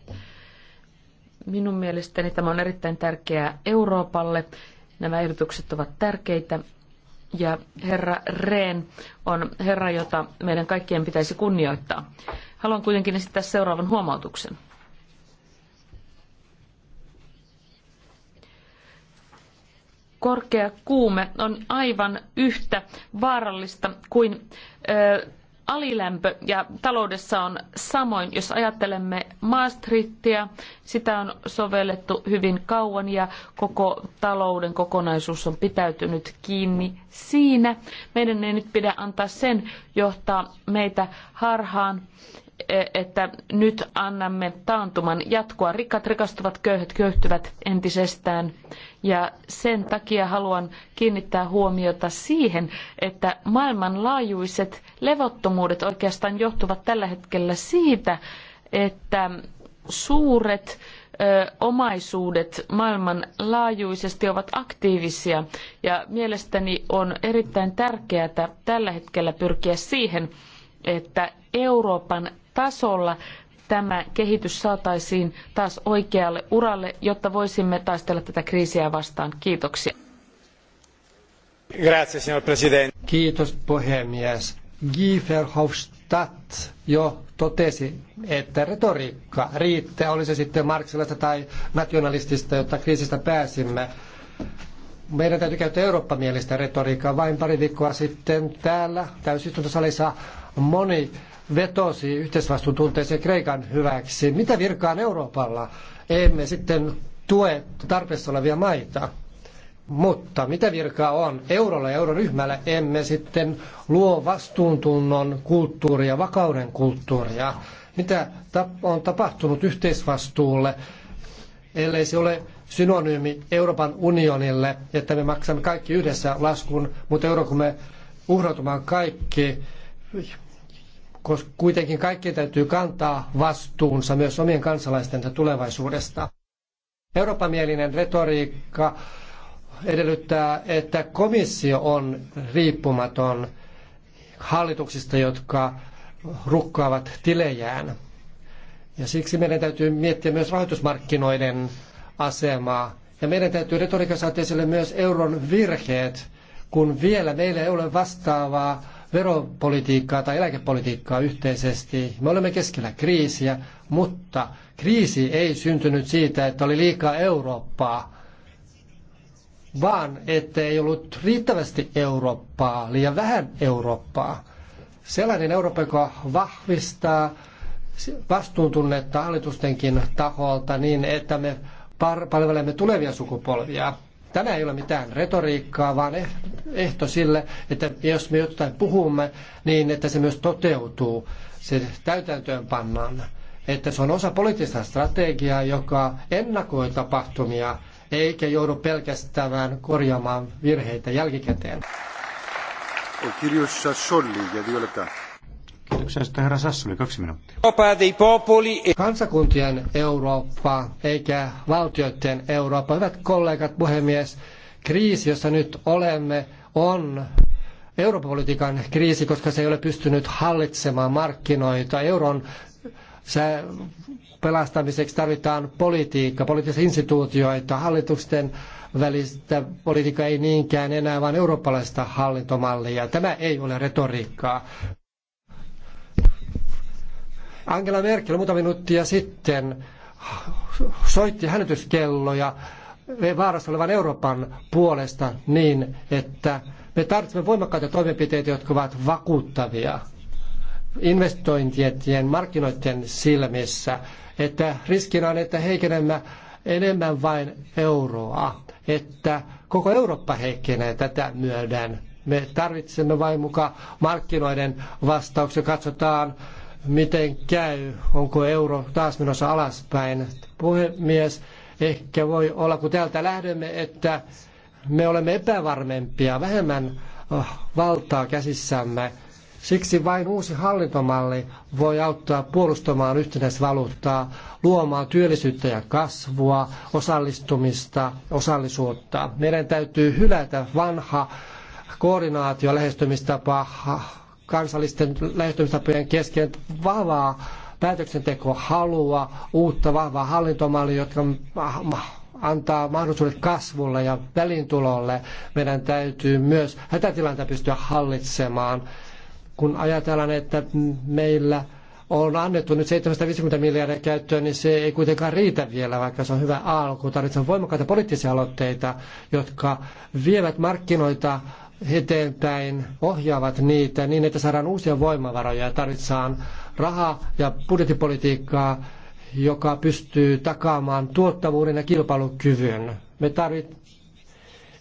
Minun mielestäni tämä on erittäin tärkeää Euroopalle Nämä ehdotukset ovat tärkeitä ja herra Reen on herra, jota meidän kaikkien pitäisi kunnioittaa. Haluan kuitenkin esittää seuraavan huomautuksen. Korkea kuume on aivan yhtä vaarallista kuin ö, alilämpö ja taloudessa on samoin, jos ajattelemme Maastrichtia, sitä on sovellettu hyvin kauan ja koko talouden kokonaisuus on pitäytynyt kiinni siinä. Meidän ei nyt pidä antaa sen johtaa meitä harhaan E, että nyt annamme taantuman jatkua. Rikkat rikastuvat, köyhät köyhtyvät entisestään. Ja sen takia haluan kiinnittää huomiota siihen, että maailmanlaajuiset levottomuudet oikeastaan johtuvat tällä hetkellä siitä, että suuret omaisuudet maailmanlaajuisesti ovat aktiivisia ja mielestäni on erittäin tärkeää tällä hetkellä pyrkiä siihen, että Euroopan tasolla tämä kehitys saataisiin taas oikealle uralle, jotta voisimme taistella tätä kriisiä vastaan. Kiitoksia. Grazie, signor Presidente. Kiitos puhemies. Guy Verhofstadt jo totesi, että retoriikka riittää, oli se sitten marksilaista tai nationalistista, jotta kriisistä pääsimme. Meidän täytyy käyttää eurooppamielistä retoriikkaa. Vain pari viikkoa sitten täällä täysistuntosalissa moni vetosi yhteisvastuun Kreikan hyväksi. Mitä virkaa Euroopalla? Emme sitten tue tarpeessa olevia maita. Mutta mitä virkaa on eurolla ja euroryhmällä? Emme sitten luo vastuuntunnon kulttuuria, vakauden kulttuuria. Mitä on tapahtunut yhteisvastuulle, ellei se ole synonyymi Euroopan unionille, että me maksamme kaikki yhdessä laskun, mutta me uhrautumaan kaikki koska kuitenkin kaikkien täytyy kantaa vastuunsa myös omien kansalaistensa tulevaisuudesta. Eurooppamielinen retoriikka edellyttää, että komissio on riippumaton hallituksista, jotka rukkaavat tilejään. Ja siksi meidän täytyy miettiä myös rahoitusmarkkinoiden asemaa. Ja meidän täytyy retoriikassa ottaa esille myös euron virheet, kun vielä meillä ei ole vastaavaa veropolitiikkaa tai eläkepolitiikkaa yhteisesti. Me olemme keskellä kriisiä, mutta kriisi ei syntynyt siitä, että oli liikaa Eurooppaa, vaan että ei ollut riittävästi Eurooppaa, liian vähän Eurooppaa. Sellainen Eurooppa, joka vahvistaa vastuuntunnetta hallitustenkin taholta niin, että me palvelemme tulevia sukupolvia. Tämä ei ole mitään retoriikkaa, vaan eh-, ehto sille, että jos me jotain puhumme, niin että se myös toteutuu, se täytäntöön pannaan. Että se on osa poliittista strategiaa, joka ennakoi tapahtumia, eikä joudu pelkästään korjaamaan virheitä jälkikäteen. Kirjoissa Solli ja Violeta. Kiitoksia sitten herra kaksi minuuttia. E- Kansakuntien Eurooppa eikä valtioiden Eurooppa. Hyvät kollegat, puhemies, kriisi, jossa nyt olemme, on Euroopan politiikan kriisi, koska se ei ole pystynyt hallitsemaan markkinoita. Euron se pelastamiseksi tarvitaan politiikka, poliittisia instituutioita, hallitusten välistä politiikkaa ei niinkään enää, vaan eurooppalaista hallintomallia. Tämä ei ole retoriikkaa. Angela Merkel muutama minuuttia sitten soitti hälytyskelloja vaarassa olevan Euroopan puolesta niin, että me tarvitsemme voimakkaita toimenpiteitä, jotka ovat vakuuttavia investointien markkinoiden silmissä, että riskinä on, että heikennämme enemmän vain euroa, että koko Eurooppa heikkenee tätä myöden. Me tarvitsemme vain mukaan markkinoiden vastauksia, katsotaan miten käy, onko euro taas menossa alaspäin. Puhemies, ehkä voi olla, kun täältä lähdemme, että me olemme epävarmempia, vähemmän oh, valtaa käsissämme. Siksi vain uusi hallintomalli voi auttaa puolustamaan yhtenäisvaluuttaa, luomaan työllisyyttä ja kasvua, osallistumista, osallisuutta. Meidän täytyy hylätä vanha koordinaatio lähestymistapa kansallisten lähestymistapojen kesken vahvaa päätöksentekohalua, uutta vahvaa hallintomallia, jotka antaa mahdollisuudet kasvulle ja välintulolle. Meidän täytyy myös hätätilanta pystyä hallitsemaan. Kun ajatellaan, että meillä on annettu nyt 750 miljardia käyttöön, niin se ei kuitenkaan riitä vielä, vaikka se on hyvä alku. Tarvitsemme voimakkaita poliittisia aloitteita, jotka vievät markkinoita eteenpäin, ohjaavat niitä niin, että saadaan uusia voimavaroja ja tarvitaan rahaa ja budjettipolitiikkaa, joka pystyy takaamaan tuottavuuden ja kilpailukyvyn. Me tarvit,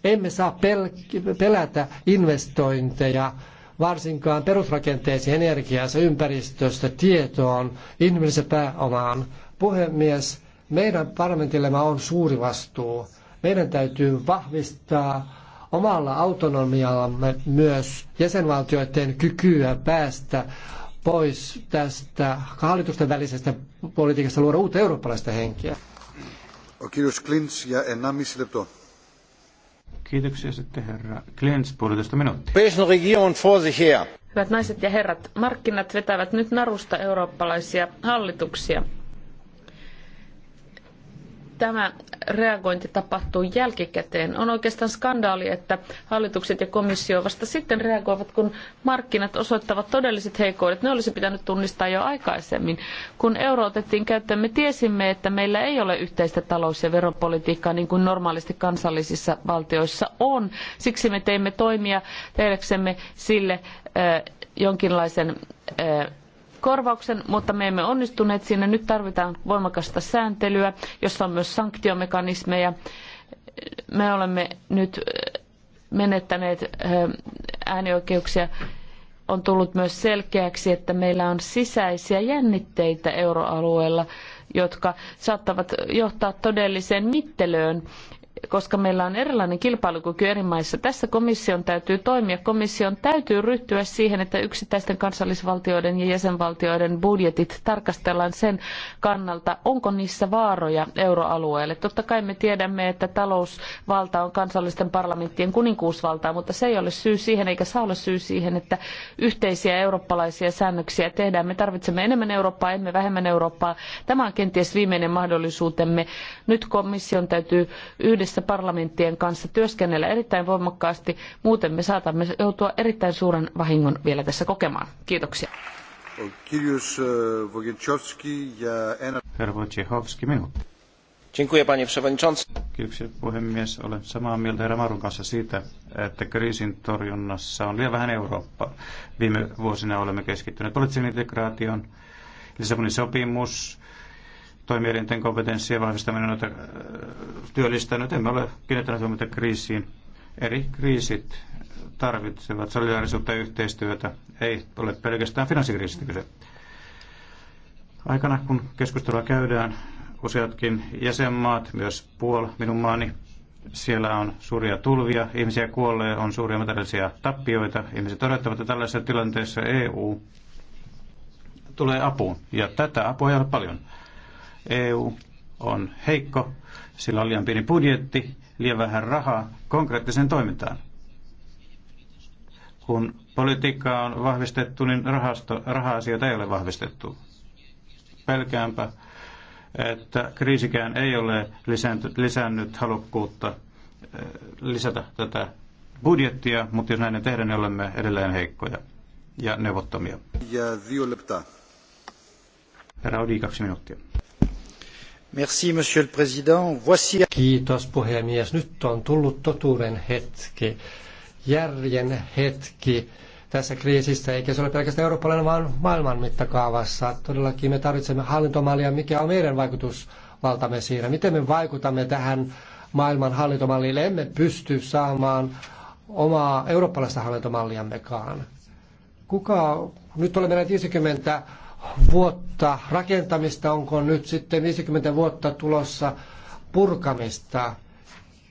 emme saa pel- pelätä investointeja, varsinkaan perusrakenteisiin, energiassa, ympäristöstä, tietoon, inhimilliseen pääomaan. Puhemies, meidän parlamentillemme on suuri vastuu. Meidän täytyy vahvistaa omalla autonomiallamme myös jäsenvaltioiden kykyä päästä pois tästä hallitusten välisestä politiikasta luoda uutta eurooppalaista henkeä. Kiitos Klins ja ennamis Kiitoksia sitten herra Klins, puolitoista minuuttia. Hyvät naiset ja herrat, markkinat vetävät nyt narusta eurooppalaisia hallituksia tämä reagointi tapahtuu jälkikäteen. On oikeastaan skandaali, että hallitukset ja komissio vasta sitten reagoivat, kun markkinat osoittavat todelliset heikkoudet. Ne olisi pitänyt tunnistaa jo aikaisemmin. Kun euro otettiin käyttöön, me tiesimme, että meillä ei ole yhteistä talous- ja veropolitiikkaa niin kuin normaalisti kansallisissa valtioissa on. Siksi me teimme toimia tehdäksemme sille äh, jonkinlaisen äh, korvauksen, mutta me emme onnistuneet siinä. Nyt tarvitaan voimakasta sääntelyä, jossa on myös sanktiomekanismeja. Me olemme nyt menettäneet äänioikeuksia. On tullut myös selkeäksi, että meillä on sisäisiä jännitteitä euroalueella, jotka saattavat johtaa todelliseen mittelöön koska meillä on erilainen kilpailukyky eri maissa. Tässä komission täytyy toimia. Komission täytyy ryhtyä siihen, että yksittäisten kansallisvaltioiden ja jäsenvaltioiden budjetit tarkastellaan sen kannalta, onko niissä vaaroja euroalueelle. Totta kai me tiedämme, että talousvalta on kansallisten parlamenttien kuninkuusvaltaa, mutta se ei ole syy siihen eikä saa olla syy siihen, että yhteisiä eurooppalaisia säännöksiä tehdään. Me tarvitsemme enemmän Eurooppaa, emme vähemmän Eurooppaa. Tämä on kenties viimeinen mahdollisuutemme. Nyt komission täytyy yhdessä yhdessä parlamenttien kanssa työskennellä erittäin voimakkaasti. Muuten me saatamme joutua erittäin suuren vahingon vielä tässä kokemaan. Kiitoksia. Eh, herra Wojciechowski, minuutti. Kiitoksia puhemies. Olen samaa mieltä herra Marun kanssa siitä, että kriisin torjunnassa on liian vähän Eurooppaa. Viime vuosina olemme keskittyneet poliittisen integraation, Lissabonin sopimus, toimielinten kompetenssien vahvistaminen on äh, työllistänyt. Emme ole kiinnittäneet huomiota kriisiin. Eri kriisit tarvitsevat solidaarisuutta ja yhteistyötä. Ei ole pelkästään finanssikriisistä kyse. Aikana, kun keskustelua käydään, useatkin jäsenmaat, myös Puol, minun maani, siellä on suuria tulvia, ihmisiä kuolee, on suuria materiaalisia tappioita. Ihmiset odottavat, että tällaisessa tilanteessa EU tulee apuun. Ja tätä apua ei ole paljon. EU on heikko, sillä on liian pieni budjetti, liian vähän rahaa konkreettiseen toimintaan. Kun politiikkaa on vahvistettu, niin rahasto, raha-asioita ei ole vahvistettu. Pelkäänpä, että kriisikään ei ole lisännyt halukkuutta lisätä tätä budjettia, mutta jos näin ei tehdä, niin olemme edelleen heikkoja ja neuvottomia. Ja Herra Odi, kaksi minuuttia monsieur le président. Voici... Kiitos puhemies. Nyt on tullut totuuden hetki, järjen hetki tässä kriisissä, eikä se ole pelkästään eurooppalainen, vaan maailman mittakaavassa. Todellakin me tarvitsemme hallintomallia, mikä on meidän vaikutusvaltamme siinä. Miten me vaikutamme tähän maailman hallintomalliin? Emme pysty saamaan omaa eurooppalaista hallintomalliammekaan. Kuka, nyt olemme näitä 50 vuotta rakentamista, onko nyt sitten 50 vuotta tulossa purkamista.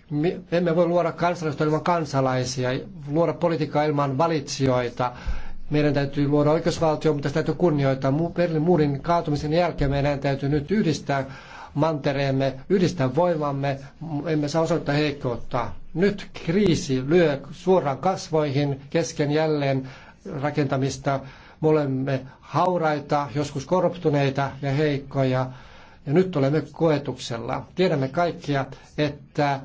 Me emme voi luoda kansalaisuutta ilman kansalaisia, luoda politiikkaa ilman valitsijoita. Meidän täytyy luoda oikeusvaltio, mutta sitä täytyy kunnioittaa. Berlin muurin kaatumisen jälkeen meidän täytyy nyt yhdistää mantereemme, yhdistää voimamme, emme saa osoittaa heikkoutta. Nyt kriisi lyö suoraan kasvoihin kesken jälleen rakentamista me olemme hauraita, joskus korruptuneita ja heikkoja, ja nyt olemme koetuksella. Tiedämme kaikkia, että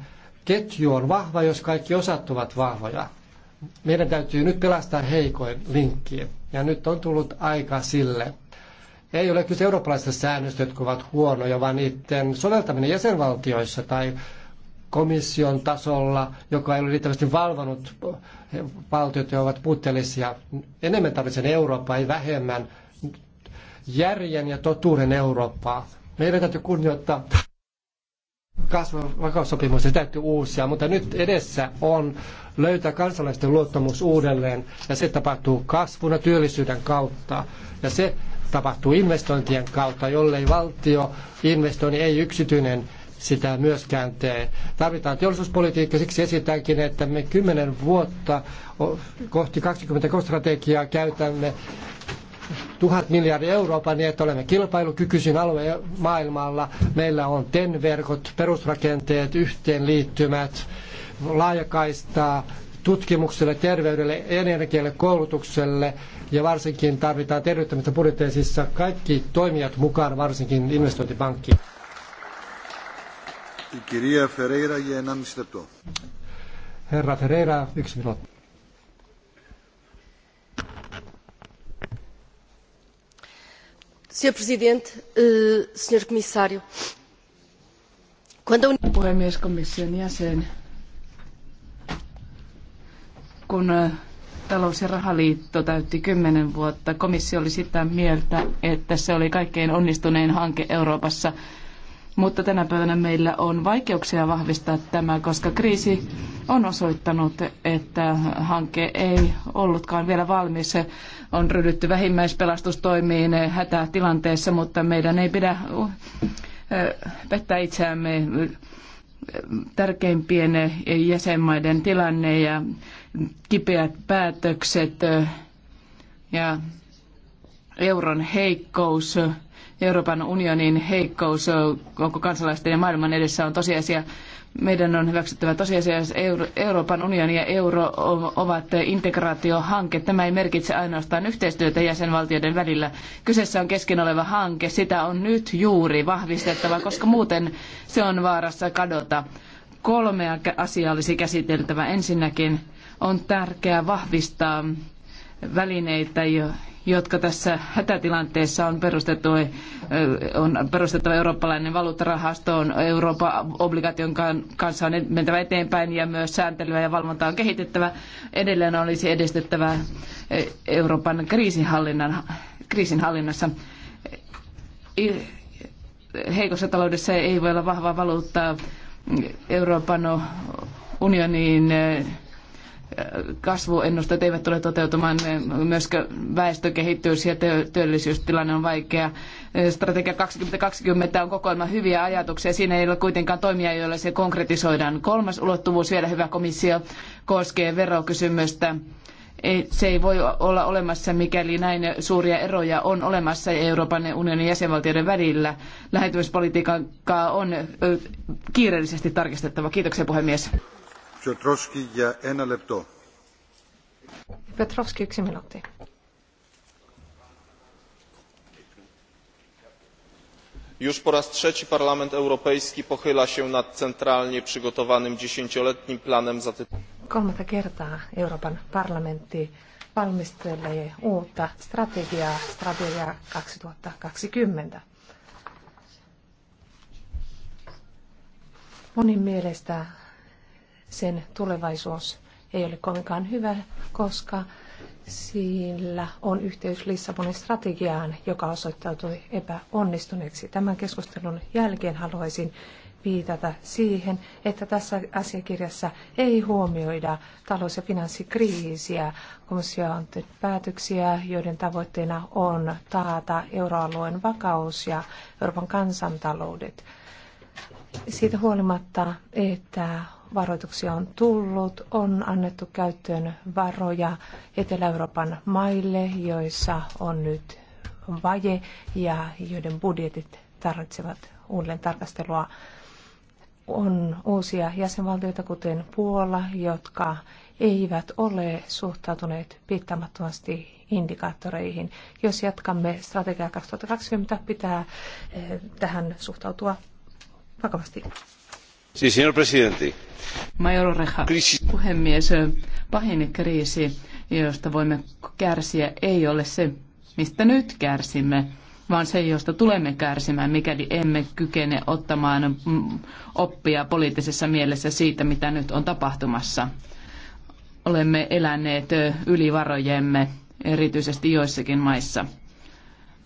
ketju on vahva, jos kaikki osat ovat vahvoja. Meidän täytyy nyt pelastaa heikoin linkki, ja nyt on tullut aika sille. Ei ole kyse eurooppalaisista säännöistä, jotka ovat huonoja, vaan niiden soveltaminen jäsenvaltioissa tai komission tasolla, joka ei ole riittävästi valvonut valtiot, jotka ovat puutteellisia. Enemmän tarvitsen Eurooppaa, ei vähemmän. Järjen ja totuuden Eurooppaa. Meidän täytyy kunnioittaa kasvavakaussopimus, se täytyy uusia, mutta nyt edessä on löytää kansalaisten luottamus uudelleen, ja se tapahtuu kasvuna työllisyyden kautta, ja se tapahtuu investointien kautta, jollei valtio investoi, niin ei yksityinen sitä myöskään tee. Tarvitaan teollisuuspolitiikka, siksi esitänkin, että me kymmenen vuotta kohti 20 strategiaa käytämme tuhat miljardia Euroopan niin, että olemme kilpailukykyisin alue maailmalla. Meillä on TEN-verkot, perusrakenteet, yhteenliittymät, laajakaistaa, tutkimukselle, terveydelle, energialle, koulutukselle ja varsinkin tarvitaan terveyttämistä budjeteisissa kaikki toimijat mukaan, varsinkin investointipankki. Κυρία Φερέιρα για 1,5 λεπτό. Herra Ferreira, yksi minuutti. Senhor Presidente, eh, Senhor Comissário, quando... Puhemies, komission jäsen, kun eh, talous- ja rahaliitto täytti kymmenen vuotta, komissio oli sitä mieltä, että se oli kaikkein onnistunein hanke Euroopassa – mutta tänä päivänä meillä on vaikeuksia vahvistaa tämä, koska kriisi on osoittanut, että hanke ei ollutkaan vielä valmis. On ryhdytty vähimmäispelastustoimiin hätätilanteessa, mutta meidän ei pidä pettää itseämme tärkeimpien jäsenmaiden tilanne ja kipeät päätökset ja euron heikkous Euroopan unionin heikkous koko kansalaisten ja maailman edessä on tosiasia. Meidän on hyväksyttävä tosiasia, että Euroopan unioni ja euro ovat integraatiohanke. Tämä ei merkitse ainoastaan yhteistyötä jäsenvaltioiden välillä. Kyseessä on kesken oleva hanke. Sitä on nyt juuri vahvistettava, koska muuten se on vaarassa kadota. Kolmea asiaa olisi käsiteltävä. Ensinnäkin on tärkeää vahvistaa välineitä, jotka tässä hätätilanteessa on perustettu, on perustettava eurooppalainen valuuttarahasto, on Euroopan obligaation kanssa on mentävä eteenpäin ja myös sääntelyä ja valvontaa on kehitettävä. Edelleen olisi edistettävä Euroopan kriisinhallinnan, kriisinhallinnassa heikossa taloudessa ei voi olla vahvaa valuuttaa. Euroopan unioniin kasvuennusteet eivät tule toteutumaan, myöskään väestö kehittyy ja työllisyystilanne on vaikea. Strategia 2020 on kokoelma hyviä ajatuksia. Siinä ei ole kuitenkaan toimia, joilla se konkretisoidaan. Kolmas ulottuvuus vielä, hyvä komissio, koskee verokysymystä. Ei, se ei voi olla olemassa, mikäli näin suuria eroja on olemassa Euroopan unionin jäsenvaltioiden välillä. Lähentymispolitiikkaa on kiireellisesti tarkistettava. Kiitoksia puhemies już po raz trzeci parlament europejski pochyla się nad centralnie przygotowanym dziesięcioletnim planem Euroopan parlamentti valmistelee uutta strategiaa, 2020. Monin mielestä sen tulevaisuus ei ole kovinkaan hyvä, koska sillä on yhteys Lissabonin strategiaan, joka osoittautui epäonnistuneeksi. Tämän keskustelun jälkeen haluaisin viitata siihen, että tässä asiakirjassa ei huomioida talous- ja finanssikriisiä. Komissio on tehnyt päätöksiä, joiden tavoitteena on taata euroalueen vakaus ja Euroopan kansantaloudet. Siitä huolimatta, että varoituksia on tullut, on annettu käyttöön varoja Etelä-Euroopan maille, joissa on nyt vaje ja joiden budjetit tarvitsevat uudelleen tarkastelua. On uusia jäsenvaltioita, kuten Puola, jotka eivät ole suhtautuneet piittaamattomasti indikaattoreihin. Jos jatkamme strategiaa 2020, pitää eh, tähän suhtautua vakavasti señor Major puhemies, pahin kriisi, josta voimme kärsiä, ei ole se, mistä nyt kärsimme, vaan se, josta tulemme kärsimään, mikäli emme kykene ottamaan mm, oppia poliittisessa mielessä siitä, mitä nyt on tapahtumassa. Olemme eläneet yli varojemme, erityisesti joissakin maissa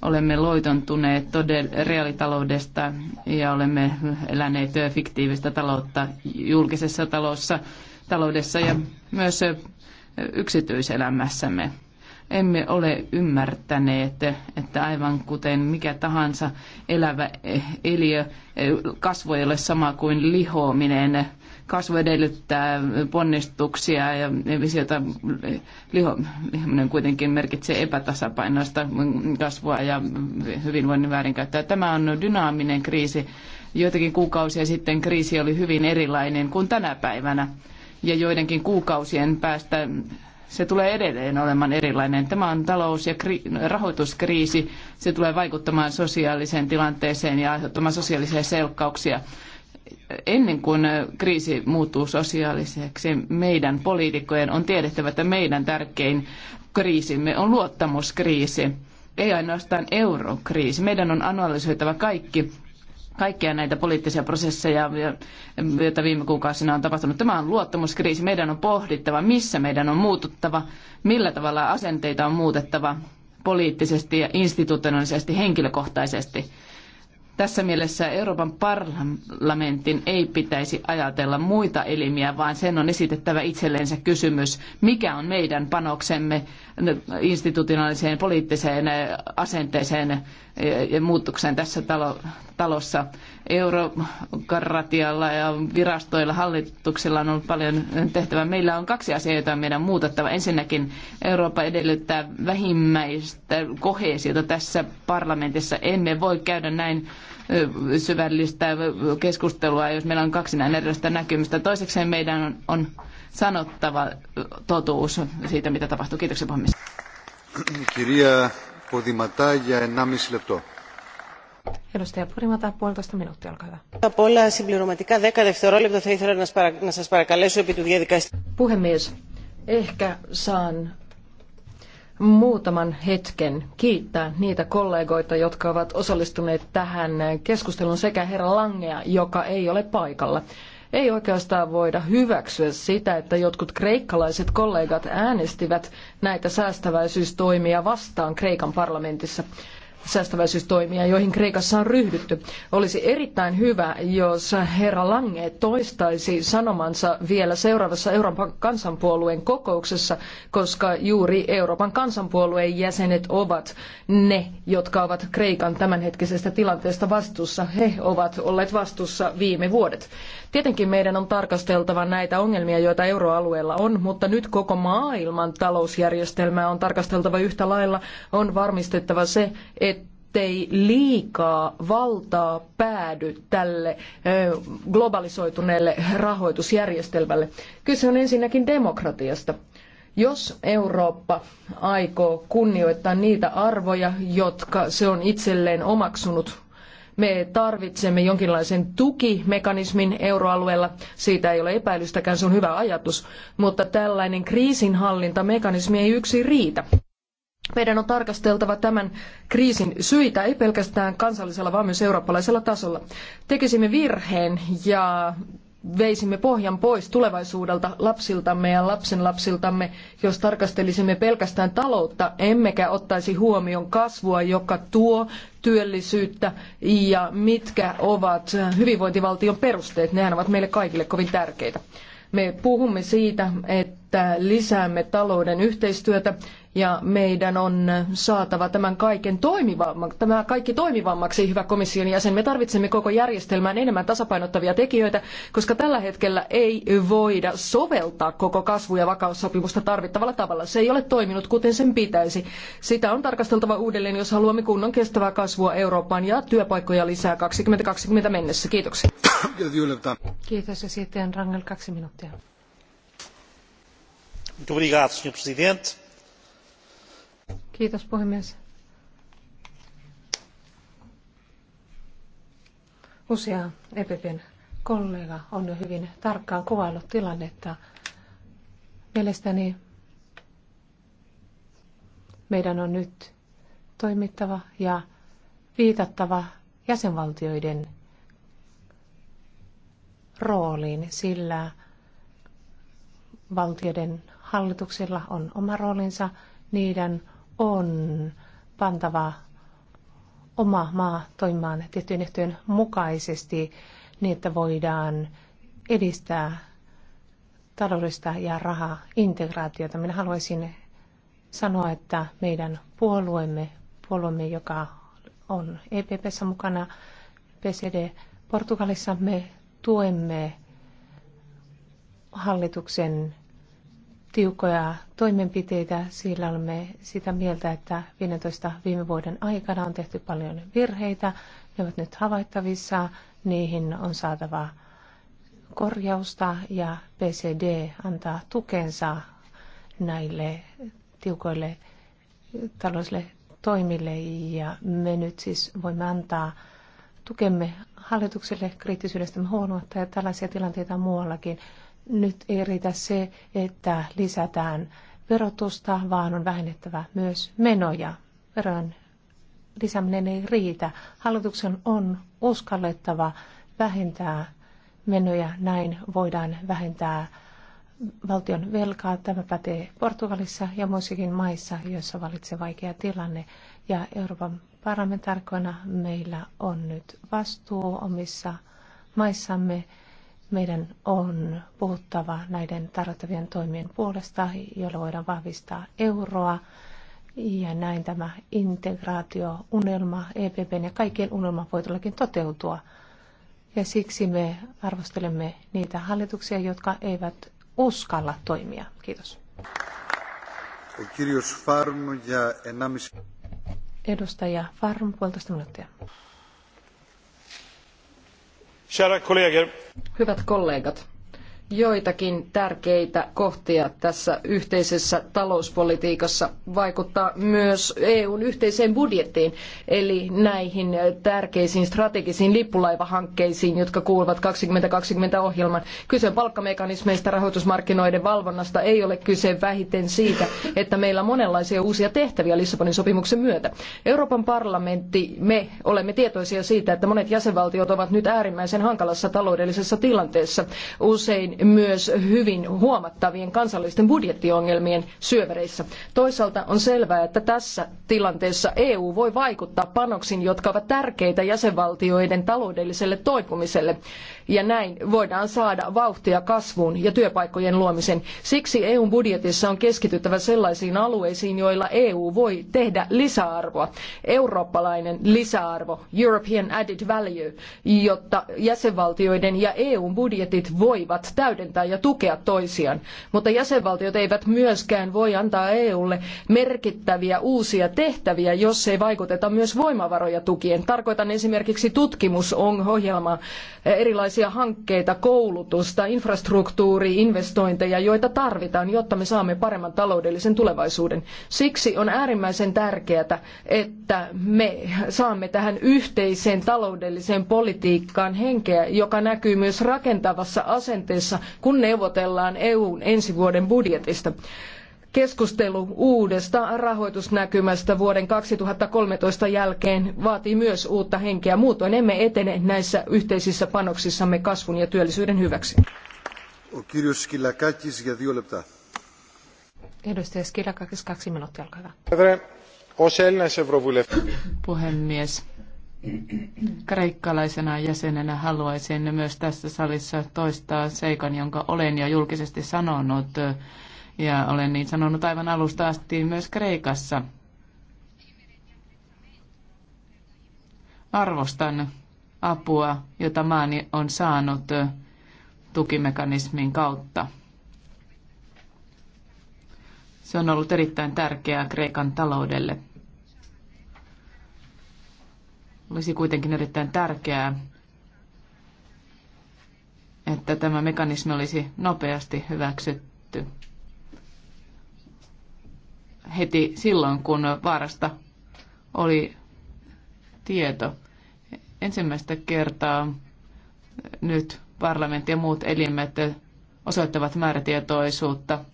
olemme loitontuneet todell- reaalitaloudesta ja olemme eläneet fiktiivistä taloutta julkisessa talossa, taloudessa ja myös yksityiselämässämme. Emme ole ymmärtäneet, että aivan kuten mikä tahansa elävä e, eliö, e, kasvo ei ole sama kuin lihoaminen kasvu edellyttää ponnistuksia ja visiota liho, lihominen kuitenkin merkitsee epätasapainoista kasvua ja hyvinvoinnin väärinkäyttöä. Tämä on dynaaminen kriisi. Joitakin kuukausia sitten kriisi oli hyvin erilainen kuin tänä päivänä ja joidenkin kuukausien päästä se tulee edelleen olemaan erilainen. Tämä on talous- ja rahoituskriisi. Se tulee vaikuttamaan sosiaaliseen tilanteeseen ja aiheuttamaan sosiaalisia selkkauksia ennen kuin kriisi muuttuu sosiaaliseksi, meidän poliitikkojen on tiedettävä, että meidän tärkein kriisimme on luottamuskriisi, ei ainoastaan eurokriisi. Meidän on analysoitava kaikki kaikkia näitä poliittisia prosesseja, joita viime kuukausina on tapahtunut. Tämä on luottamuskriisi. Meidän on pohdittava, missä meidän on muututtava, millä tavalla asenteita on muutettava poliittisesti ja institutionaalisesti, henkilökohtaisesti tässä mielessä Euroopan parlamentin ei pitäisi ajatella muita elimiä, vaan sen on esitettävä itsellensä kysymys, mikä on meidän panoksemme institutionaaliseen poliittiseen asenteeseen ja muutokseen tässä talossa eurokratialla ja virastoilla, hallituksilla on ollut paljon tehtävää. Meillä on kaksi asiaa, joita on meidän muutettava. Ensinnäkin Eurooppa edellyttää vähimmäistä kohesiota tässä parlamentissa. Emme voi käydä näin syvällistä keskustelua, jos meillä on kaksi näin erilaista näkymistä. Toiseksi meidän on, sanottava totuus siitä, mitä tapahtuu. Kiitoksia puhemies. Κυρία Ποδηματά 1,5 Edustaja Purimata, puolitoista minuuttia, olkaa hyvä. Απ' όλα συμπληρωματικά 10 δευτερόλεπτα θα ήθελα να σας παρακαλέσω επί του διαδικαστικού. Puhemies, ehkä saan muutaman hetken kiittää niitä kollegoita, jotka ovat osallistuneet tähän keskusteluun sekä herra Langea, joka ei ole paikalla. Ei oikeastaan voida hyväksyä sitä, että jotkut kreikkalaiset kollegat äänestivät näitä säästäväisyystoimia vastaan Kreikan parlamentissa säästäväisyystoimia, joihin Kreikassa on ryhdytty. Olisi erittäin hyvä, jos herra Lange toistaisi sanomansa vielä seuraavassa Euroopan kansanpuolueen kokouksessa, koska juuri Euroopan kansanpuolueen jäsenet ovat ne, jotka ovat Kreikan tämänhetkisestä tilanteesta vastuussa. He ovat olleet vastuussa viime vuodet. Tietenkin meidän on tarkasteltava näitä ongelmia, joita euroalueella on, mutta nyt koko maailman talousjärjestelmää on tarkasteltava yhtä lailla. On varmistettava se, että ettei liikaa valtaa päädy tälle globalisoituneelle rahoitusjärjestelmälle. Kyse on ensinnäkin demokratiasta. Jos Eurooppa aikoo kunnioittaa niitä arvoja, jotka se on itselleen omaksunut me tarvitsemme jonkinlaisen tukimekanismin euroalueella. Siitä ei ole epäilystäkään, se on hyvä ajatus. Mutta tällainen kriisinhallintamekanismi ei yksin riitä. Meidän on tarkasteltava tämän kriisin syitä, ei pelkästään kansallisella, vaan myös eurooppalaisella tasolla. Tekisimme virheen ja veisimme pohjan pois tulevaisuudelta lapsiltamme ja lapsenlapsiltamme, jos tarkastelisimme pelkästään taloutta, emmekä ottaisi huomioon kasvua, joka tuo työllisyyttä ja mitkä ovat hyvinvointivaltion perusteet. Nehän ovat meille kaikille kovin tärkeitä. Me puhumme siitä, että että lisäämme talouden yhteistyötä ja meidän on saatava tämän kaiken toimivammaksi, tämä kaikki toimivammaksi, hyvä komission jäsen. Me tarvitsemme koko järjestelmään enemmän tasapainottavia tekijöitä, koska tällä hetkellä ei voida soveltaa koko kasvu- ja vakaussopimusta tarvittavalla tavalla. Se ei ole toiminut kuten sen pitäisi. Sitä on tarkasteltava uudelleen, jos haluamme kunnon kestävää kasvua Eurooppaan ja työpaikkoja lisää 2020 mennessä. Kiitoksia. Kiitos ja sitten Rangel kaksi minuuttia. Kiitos puhemies. Usea EPPn kollega on jo hyvin tarkkaan kuvaillut tilannetta. Mielestäni meidän on nyt toimittava ja viitattava jäsenvaltioiden rooliin, sillä valtioiden hallituksilla on oma roolinsa, niiden on pantava oma maa toimimaan tiettyjen ehtojen mukaisesti niin, että voidaan edistää taloudellista ja rahaa integraatiota. Minä haluaisin sanoa, että meidän puolueemme, puolueemme joka on EPPssä mukana, PCD Portugalissa, me tuemme hallituksen tiukkoja toimenpiteitä, sillä olemme sitä mieltä, että 15 viime vuoden aikana on tehty paljon virheitä, ne ovat nyt havaittavissa, niihin on saatava korjausta ja PCD antaa tukensa näille tiukoille taloudellisille toimille ja me nyt siis voimme antaa tukemme hallitukselle kriittisyydestä huolimatta ja tällaisia tilanteita muuallakin. Nyt ei riitä se, että lisätään verotusta, vaan on vähennettävä myös menoja. Veron lisääminen ei riitä. Hallituksen on uskallettava vähentää menoja, näin voidaan vähentää valtion velkaa. Tämä pätee Portugalissa ja muissakin maissa, joissa valitsee vaikea tilanne. Ja Euroopan parlamentarkoina meillä on nyt vastuu omissa maissamme meidän on puhuttava näiden tarvittavien toimien puolesta, joilla voidaan vahvistaa euroa. Ja näin tämä integraatio, unelma, EPPn ja kaikkien unelma voi todellakin toteutua. Ja siksi me arvostelemme niitä hallituksia, jotka eivät uskalla toimia. Kiitos. Edustaja Farm, puolitoista minuuttia. Hyvät kollegat joitakin tärkeitä kohtia tässä yhteisessä talouspolitiikassa vaikuttaa myös EUn yhteiseen budjettiin, eli näihin tärkeisiin strategisiin lippulaivahankkeisiin, jotka kuuluvat 2020 ohjelman. Kyse palkkamekanismeista, rahoitusmarkkinoiden valvonnasta ei ole kyse vähiten siitä, että meillä on monenlaisia uusia tehtäviä Lissabonin sopimuksen myötä. Euroopan parlamentti, me olemme tietoisia siitä, että monet jäsenvaltiot ovat nyt äärimmäisen hankalassa taloudellisessa tilanteessa. Usein myös hyvin huomattavien kansallisten budjettiongelmien syövereissä. Toisaalta on selvää, että tässä tilanteessa EU voi vaikuttaa panoksin, jotka ovat tärkeitä jäsenvaltioiden taloudelliselle toipumiselle. Ja näin voidaan saada vauhtia kasvuun ja työpaikkojen luomisen. Siksi EUn budjetissa on keskityttävä sellaisiin alueisiin, joilla EU voi tehdä lisäarvoa. Eurooppalainen lisäarvo, European Added Value, jotta jäsenvaltioiden ja EUn budjetit voivat täyttää täydentää ja tukea toisiaan. Mutta jäsenvaltiot eivät myöskään voi antaa EUlle merkittäviä uusia tehtäviä, jos ei vaikuteta myös voimavaroja tukien. Tarkoitan esimerkiksi tutkimusohjelmaa, erilaisia hankkeita, koulutusta, infrastruktuuri, investointeja, joita tarvitaan, jotta me saamme paremman taloudellisen tulevaisuuden. Siksi on äärimmäisen tärkeää, että me saamme tähän yhteiseen taloudelliseen politiikkaan henkeä, joka näkyy myös rakentavassa asenteessa kanssa, kun neuvotellaan EUn ensi vuoden budjetista. Keskustelu uudesta rahoitusnäkymästä vuoden 2013 jälkeen vaatii myös uutta henkeä. Muutoin emme etene näissä yhteisissä panoksissamme kasvun ja työllisyyden hyväksi. Edustaja Skilakakis, kaksi minuuttia, olkaa hyvä. Puhemies, Kreikkalaisena jäsenenä haluaisin myös tässä salissa toistaa seikan, jonka olen jo julkisesti sanonut. Ja olen niin sanonut aivan alusta asti myös Kreikassa. Arvostan apua, jota maani on saanut tukimekanismin kautta. Se on ollut erittäin tärkeää Kreikan taloudelle. Olisi kuitenkin erittäin tärkeää, että tämä mekanismi olisi nopeasti hyväksytty heti silloin, kun vaarasta oli tieto. Ensimmäistä kertaa nyt parlamentti ja muut elimet osoittavat määrätietoisuutta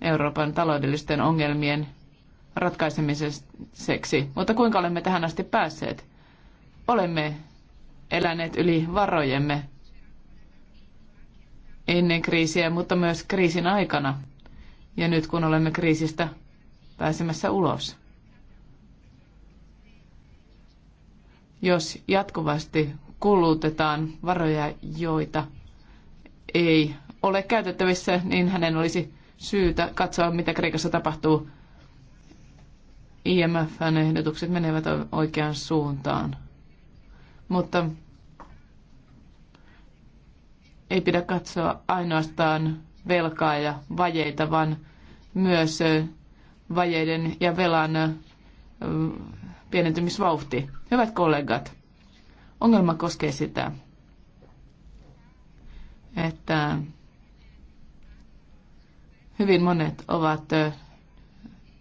Euroopan taloudellisten ongelmien ratkaisemiseksi. Mutta kuinka olemme tähän asti päässeet? Olemme eläneet yli varojemme ennen kriisiä, mutta myös kriisin aikana. Ja nyt kun olemme kriisistä pääsemässä ulos. Jos jatkuvasti kulutetaan varoja, joita ei ole käytettävissä, niin hänen olisi syytä katsoa, mitä Kreikassa tapahtuu. imf ehdotukset menevät oikeaan suuntaan mutta ei pidä katsoa ainoastaan velkaa ja vajeita, vaan myös vajeiden ja velan pienentymisvauhti. Hyvät kollegat, ongelma koskee sitä, että hyvin monet ovat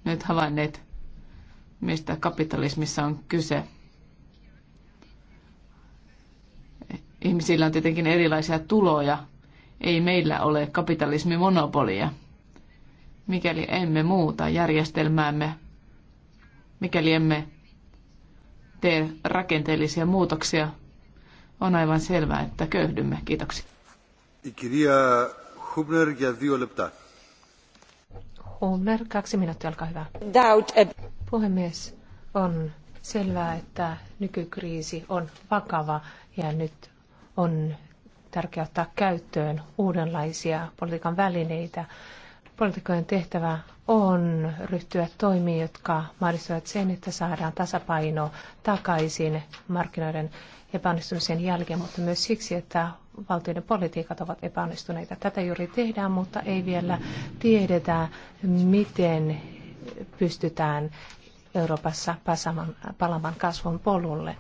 nyt havainneet, mistä kapitalismissa on kyse. Ihmisillä on tietenkin erilaisia tuloja. Ei meillä ole kapitalismimonopolia. Mikäli emme muuta järjestelmäämme, mikäli emme tee rakenteellisia muutoksia, on aivan selvää, että köyhdymme. Kiitoksia. Kirja Hubner ja lepta. Hubner, kaksi minuuttia, olkaa hyvä. Doubt. Puhemies, on selvää, että nykykriisi on vakava ja nyt on tärkeää ottaa käyttöön uudenlaisia politiikan välineitä. Poliitikkojen tehtävä on ryhtyä toimiin, jotka mahdollistavat sen, että saadaan tasapaino takaisin markkinoiden epäonnistumisen jälkeen, mutta myös siksi, että valtioiden politiikat ovat epäonnistuneita. Tätä juuri tehdään, mutta ei vielä tiedetä, miten pystytään Euroopassa palaamaan kasvun polulle.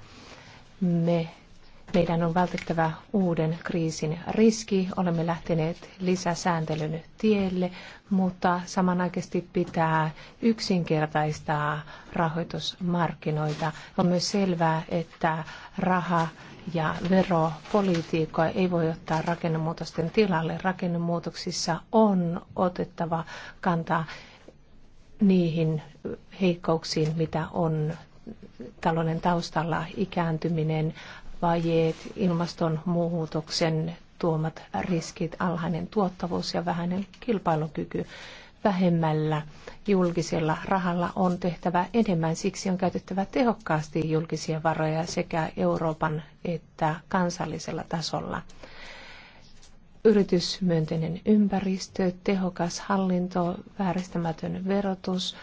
Me meidän on vältettävä uuden kriisin riski. Olemme lähteneet lisäsääntelyn tielle, mutta samanaikaisesti pitää yksinkertaistaa rahoitusmarkkinoita. On myös selvää, että raha ja veropolitiikkoa ei voi ottaa rakennemuutosten tilalle. Rakennemuutoksissa on otettava kantaa niihin heikkouksiin, mitä on talouden taustalla ikääntyminen, vajeet, ilmastonmuutoksen tuomat riskit, alhainen tuottavuus ja vähäinen kilpailukyky. Vähemmällä julkisella rahalla on tehtävä enemmän, siksi on käytettävä tehokkaasti julkisia varoja sekä Euroopan että kansallisella tasolla yritysmyönteinen ympäristö, tehokas hallinto, vääristämätön verotus,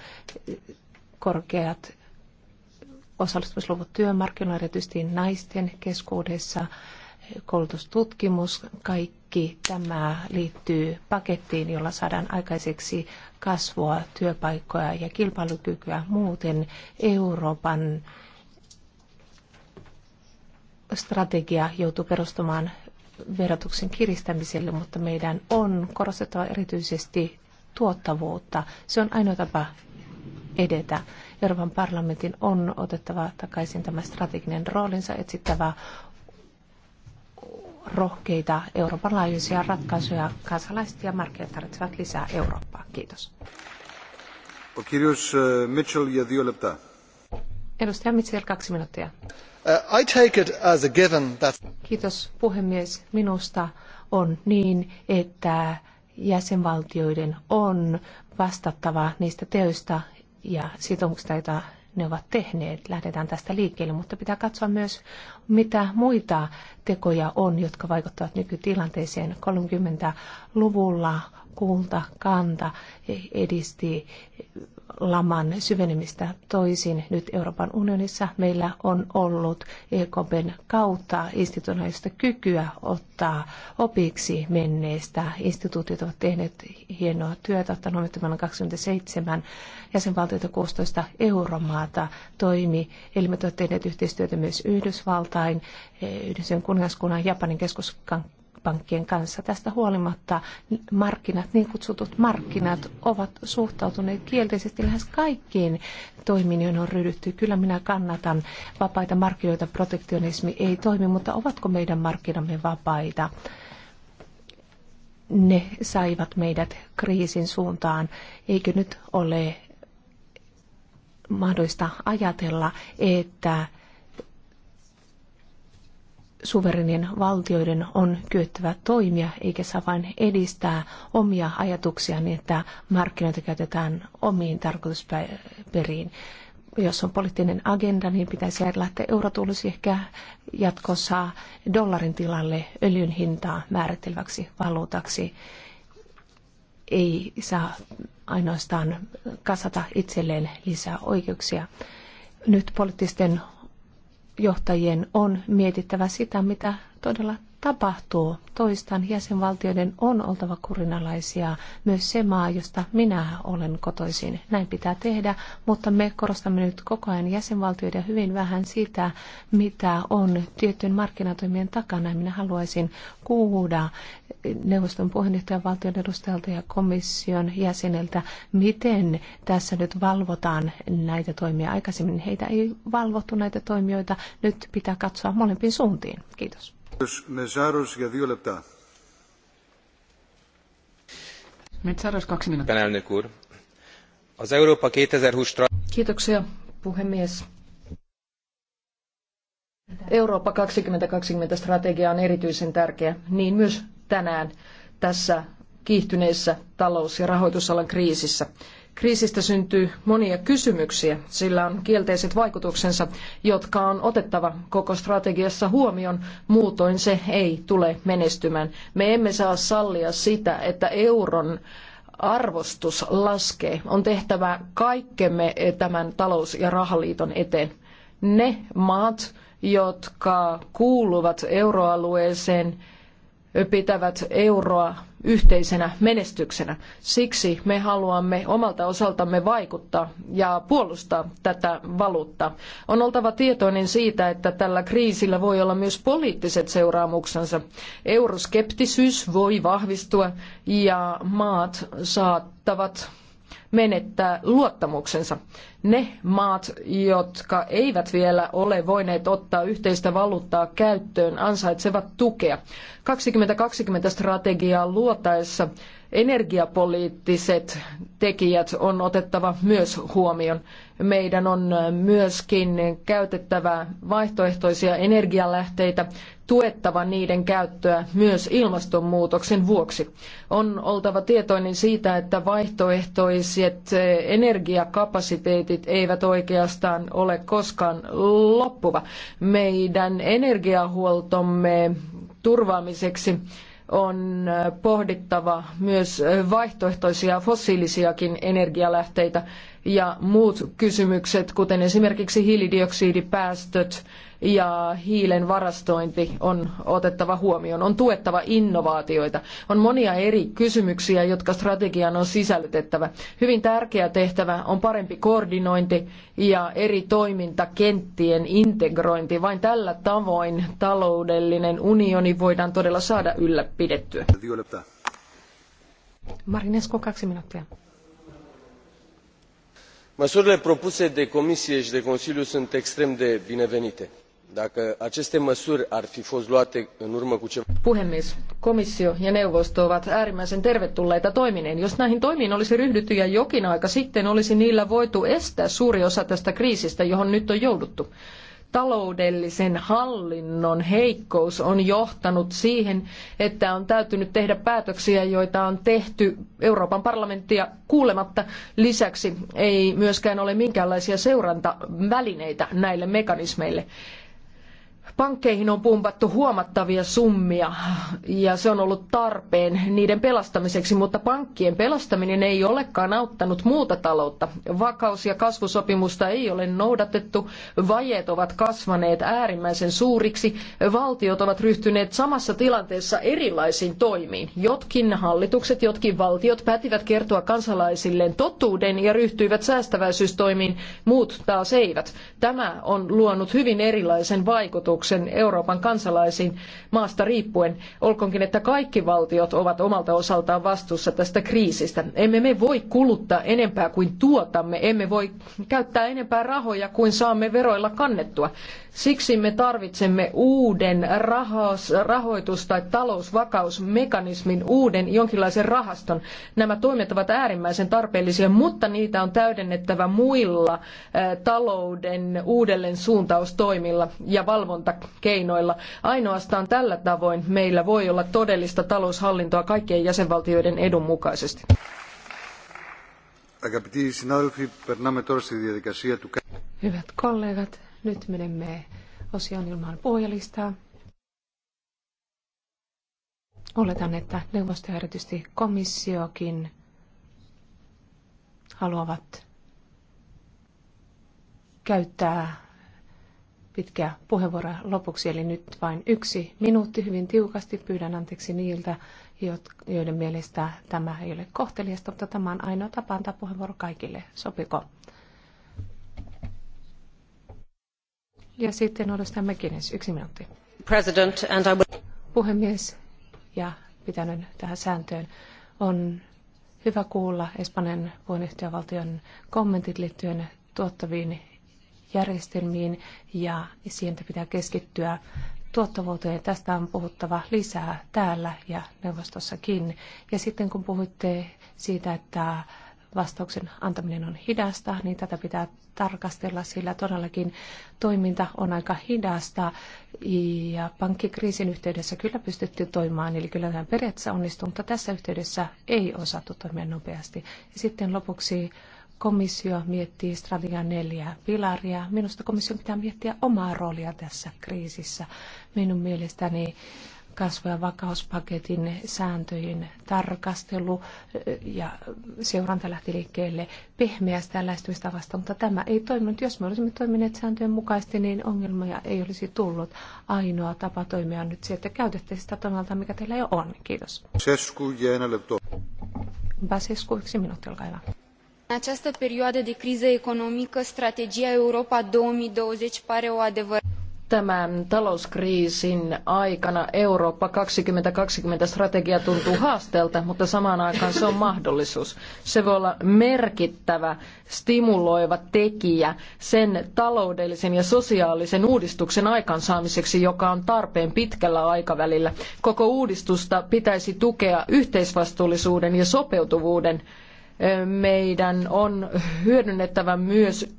korkeat osallistumisluvut työmarkkinoilla, erityisesti naisten keskuudessa, koulutustutkimus, kaikki tämä liittyy pakettiin, jolla saadaan aikaiseksi kasvua, työpaikkoja ja kilpailukykyä. Muuten Euroopan strategia joutuu perustumaan verotuksen kiristämiselle, mutta meidän on korostettava erityisesti tuottavuutta. Se on ainoa tapa edetä. Euroopan parlamentin on otettava takaisin tämä strateginen roolinsa, etsittävä rohkeita Euroopan laajuisia ratkaisuja. Kansalaiset ja markkinat tarvitsevat lisää Eurooppaa. Kiitos. Eh, Edustaja Mitchell, kaksi minuuttia. Eh, I take it as a given that... Kiitos puhemies. Minusta on niin, että jäsenvaltioiden on vastattava niistä teoista, ja sitoumuksista, joita ne ovat tehneet. Lähdetään tästä liikkeelle, mutta pitää katsoa myös, mitä muita tekoja on, jotka vaikuttavat nykytilanteeseen. 30-luvulla kulta kanta edisti laman syvenemistä toisin. Nyt Euroopan unionissa meillä on ollut EKPn kautta institutionaalista kykyä ottaa opiksi menneistä. Instituutiot ovat tehneet hienoa työtä, ottanut tämän 27 jäsenvaltiota 16 euromaata toimi. Elimet ovat tehneet yhteistyötä myös Yhdysvaltain, eh, Yhdysvaltain kuningaskunnan, Japanin keskuskan pankkien kanssa. Tästä huolimatta markkinat, niin kutsutut markkinat, ovat suhtautuneet kielteisesti lähes kaikkiin toimiin, joihin on ryhdytty. Kyllä minä kannatan vapaita markkinoita, protektionismi ei toimi, mutta ovatko meidän markkinamme vapaita? Ne saivat meidät kriisin suuntaan. Eikö nyt ole mahdollista ajatella, että suverenien valtioiden on kyettävä toimia, eikä saa vain edistää omia ajatuksia niin, että markkinoita käytetään omiin tarkoitusperiin. Jos on poliittinen agenda, niin pitäisi ajatella, että euro tulisi ehkä jatkossa dollarin tilalle öljyn hintaa määritteleväksi valuutaksi. Ei saa ainoastaan kasata itselleen lisää oikeuksia. Nyt poliittisten johtajien on mietittävä sitä, mitä todella tapahtuu. Toistan, jäsenvaltioiden on oltava kurinalaisia, myös se maa, josta minä olen kotoisin. Näin pitää tehdä, mutta me korostamme nyt koko ajan jäsenvaltioiden hyvin vähän sitä, mitä on tiettyjen markkinatoimien takana. Minä haluaisin kuuda neuvoston puheenjohtajan valtion edustajalta ja komission jäseneltä, miten tässä nyt valvotaan näitä toimia. Aikaisemmin heitä ei valvottu näitä toimijoita. Nyt pitää katsoa molempiin suuntiin. Kiitos minuuttia. Az Európa Kiitoksia, puhemies. Eurooppa 2020 strategia on erityisen tärkeä, niin myös tänään tässä kiihtyneessä talous- ja rahoitusalan kriisissä. Kriisistä syntyy monia kysymyksiä, sillä on kielteiset vaikutuksensa, jotka on otettava koko strategiassa huomioon, muutoin se ei tule menestymään. Me emme saa sallia sitä, että euron arvostus laskee. On tehtävä kaikkemme eh, tämän talous- ja rahaliiton eteen. Ne maat, jotka kuuluvat euroalueeseen, pitävät euroa yhteisenä menestyksenä. Siksi me haluamme omalta osaltamme vaikuttaa ja puolustaa tätä valuuttaa. On oltava tietoinen siitä, että tällä kriisillä voi olla myös poliittiset seuraamuksensa. Euroskeptisyys voi vahvistua ja maat saattavat menettää luottamuksensa ne maat, jotka eivät vielä ole voineet ottaa yhteistä valuuttaa käyttöön, ansaitsevat tukea. 2020-strategiaa luotaessa energiapoliittiset tekijät on otettava myös huomioon. Meidän on myöskin käytettävä vaihtoehtoisia energialähteitä, tuettava niiden käyttöä myös ilmastonmuutoksen vuoksi. On oltava tietoinen siitä, että vaihtoehtoiset energiakapasiteetit prioriteetit eivät oikeastaan ole koskaan loppuva. Meidän energiahuoltomme turvaamiseksi on pohdittava myös vaihtoehtoisia fossiilisiakin energialähteitä ja muut kysymykset, kuten esimerkiksi hiilidioksidipäästöt, ja hiilen varastointi on otettava huomioon. On tuettava innovaatioita. On monia eri kysymyksiä, jotka strategiaan on sisällytettävä. Hyvin tärkeä tehtävä on parempi koordinointi ja eri toimintakenttien integrointi. Vain tällä tavoin taloudellinen unioni voidaan todella saada ylläpidettyä. Marinesko, kaksi minuuttia măsurile propuse de comisie i de consiliu sunt extrem de binevenite. Dacă aceste măsuri ar fi fost luate în urmă cu ceva... Puhemies, komissio ja neuvosto ovat äärimmäisen tervetulleita toimineen. Jos näihin toimiin olisi ryhdytty ja jokin aika sitten, olisi niillä voitu estää suuri osa tästä kriisistä, johon nyt on jouduttu taloudellisen hallinnon heikkous on johtanut siihen, että on täytynyt tehdä päätöksiä, joita on tehty Euroopan parlamenttia kuulematta. Lisäksi ei myöskään ole minkäänlaisia seurantavälineitä näille mekanismeille. Pankkeihin on pumpattu huomattavia summia ja se on ollut tarpeen niiden pelastamiseksi, mutta pankkien pelastaminen ei olekaan auttanut muuta taloutta. Vakaus- ja kasvusopimusta ei ole noudatettu, vajeet ovat kasvaneet äärimmäisen suuriksi, valtiot ovat ryhtyneet samassa tilanteessa erilaisiin toimiin. Jotkin hallitukset, jotkin valtiot päätivät kertoa kansalaisilleen totuuden ja ryhtyivät säästäväisyystoimiin, muut taas eivät. Tämä on luonut hyvin erilaisen vaikutuksen luottamuksen Euroopan kansalaisiin maasta riippuen, olkoonkin, että kaikki valtiot ovat omalta osaltaan vastuussa tästä kriisistä. Emme me voi kuluttaa enempää kuin tuotamme, emme voi käyttää enempää rahoja kuin saamme veroilla kannettua. Siksi me tarvitsemme uuden rahas, rahoitus- tai talousvakausmekanismin, uuden jonkinlaisen rahaston. Nämä toimet ovat äärimmäisen tarpeellisia, mutta niitä on täydennettävä muilla talouden uudelleen suuntaustoimilla ja valvonta keinoilla. Ainoastaan tällä tavoin meillä voi olla todellista taloushallintoa kaikkien jäsenvaltioiden edun mukaisesti. Hyvät kollegat, nyt menemme osioon ilman puhujalistaa. Oletan, että neuvosto ja erityisesti komissiokin haluavat käyttää pitkiä puheenvuoroja lopuksi, eli nyt vain yksi minuutti hyvin tiukasti. Pyydän anteeksi niiltä, joiden mielestä tämä ei ole kohteliasta, mutta tämä on ainoa tapa antaa puheenvuoro kaikille. Sopiko? Ja sitten edustaja Mäkinen, yksi minuutti. President and I will... Puhemies ja pitänyt tähän sääntöön on hyvä kuulla Espanjan puheenjohtajavaltion kommentit liittyen tuottaviin järjestelmiin ja että pitää keskittyä tuottavuuteen. Tästä on puhuttava lisää täällä ja neuvostossakin. Ja sitten kun puhuitte siitä, että vastauksen antaminen on hidasta, niin tätä pitää tarkastella, sillä todellakin toiminta on aika hidasta. Ja pankkikriisin yhteydessä kyllä pystyttiin toimimaan, eli kyllä tämä periaatteessa onnistui, mutta tässä yhteydessä ei osattu toimia nopeasti. Ja sitten lopuksi komissio miettii strategian neljää pilaria. Minusta komission pitää miettiä omaa roolia tässä kriisissä. Minun mielestäni kasvu- ja vakauspaketin sääntöjen tarkastelu eh, ja seuranta lähti liikkeelle pehmeästä lähestymistavasta, mutta tämä ei toiminut. Jos me olisimme toimineet sääntöjen mukaisesti, niin ongelmia ei olisi tullut. Ainoa tapa toimia on nyt se, että käytätte sitä toimialta, mikä teillä jo on. Kiitos. Basescu, yksi minuutti, olkaa hyvä în această perioadă de criză economică strategia eurooppa două mii douăzeci pare o adevărată Tämän talouskriisin aikana Eurooppa 2020 strategia tuntuu haasteelta, mutta samaan aikaan se on mahdollisuus. Se voi olla merkittävä, stimuloiva tekijä sen taloudellisen ja sosiaalisen uudistuksen aikaansaamiseksi, joka on tarpeen pitkällä aikavälillä. Koko uudistusta pitäisi tukea yhteisvastuullisuuden ja sopeutuvuuden meidän on hyödynnettävä myös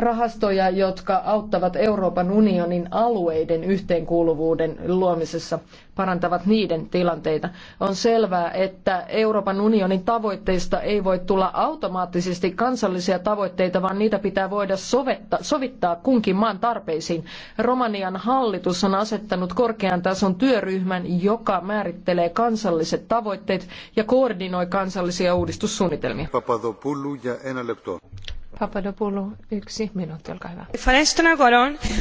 rahastoja, jotka auttavat Euroopan unionin alueiden yhteenkuuluvuuden luomisessa, parantavat niiden tilanteita. On selvää, että Euroopan unionin tavoitteista ei voi tulla automaattisesti kansallisia tavoitteita, vaan niitä pitää voida sovetta, sovittaa kunkin maan tarpeisiin. Romanian hallitus on asettanut korkean tason työryhmän, joka määrittelee kansalliset tavoitteet ja koordinoi kansallisia uudistussuunnitelmia. Παπαδοπούλου, yksi minuutti, olkaa hyvä. Οι φορές των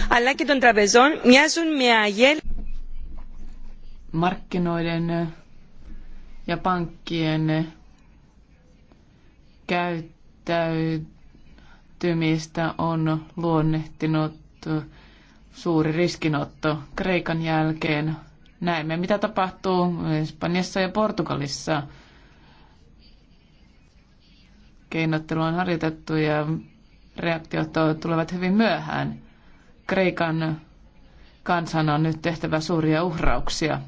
αλλά και των τραπεζών μοιάζουν με αγέλ... Markkinoiden ja pankkien käyttäytymistä on luonnehtinut suuri riskinotto Kreikan jälkeen. Näemme, mitä tapahtuu Espanjassa ja Portugalissa – keinottelu on harjoitettu ja reaktiot tulevat hyvin myöhään. Kreikan kansan on nyt tehtävä suuria uhrauksia.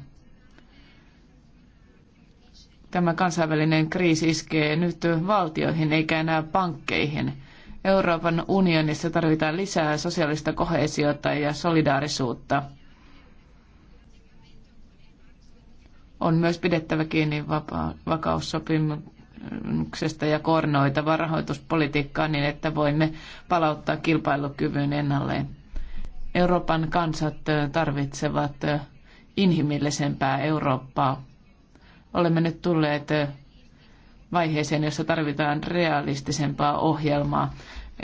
Tämä kansainvälinen kriisi iskee nyt valtioihin eikä enää pankkeihin. Euroopan unionissa tarvitaan lisää sosiaalista kohesiota ja solidaarisuutta. On myös pidettävä kiinni vapa- rahoituksesta ja koordinoitava rahoituspolitiikkaa niin, että voimme palauttaa kilpailukyvyn ennalleen. Euroopan kansat tarvitsevat inhimillisempää Eurooppaa. Olemme nyt tulleet vaiheeseen, jossa tarvitaan realistisempaa ohjelmaa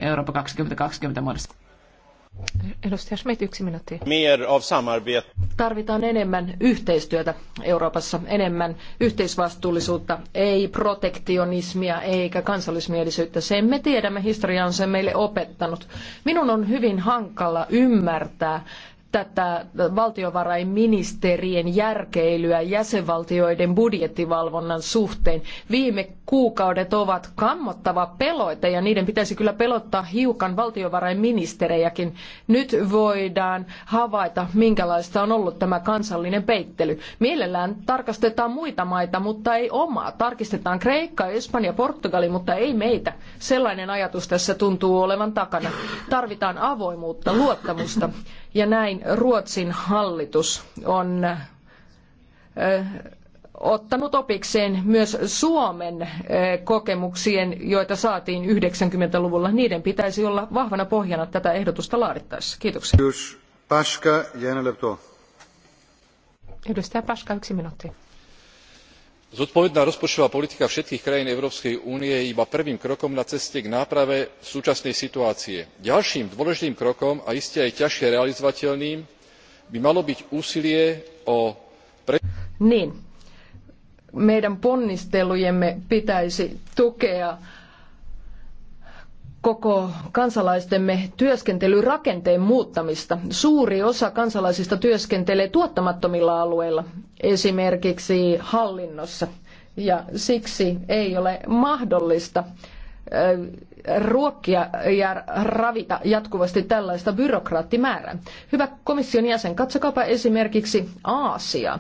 Eurooppa 2020 muodossa. Edustaja Schmidt, yksi minuutti. Tarvitaan enemmän yhteistyötä Euroopassa, enemmän yhteisvastuullisuutta, ei protektionismia eikä kansallismielisyyttä. Sen me tiedämme, historia on sen meille opettanut. Minun on hyvin hankala ymmärtää, tätä valtiovarainministerien järkeilyä jäsenvaltioiden budjettivalvonnan suhteen. Viime kuukaudet ovat kammottava peloite ja niiden pitäisi kyllä pelottaa hiukan valtiovarainministerejäkin. Nyt voidaan havaita, minkälaista on ollut tämä kansallinen peittely. Mielellään tarkastetaan muita maita, mutta ei omaa. Tarkistetaan Kreikka, Espanja, Portugali, mutta ei meitä. Sellainen ajatus tässä tuntuu olevan takana. Tarvitaan avoimuutta, luottamusta ja näin niin Ruotsin hallitus on ottanut opikseen myös Suomen kokemuksien, joita saatiin 90-luvulla. Niiden pitäisi olla vahvana pohjana tätä ehdotusta laadittaessa. Kiitoksia. Paska, Edustaja Paska, yksi minuutti zodpovedná rozpočtová politika všetkých krajín európskej únie je iba prvým krokom na ceste k náprave súčasnej situácie. ďalším dôležitým krokom a iste aj ťažšie realizovateľným by malo byť úsilie o niin. meidän ponnistelujemme pitäisi tukea koko kansalaistemme työskentelyrakenteen muuttamista. Suuri osa kansalaisista työskentelee tuottamattomilla alueilla, esimerkiksi hallinnossa, ja siksi ei ole mahdollista äh, ruokkia ja ravita jatkuvasti tällaista byrokraattimäärää. Hyvä komission jäsen, katsokaapa esimerkiksi Aasiaa.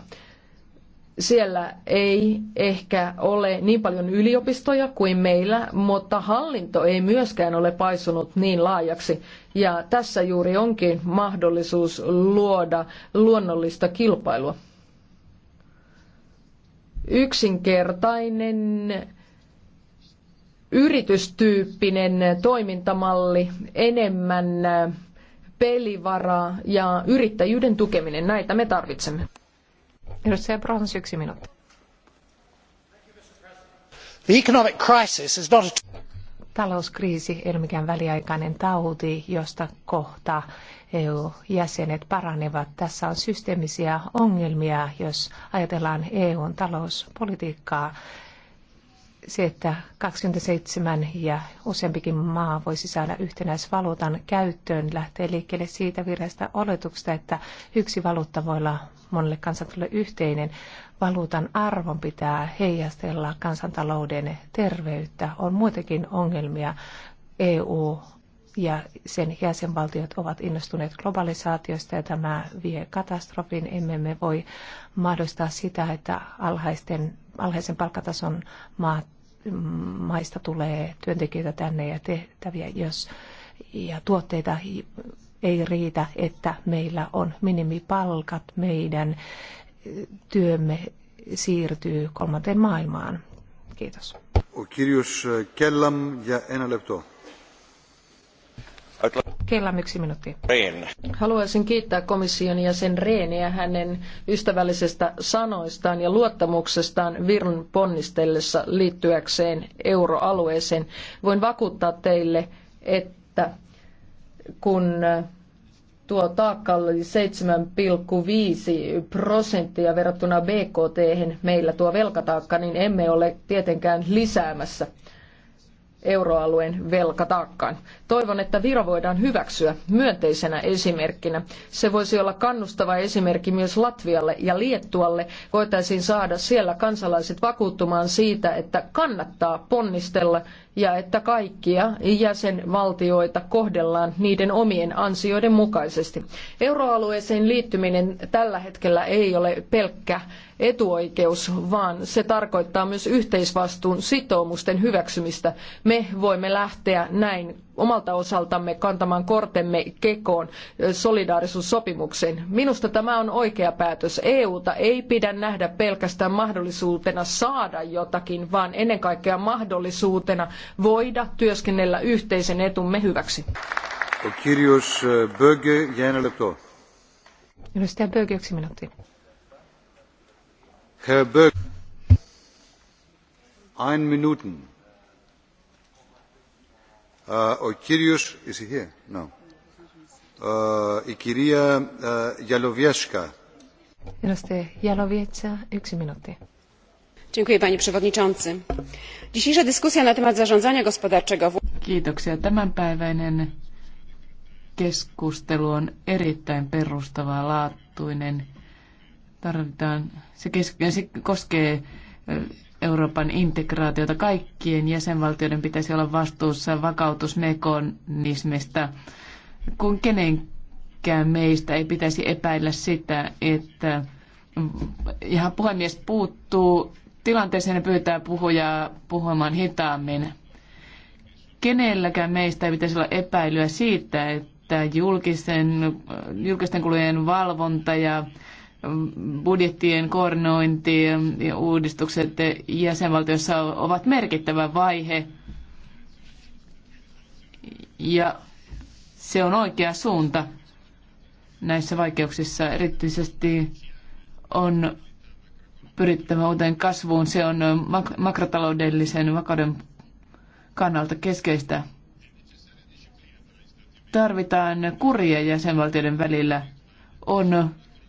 Siellä ei ehkä ole niin paljon yliopistoja kuin meillä, mutta hallinto ei myöskään ole paisunut niin laajaksi. Ja tässä juuri onkin mahdollisuus luoda luonnollista kilpailua. Yksinkertainen yritystyyppinen toimintamalli, enemmän pelivaraa ja yrittäjyyden tukeminen. Näitä me tarvitsemme. Edustaja Brons, yksi minuutti. The economic crisis is not a... Talouskriisi ei ole mikään väliaikainen tauti, josta kohta EU-jäsenet paranevat. Tässä on systeemisiä ongelmia, jos ajatellaan EUn talouspolitiikkaa se, että 27 ja useampikin maa voisi saada yhtenäisvaluutan käyttöön, lähtee liikkeelle siitä virheestä oletuksesta, että yksi valuutta voi olla monelle kansantalolle yhteinen. Valuutan arvon pitää heijastella kansantalouden terveyttä. On muitakin ongelmia. EU ja sen jäsenvaltiot ovat innostuneet globalisaatiosta ja tämä vie katastrofin. Emme me voi mahdollistaa sitä, että alhaisten, alhaisen palkkatason maat, maista tulee työntekijöitä tänne ja tehtäviä jos, ja tuotteita ei riitä, että meillä on minimipalkat, meidän työmme siirtyy kolmanteen maailmaan. Kiitos. Kirjus eh, Kellam ja Enä Lepto. Kellam yksi minuutti. Reen. Haluaisin kiittää komission jäsen Reeniä hänen ystävällisestä sanoistaan ja luottamuksestaan Virun ponnistellessa liittyäkseen euroalueeseen. Voin vakuuttaa teille, että kun tuo taakka oli 7,5 prosenttia verrattuna BKT, hen meillä tuo velkataakka, niin emme ole tietenkään lisäämässä euroalueen velkataakkaan. Toivon, että Viro voidaan hyväksyä myönteisenä esimerkkinä. Se voisi olla kannustava esimerkki myös Latvialle ja Liettualle. Voitaisiin saada siellä kansalaiset vakuuttumaan siitä, että kannattaa ponnistella ja että kaikkia jäsenvaltioita kohdellaan niiden omien ansioiden mukaisesti. Euroalueeseen liittyminen tällä hetkellä ei ole pelkkä etuoikeus, vaan se tarkoittaa myös yhteisvastuun sitoumusten hyväksymistä. Me voimme lähteä näin omalta osaltamme kantamaan kortemme kekoon solidaarisuussopimuksen. Minusta tämä on oikea päätös. EUta ei pidä nähdä pelkästään mahdollisuutena saada jotakin, vaan ennen kaikkea mahdollisuutena voida työskennellä yhteisen etumme hyväksi. Kirjus Böge, Edustaja Böge, yksi minuutti. Herr Böge, ein Minuten. No. panie przewodniczący. Dzisiejsza dyskusja na temat zarządzania gospodarczego. w unii keskustelu on erittäin perustavaa Tarvitaan, se, koskee Euroopan integraatiota. Kaikkien jäsenvaltioiden pitäisi olla vastuussa vakautusmekanismista, kun kenenkään meistä ei pitäisi epäillä sitä, että ihan puhemies puuttuu tilanteeseen ja pyytää puhujaa puhumaan hitaammin. Kenelläkään meistä ei pitäisi olla epäilyä siitä, että julkisten kulujen valvonta ja budjettien koordinointi ja uudistukset jäsenvaltioissa ovat merkittävä vaihe. Ja se on oikea suunta näissä vaikeuksissa. Erityisesti on pyrittävä uuteen kasvuun. Se on makrotaloudellisen vakauden kannalta keskeistä. Tarvitaan kuria jäsenvaltioiden välillä. On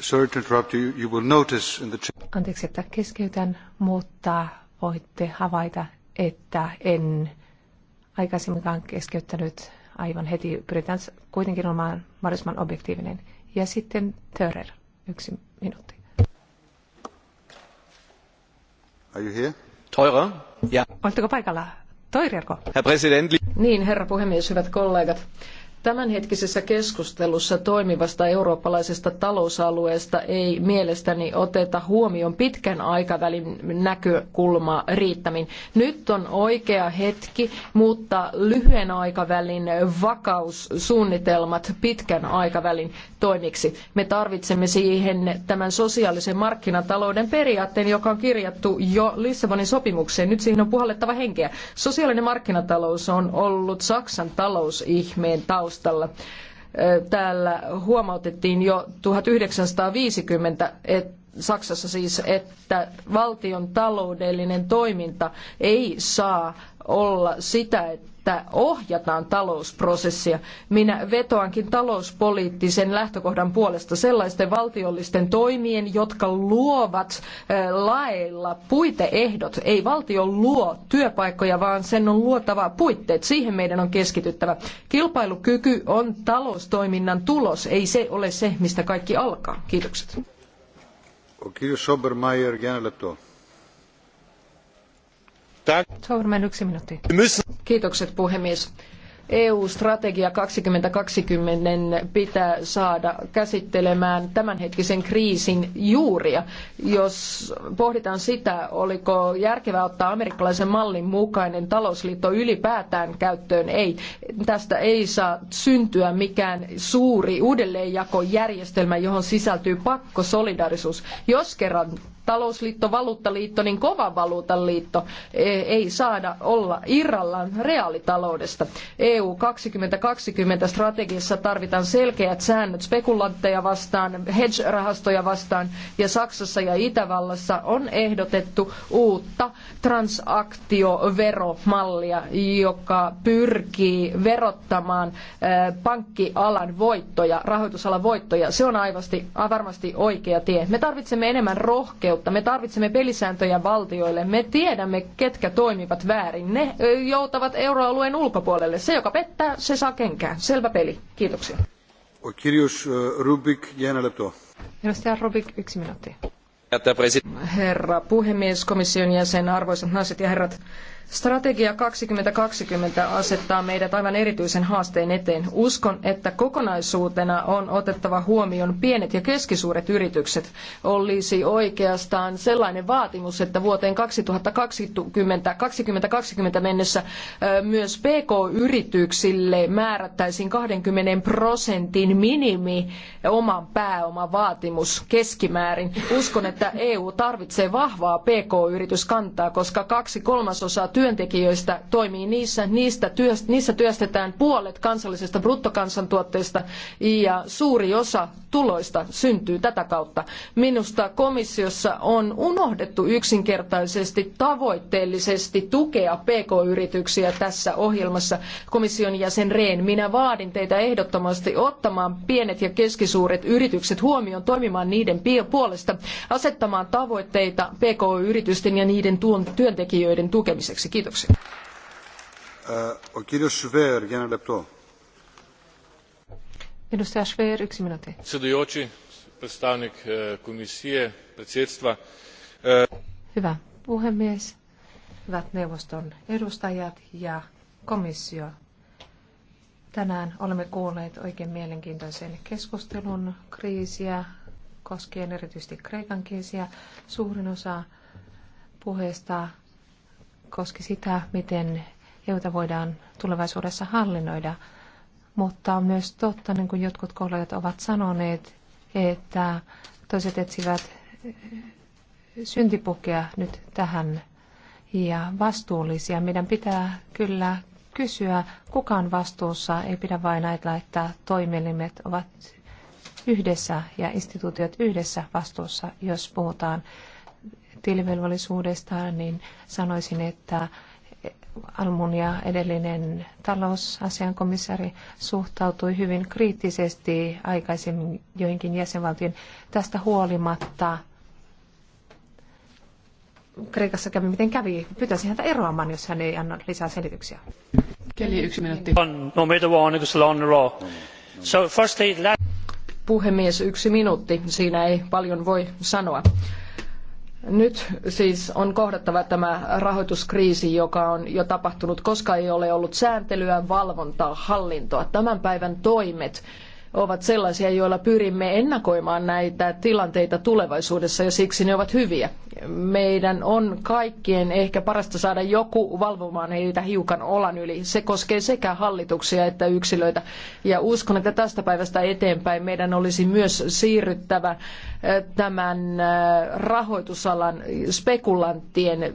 Sorry to interrupt you. You will notice in the... Anteeksi, että keskeytän, mutta voitte havaita, että en aikaisemminkaan keskeyttänyt aivan heti. Pyritään kuitenkin olemaan mahdollisimman objektiivinen. Ja sitten Törer, yksi minuutti. Are you here? Teurer? Yeah. Oletteko paikalla? Toirerko? Herr President. Niin, herra puhemies, hyvät kollegat. Tämänhetkisessä keskustelussa toimivasta eurooppalaisesta talousalueesta ei mielestäni oteta huomioon pitkän aikavälin näkökulmaa riittämin. Nyt on oikea hetki muuttaa lyhyen aikavälin vakaussuunnitelmat pitkän aikavälin toimiksi. Me tarvitsemme siihen tämän sosiaalisen markkinatalouden periaatteen, joka on kirjattu jo Lissabonin sopimukseen. Nyt siihen on puhallettava henkeä. Sosiaalinen markkinatalous on ollut Saksan talousihmeen taustalla taustalla. Täällä huomautettiin jo 1950, että Saksassa siis, että valtion taloudellinen toiminta ei saa olla sitä, että että ohjataan talousprosessia. Minä vetoankin talouspoliittisen lähtökohdan puolesta sellaisten valtiollisten toimien, jotka luovat laeilla puiteehdot. Ei valtio luo työpaikkoja, vaan sen on luotava puitteet. Siihen meidän on keskityttävä. Kilpailukyky on taloustoiminnan tulos, ei se ole se, mistä kaikki alkaa. Kiitokset. O Sobermeier, Sourman minuutti. Kiitokset puhemies. EU-strategia 2020 pitää saada käsittelemään tämänhetkisen kriisin juuria. Jos pohditaan sitä, oliko järkevää ottaa amerikkalaisen mallin mukainen talousliitto ylipäätään käyttöön, ei. Tästä ei saa syntyä mikään suuri uudelleenjakojärjestelmä, johon sisältyy pakkosolidarisuus. Jos kerran talousliitto, valuuttaliitto, niin kova valuutan liitto e, ei saada olla irrallaan reaalitaloudesta. EU 2020 strategiassa tarvitaan selkeät säännöt spekulantteja vastaan, hedge-rahastoja vastaan ja Saksassa ja Itävallassa on ehdotettu uutta transaktioveromallia, joka pyrkii verottamaan e, pankkialan voittoja, rahoitusalan voittoja. Se on aivasti, varmasti oikea tie. Me tarvitsemme enemmän rohkeutta oikeutta. Me tarvitsemme pelisääntöjä valtioille. Me tiedämme, ketkä toimivat väärin. Ne joutavat euroalueen ulkopuolelle. Se, joka pettää, se saa kenkään. Selvä peli. Kiitoksia. Kirjus Rubik, Edustaja Rubik, yksi minuutti. Herra puhemies, komission jäsen, arvoisat naiset ja herrat. Strategia 2020 asettaa meidät aivan erityisen haasteen eteen. Uskon, että kokonaisuutena on otettava huomioon pienet ja keskisuuret yritykset. Olisi oikeastaan sellainen vaatimus, että vuoteen 2020, 2020 mennessä myös PK-yrityksille määrättäisiin 20 prosentin minimi oman pääoman vaatimus keskimäärin. Uskon, että EU tarvitsee vahvaa PK-yrityskantaa, koska kaksi kolmasosaa työntekijöistä toimii niissä. Niistä työst, niissä työstetään puolet kansallisesta bruttokansantuotteesta ja suuri osa tuloista syntyy tätä kautta. Minusta komissiossa on unohdettu yksinkertaisesti tavoitteellisesti tukea pk-yrityksiä tässä ohjelmassa. Komission jäsen Rehn, minä vaadin teitä ehdottomasti ottamaan pienet ja keskisuuret yritykset huomioon toimimaan niiden puolesta, asettamaan tavoitteita pk-yritysten ja niiden työntekijöiden tukemiseksi hyväksi. Kiitoksia. O Schwer, lepto. Edustaja Schwer, yksi minuutti. Sedujoči, predstavnik e, komissie, predsjedstva. E, Hyvä puhemies, hyvät neuvoston edustajat ja komissio. Tänään olemme kuulleet oikein mielenkiintoisen keskustelun kriisiä koskien erityisesti Kreikan kriisiä. Suurin osa puheesta koski sitä, miten EUta voidaan tulevaisuudessa hallinnoida. Mutta on myös totta, niin kuin jotkut kollegat ovat sanoneet, että toiset etsivät syntipukea nyt tähän ja vastuullisia. Meidän pitää kyllä kysyä, kuka on vastuussa. Ei pidä vain ajatella, että toimielimet ovat yhdessä ja instituutiot yhdessä vastuussa, jos puhutaan tilivelvollisuudesta, niin sanoisin, että ja edellinen talousasiankomissari suhtautui hyvin kriittisesti aikaisemmin joihinkin jäsenvaltion tästä huolimatta. Kreikassa kävi miten kävi. Pyytäisin häntä eroamaan, jos hän ei anna lisää selityksiä. Keli yksi minuutti. No, Puhemies, yksi minuutti. Siinä ei paljon voi sanoa. Nyt siis on kohdattava tämä rahoituskriisi, joka on jo tapahtunut, koska ei ole ollut sääntelyä, valvontaa, hallintoa. Tämän päivän toimet ovat sellaisia, joilla pyrimme ennakoimaan näitä tilanteita tulevaisuudessa ja siksi ne ovat hyviä. Meidän on kaikkien ehkä parasta saada joku valvomaan heitä hiukan olan yli. Se koskee sekä hallituksia että yksilöitä. Ja uskon, että tästä päivästä eteenpäin meidän olisi myös siirryttävä eh, tämän eh, rahoitusalan spekulanttien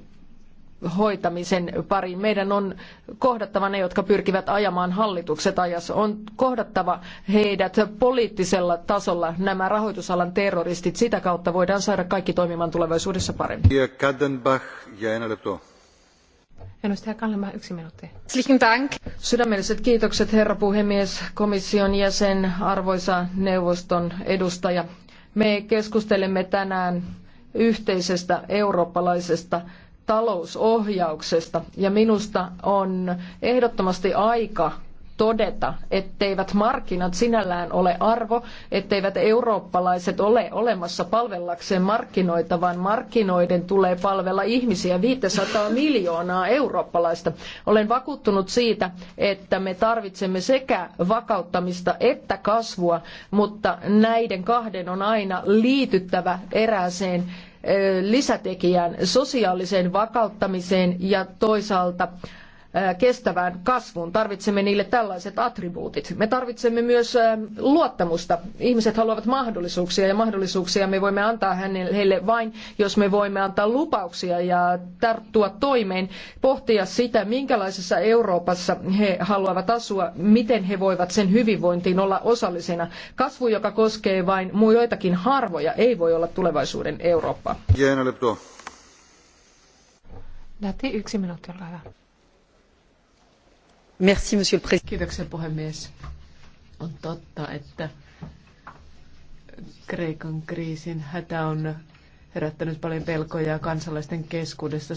hoitamisen pariin. Meidän on kohdattava ne, jotka pyrkivät ajamaan hallitukset ajassa. On kohdattava heidät poliittisella tasolla, nämä rahoitusalan terroristit. Sitä kautta voidaan saada kaikki toimimaan tulevaisuudessa paremmin. Kadenbach ja Edustaja Kallema, yksi minuutti. Sydämelliset kiitokset, herra puhemies, komission jäsen, arvoisa neuvoston edustaja. Me keskustelemme tänään yhteisestä eurooppalaisesta talousohjauksesta ja minusta on ehdottomasti aika todeta, etteivät markkinat sinällään ole arvo, etteivät eurooppalaiset ole olemassa palvellakseen markkinoita, vaan markkinoiden tulee palvella ihmisiä 500 miljoonaa eurooppalaista. Olen vakuuttunut siitä, että me tarvitsemme sekä vakauttamista että kasvua, mutta näiden kahden on aina liityttävä erääseen lisätekijän sosiaaliseen vakauttamiseen ja toisaalta kestävään kasvuun. Tarvitsemme niille tällaiset attribuutit. Me tarvitsemme myös luottamusta. Ihmiset haluavat mahdollisuuksia ja mahdollisuuksia me voimme antaa heille vain, jos me voimme antaa lupauksia ja tarttua toimeen, pohtia sitä, minkälaisessa Euroopassa he haluavat asua, miten he voivat sen hyvinvointiin olla osallisena. Kasvu, joka koskee vain joitakin harvoja, ei voi olla tulevaisuuden Eurooppaa. Lähti yksi minuutti, olkaa hyvä. Merci, monsieur le président. Kiitoksia puhemies. On totta, että Kreikan kriisin hätä on herättänyt paljon pelkoja kansalaisten keskuudessa.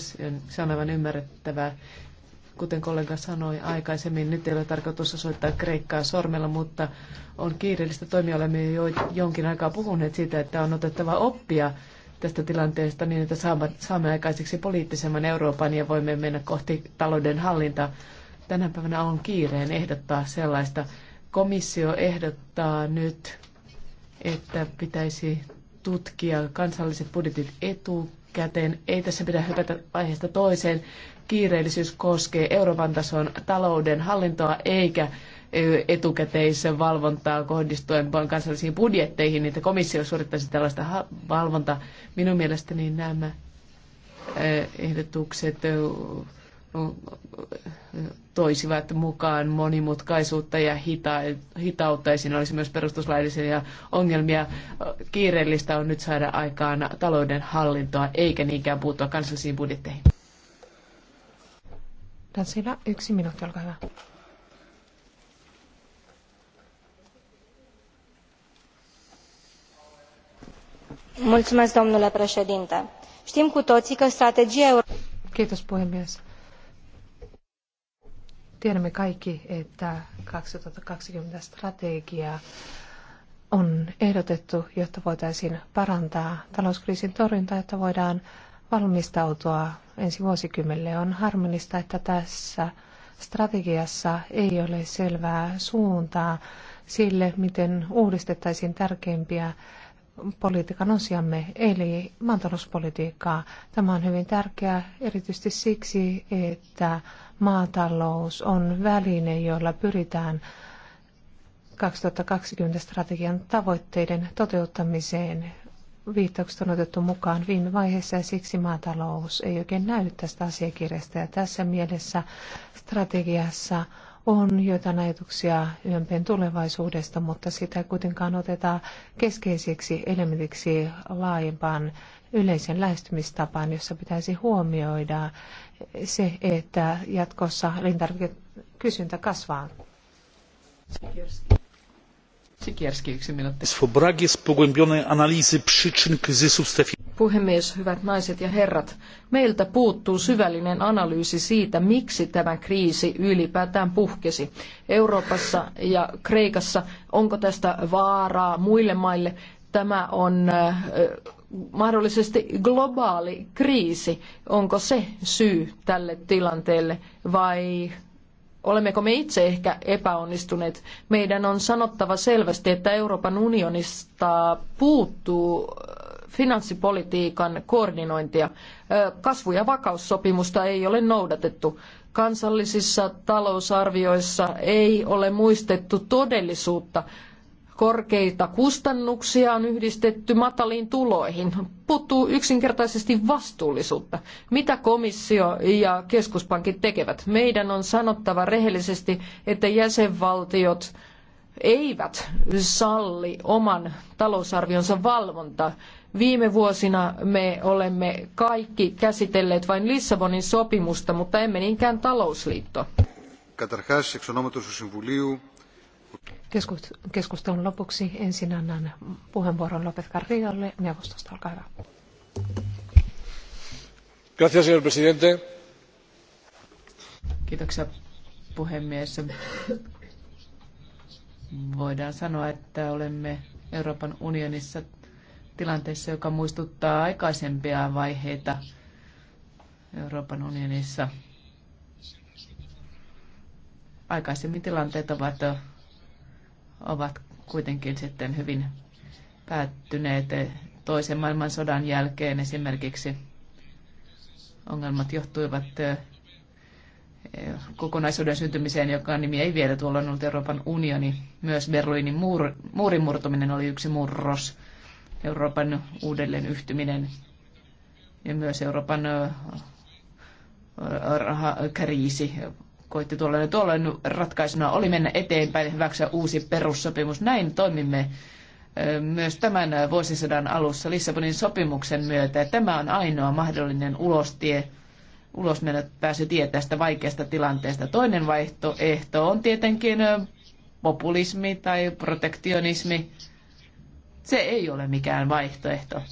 Se on aivan ymmärrettävää. Kuten kollega sanoi aikaisemmin, nyt ei ole tarkoitus osoittaa Kreikkaa sormella, mutta on kiireellistä toimia. Olemme jo jonkin aikaa puhuneet siitä, että on otettava oppia tästä tilanteesta niin, että saamme aikaiseksi poliittisemman Euroopan ja voimme mennä kohti talouden hallintaa tänä päivänä on kiireen ehdottaa sellaista. Komissio ehdottaa nyt, että pitäisi tutkia kansalliset budjetit etukäteen. Ei tässä pidä hypätä aiheesta toiseen. Kiireellisyys koskee Euroopan tason talouden hallintoa eikä etukäteisen valvontaa kohdistuen kansallisiin budjetteihin, niin että komissio suorittaisi tällaista valvontaa. Minun mielestäni nämä ehdotukset toisivat mukaan monimutkaisuutta ja hita- hitautta. Ja siinä olisi myös perustuslaillisia ongelmia. Kiireellistä on nyt saada aikaan talouden hallintoa, eikä niinkään puuttua kansallisiin budjetteihin. Tanssila, yksi minuutti, olkaa hyvä. Mulțumesc, domnule președinte. Știm cu toții că strategia Kiitos puhemies. Tiedämme kaikki, että 2020 strategia on ehdotettu, jotta voitaisiin parantaa talouskriisin torjuntaa, että voidaan valmistautua ensi vuosikymmenelle. On harmillista, että tässä strategiassa ei ole selvää suuntaa sille, miten uudistettaisiin tärkeimpiä politiikan osiamme, eli maatalouspolitiikkaa. Tämä on hyvin tärkeää erityisesti siksi, että maatalous on väline, jolla pyritään 2020 strategian tavoitteiden toteuttamiseen. Viittaukset on otettu mukaan viime vaiheessa ja siksi maatalous ei oikein näy tästä asiakirjasta. Ja tässä mielessä strategiassa on joitain ajatuksia YMPn tulevaisuudesta, mutta sitä kuitenkaan otetaan keskeiseksi elementiksi laajempaan yleisen lähestymistapaan, jossa pitäisi huomioida se, että jatkossa elintarvikekysyntä kasvaa. Sikierski, yksi minuutti. Puhemies, hyvät naiset ja herrat, meiltä puuttuu syvällinen analyysi siitä, miksi tämä kriisi ylipäätään puhkesi Euroopassa ja Kreikassa. Onko tästä vaaraa muille maille? Tämä on äh, mahdollisesti globaali kriisi, onko se syy tälle tilanteelle vai olemmeko me itse ehkä epäonnistuneet? Meidän on sanottava selvästi, että Euroopan unionista puuttuu äh, finanssipolitiikan koordinointia. Äh, kasvu- ja vakaussopimusta ei ole noudatettu. Kansallisissa talousarvioissa ei ole muistettu todellisuutta, Korkeita kustannuksia on yhdistetty mataliin tuloihin. Puuttuu yksinkertaisesti vastuullisuutta. Mitä komissio ja keskuspankit tekevät? Meidän on sanottava rehellisesti, että jäsenvaltiot eivät salli oman talousarvionsa valvontaa. Viime vuosina me olemme kaikki käsitelleet vain Lissabonin sopimusta, mutta emme niinkään talousliittoa. Καταρχάς, εξ ονόματος του Συμβουλίου, Keskustelun lopuksi ensin annan puheenvuoron López Carrillolle neuvostosta. Olkaa hyvä. Gracias, señor presidente. Kiitoksia puhemies. Voidaan sanoa, että olemme Euroopan unionissa tilanteessa, joka muistuttaa aikaisempia vaiheita Euroopan unionissa. Aikaisemmin tilanteet ovat ovat kuitenkin sitten hyvin päättyneet toisen maailmansodan jälkeen esimerkiksi. Ongelmat johtuivat kokonaisuuden syntymiseen, joka nimi ei vielä tuolloin ollut Euroopan unioni. Myös Berliinin muur, muurin murtuminen oli yksi murros, Euroopan uudelleen yhtyminen ja myös Euroopan kriisi koitti tuolloin ja tuolloin ratkaisuna oli mennä eteenpäin ja hyväksyä uusi perussopimus. Näin toimimme myös tämän vuosisadan alussa Lissabonin sopimuksen myötä. Tämä on ainoa mahdollinen ulostie, ulosmennä pääsy tie tästä vaikeasta tilanteesta. Toinen vaihtoehto on tietenkin populismi tai protektionismi. Se ei ole mikään vaihtoehto,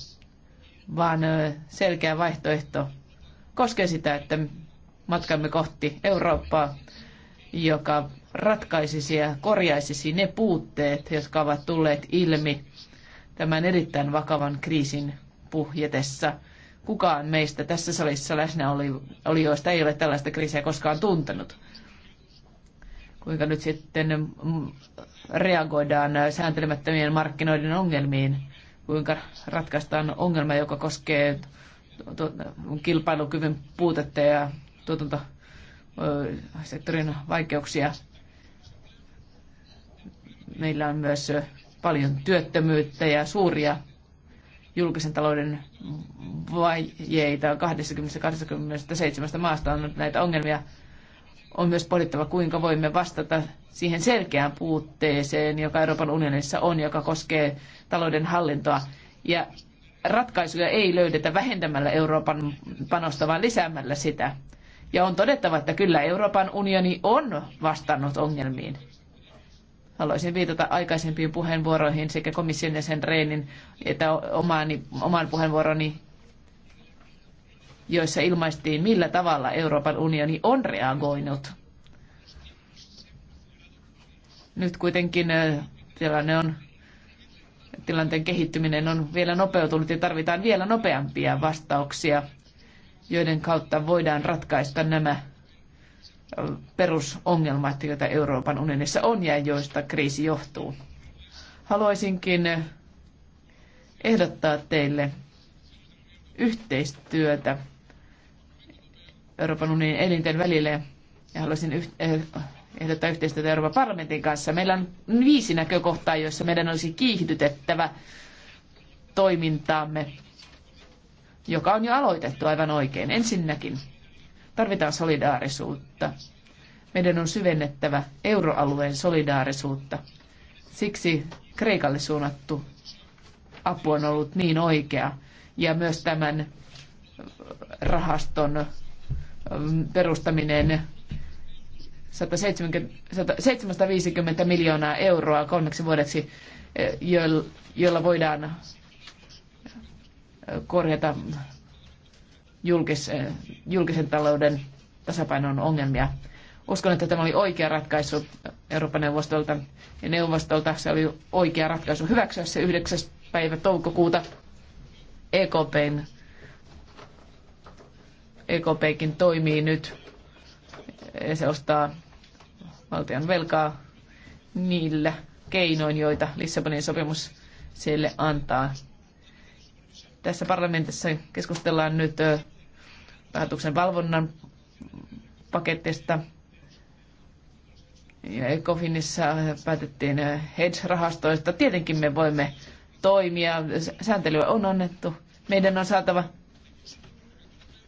vaan selkeä vaihtoehto koskee sitä, että matkamme kohti Eurooppaa, joka ratkaisisi ja korjaisisi ne puutteet, jotka ovat tulleet ilmi tämän erittäin vakavan kriisin puhjetessa. Kukaan meistä tässä salissa läsnä oli, oli joista ei ole tällaista kriisiä koskaan tuntenut. Kuinka nyt sitten reagoidaan sääntelemättömien markkinoiden ongelmiin? Kuinka ratkaistaan ongelma, joka koskee kilpailukyvyn puutetta ja tuotantosektorin vaikeuksia. Meillä on myös paljon työttömyyttä ja suuria julkisen talouden vajeita. 20-27 maasta on näitä ongelmia. On myös pohdittava, kuinka voimme vastata siihen selkeään puutteeseen, joka Euroopan unionissa on, joka koskee talouden hallintoa. Ja ratkaisuja ei löydetä vähentämällä Euroopan panosta, vaan lisäämällä sitä. Ja on todettava, että kyllä Euroopan unioni on vastannut ongelmiin. Haluaisin viitata aikaisempiin puheenvuoroihin sekä komission jäsen sen Reinin että omaani, oman puheenvuoroni, joissa ilmaistiin, millä tavalla Euroopan unioni on reagoinut. Nyt kuitenkin tilanne on tilanteen kehittyminen on vielä nopeutunut ja tarvitaan vielä nopeampia vastauksia joiden kautta voidaan ratkaista nämä perusongelmat, joita Euroopan unionissa on ja joista kriisi johtuu. Haluaisinkin ehdottaa teille yhteistyötä Euroopan unionin elinten välille ja haluaisin eh, ehdottaa yhteistyötä Euroopan parlamentin kanssa. Meillä on viisi näkökohtaa, joissa meidän olisi kiihdytettävä toimintaamme joka on jo aloitettu aivan oikein. Ensinnäkin tarvitaan solidaarisuutta. Meidän on syvennettävä euroalueen solidaarisuutta. Siksi Kreikalle suunnattu apu on ollut niin oikea. Ja myös tämän rahaston mm, perustaminen 170, 750 miljoonaa euroa kolmeksi vuodeksi, eh, joilla voidaan korjata julkis, julkisen talouden tasapainon ongelmia. Uskon, että tämä oli oikea ratkaisu Euroopan neuvostolta ja neuvostolta. Se oli oikea ratkaisu hyväksyä se 9. päivä toukokuuta EKPn. EKPkin toimii nyt. Se ostaa valtion velkaa niillä keinoin, joita Lissabonin sopimus sille antaa. Tässä parlamentissa keskustellaan nyt rahoituksen valvonnan paketista. Ja Ecofinissa päätettiin hedge-rahastoista. Tietenkin me voimme toimia. Sääntelyä on annettu. Meidän on saatava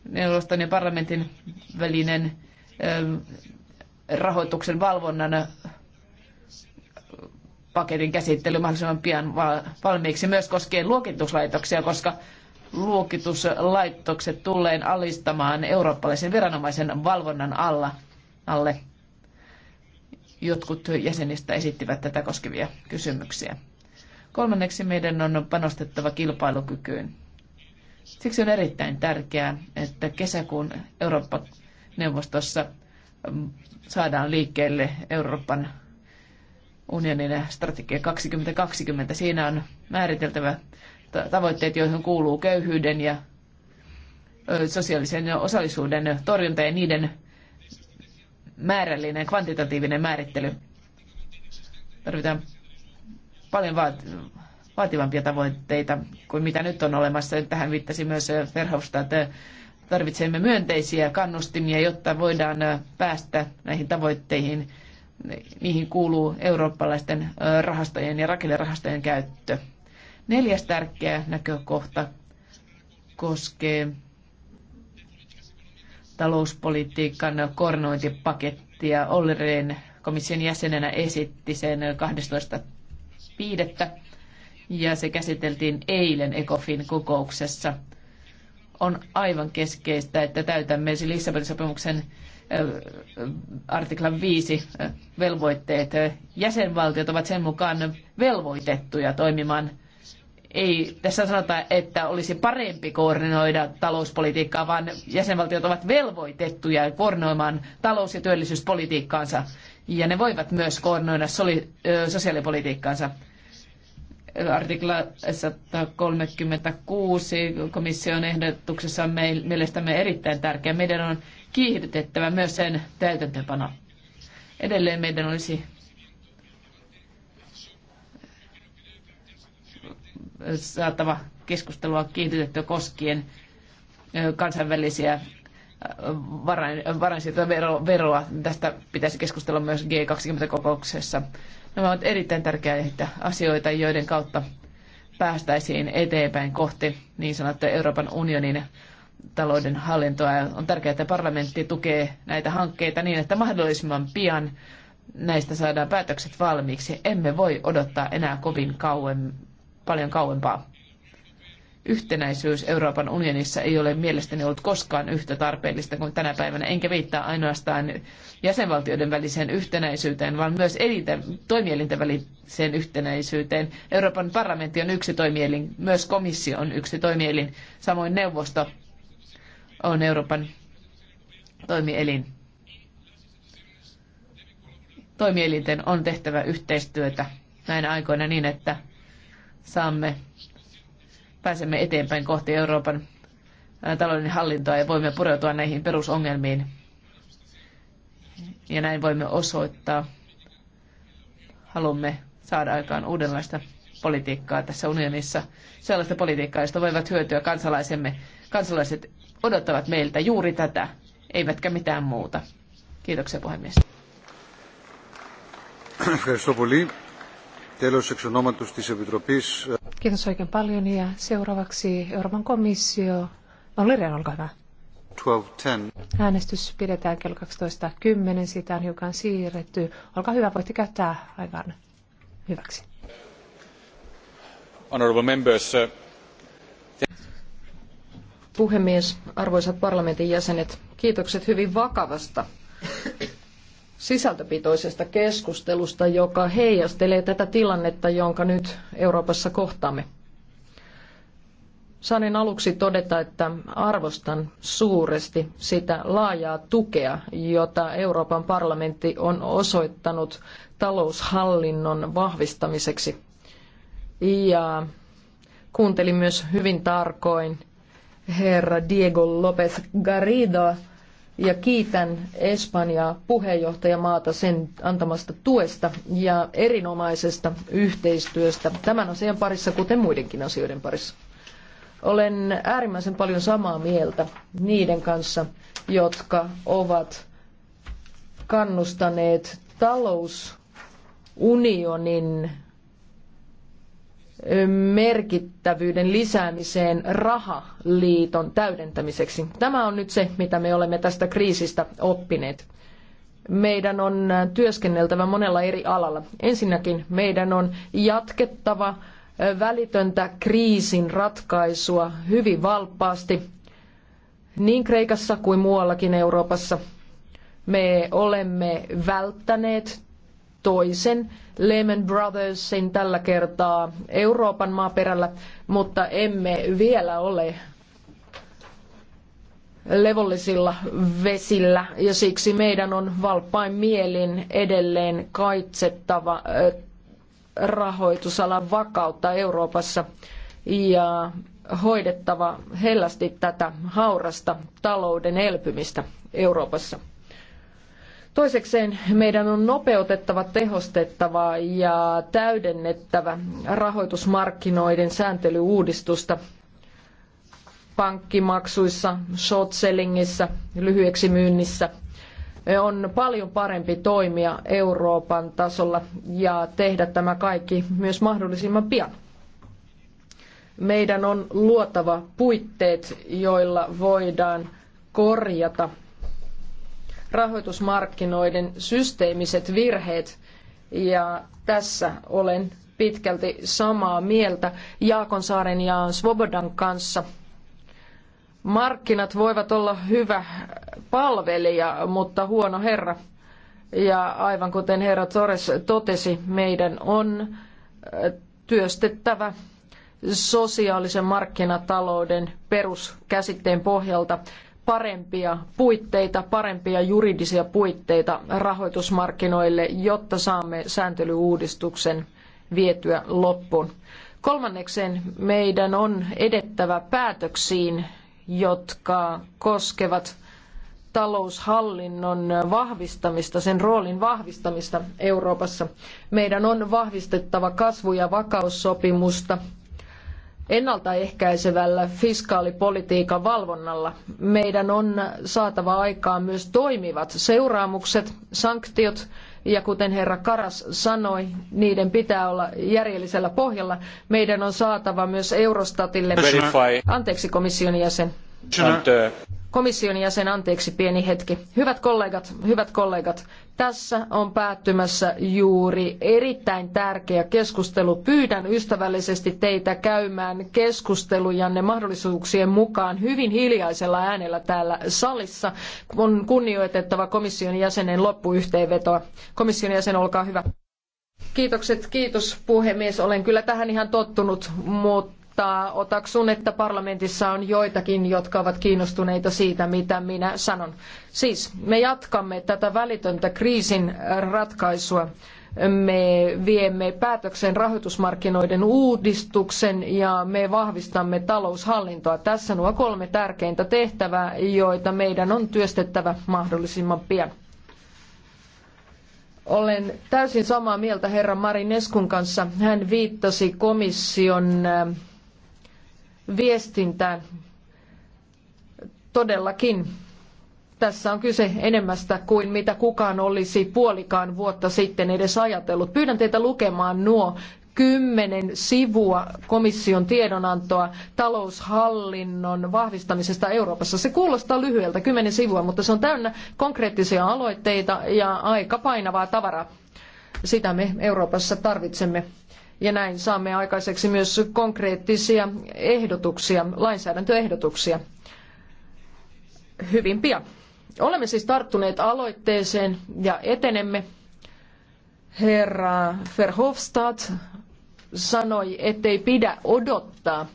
neuvoston ja parlamentin välinen rahoituksen valvonnan paketin käsittely mahdollisimman pian valmiiksi myös koskien luokituslaitoksia, koska luokituslaitokset tulleen alistamaan eurooppalaisen viranomaisen valvonnan alla, alle. Jotkut jäsenistä esittivät tätä koskevia kysymyksiä. Kolmanneksi meidän on panostettava kilpailukykyyn. Siksi on erittäin tärkeää, että kesäkuun Eurooppa-neuvostossa mm, saadaan liikkeelle Euroopan unionin strategia 2020. Siinä on määriteltävä tavoitteet, joihin kuuluu köyhyyden ja sosiaalisen osallisuuden torjunta ja niiden määrällinen, kvantitatiivinen määrittely. Tarvitaan paljon vaativampia tavoitteita kuin mitä nyt on olemassa. Tähän viittasi myös Verhofstadt. Tarvitsemme myönteisiä kannustimia, jotta voidaan päästä näihin tavoitteihin niihin kuuluu eurooppalaisten rahastojen ja rakennerahastojen käyttö. Neljäs tärkeä näkökohta koskee talouspolitiikan koordinointipakettia. Olli Rehn komission jäsenenä esitti sen 12.5. ja se käsiteltiin eilen ECOFIN kokouksessa. On aivan keskeistä, että täytämme Lissabonin sopimuksen artiklan 5 velvoitteet. Jäsenvaltiot ovat sen mukaan velvoitettuja toimimaan. Ei tässä sanota, että olisi parempi koordinoida talouspolitiikkaa, vaan jäsenvaltiot ovat velvoitettuja koordinoimaan talous- ja työllisyyspolitiikkaansa. Ja ne voivat myös koordinoida sosiaalipolitiikkaansa artikla 136 komission ehdotuksessa on mielestämme erittäin tärkeä. Meidän on kiihdytettävä myös sen täytäntöpano. Edelleen meidän olisi saatava keskustelua kiihdytettyä koskien kansainvälisiä varain, veroa. Tästä pitäisi keskustella myös G20-kokouksessa. Nämä ovat erittäin tärkeitä asioita, joiden kautta päästäisiin eteenpäin kohti niin sanottua Euroopan unionin talouden hallintoa. On tärkeää, että parlamentti tukee näitä hankkeita niin, että mahdollisimman pian näistä saadaan päätökset valmiiksi. Emme voi odottaa enää kovin kauem, paljon kauempaa yhtenäisyys Euroopan unionissa ei ole mielestäni ollut koskaan yhtä tarpeellista kuin tänä päivänä, enkä viittaa ainoastaan jäsenvaltioiden väliseen yhtenäisyyteen, vaan myös elitä, toimielinten väliseen yhtenäisyyteen. Euroopan parlamentti on yksi toimielin, myös komissio on yksi toimielin, samoin neuvosto on Euroopan toimielin. Toimielinten on tehtävä yhteistyötä näinä aikoina niin, että saamme pääsemme eteenpäin kohti Euroopan talouden hallintoa ja voimme pureutua näihin perusongelmiin. Ja näin voimme osoittaa, haluamme saada aikaan uudenlaista politiikkaa tässä unionissa, sellaista politiikkaa, josta voivat hyötyä kansalaisemme. Kansalaiset odottavat meiltä juuri tätä, eivätkä mitään muuta. Kiitoksia puhemies. Kiitos oikein paljon ja seuraavaksi Euroopan komissio. Olli Rehn, olkaa hyvä. Äänestys pidetään kello 12.10. Siitä on hiukan siirretty. Olkaa hyvä, voitte käyttää aikaan hyväksi. Honorable members, uh, Puhemies, arvoisat parlamentin jäsenet, kiitokset hyvin vakavasta sisältöpitoisesta keskustelusta, joka heijastelee tätä tilannetta, jonka nyt Euroopassa kohtaamme. Sanen aluksi todeta, että arvostan suuresti sitä laajaa tukea, jota Euroopan parlamentti on osoittanut taloushallinnon vahvistamiseksi. Ja kuuntelin myös hyvin tarkoin herra Diego López Garrido ja kiitän Espanjaa puheenjohtajamaata sen antamasta tuesta ja erinomaisesta yhteistyöstä tämän asian parissa, kuten muidenkin asioiden parissa. Olen äärimmäisen paljon samaa mieltä niiden kanssa, jotka ovat kannustaneet talousunionin merkittävyyden lisäämiseen rahaliiton täydentämiseksi. Tämä on nyt se, mitä me olemme tästä kriisistä oppineet. Meidän on työskenneltävä monella eri alalla. Ensinnäkin meidän on jatkettava välitöntä kriisin ratkaisua hyvin valppaasti niin Kreikassa kuin muuallakin Euroopassa. Me olemme välttäneet toisen Lehman Brothersin tällä kertaa Euroopan maaperällä, mutta emme vielä ole levollisilla vesillä ja siksi meidän on valppain mielin edelleen kaitsettava rahoitusalan vakautta Euroopassa ja hoidettava hellästi tätä haurasta talouden elpymistä Euroopassa. Toisekseen meidän on nopeutettava, tehostettava ja täydennettävä rahoitusmarkkinoiden sääntelyuudistusta pankkimaksuissa, short sellingissä, lyhyeksi myynnissä. On paljon parempi toimia Euroopan tasolla ja tehdä tämä kaikki myös mahdollisimman pian. Meidän on luotava puitteet, joilla voidaan korjata rahoitusmarkkinoiden systeemiset virheet. Ja tässä olen pitkälti samaa mieltä Jaakonsaaren ja Svobodan kanssa. Markkinat voivat olla hyvä palvelija, mutta huono herra. Ja aivan kuten herra Torres totesi, meidän on työstettävä sosiaalisen markkinatalouden peruskäsitteen pohjalta parempia puitteita, parempia juridisia puitteita rahoitusmarkkinoille, jotta saamme sääntelyuudistuksen vietyä loppuun. Kolmannekseen meidän on edettävä päätöksiin, jotka koskevat taloushallinnon vahvistamista, sen roolin vahvistamista Euroopassa. Meidän on vahvistettava kasvu- ja vakaussopimusta ennaltaehkäisevällä fiskaalipolitiikan valvonnalla. Meidän on saatava aikaan myös toimivat seuraamukset, sanktiot ja kuten herra Karas sanoi, niiden pitää olla järjellisellä pohjalla. Meidän on saatava myös Eurostatille, anteeksi komission jäsen, komission jäsen anteeksi pieni hetki. Hyvät kollegat, hyvät kollegat, tässä on päättymässä juuri erittäin tärkeä keskustelu. Pyydän ystävällisesti teitä käymään keskustelujanne mahdollisuuksien mukaan hyvin hiljaisella äänellä täällä salissa. On kunnioitettava komission jäsenen loppuyhteenvetoa. Komission jäsen, olkaa hyvä. Kiitokset, kiitos puhemies. Olen kyllä tähän ihan tottunut, mutta mutta otaksun, että parlamentissa on joitakin, jotka ovat kiinnostuneita siitä, mitä minä sanon. Siis me jatkamme tätä välitöntä kriisin ratkaisua. Me viemme päätöksen rahoitusmarkkinoiden uudistuksen ja me vahvistamme taloushallintoa. Tässä nuo kolme tärkeintä tehtävää, joita meidän on työstettävä mahdollisimman pian. Olen täysin samaa mieltä herra Marineskun kanssa. Hän viittasi komission viestintään. Todellakin tässä on kyse enemmästä kuin mitä kukaan olisi puolikaan vuotta sitten edes ajatellut. Pyydän teitä lukemaan nuo kymmenen sivua komission tiedonantoa taloushallinnon vahvistamisesta Euroopassa. Se kuulostaa lyhyeltä, kymmenen sivua, mutta se on täynnä konkreettisia aloitteita ja aika painavaa tavaraa. Sitä me Euroopassa tarvitsemme ja näin saamme aikaiseksi myös konkreettisia ehdotuksia, lainsäädäntöehdotuksia hyvin pian. Olemme siis tarttuneet aloitteeseen ja etenemme. Herra Verhofstadt sanoi, ettei pidä odottaa,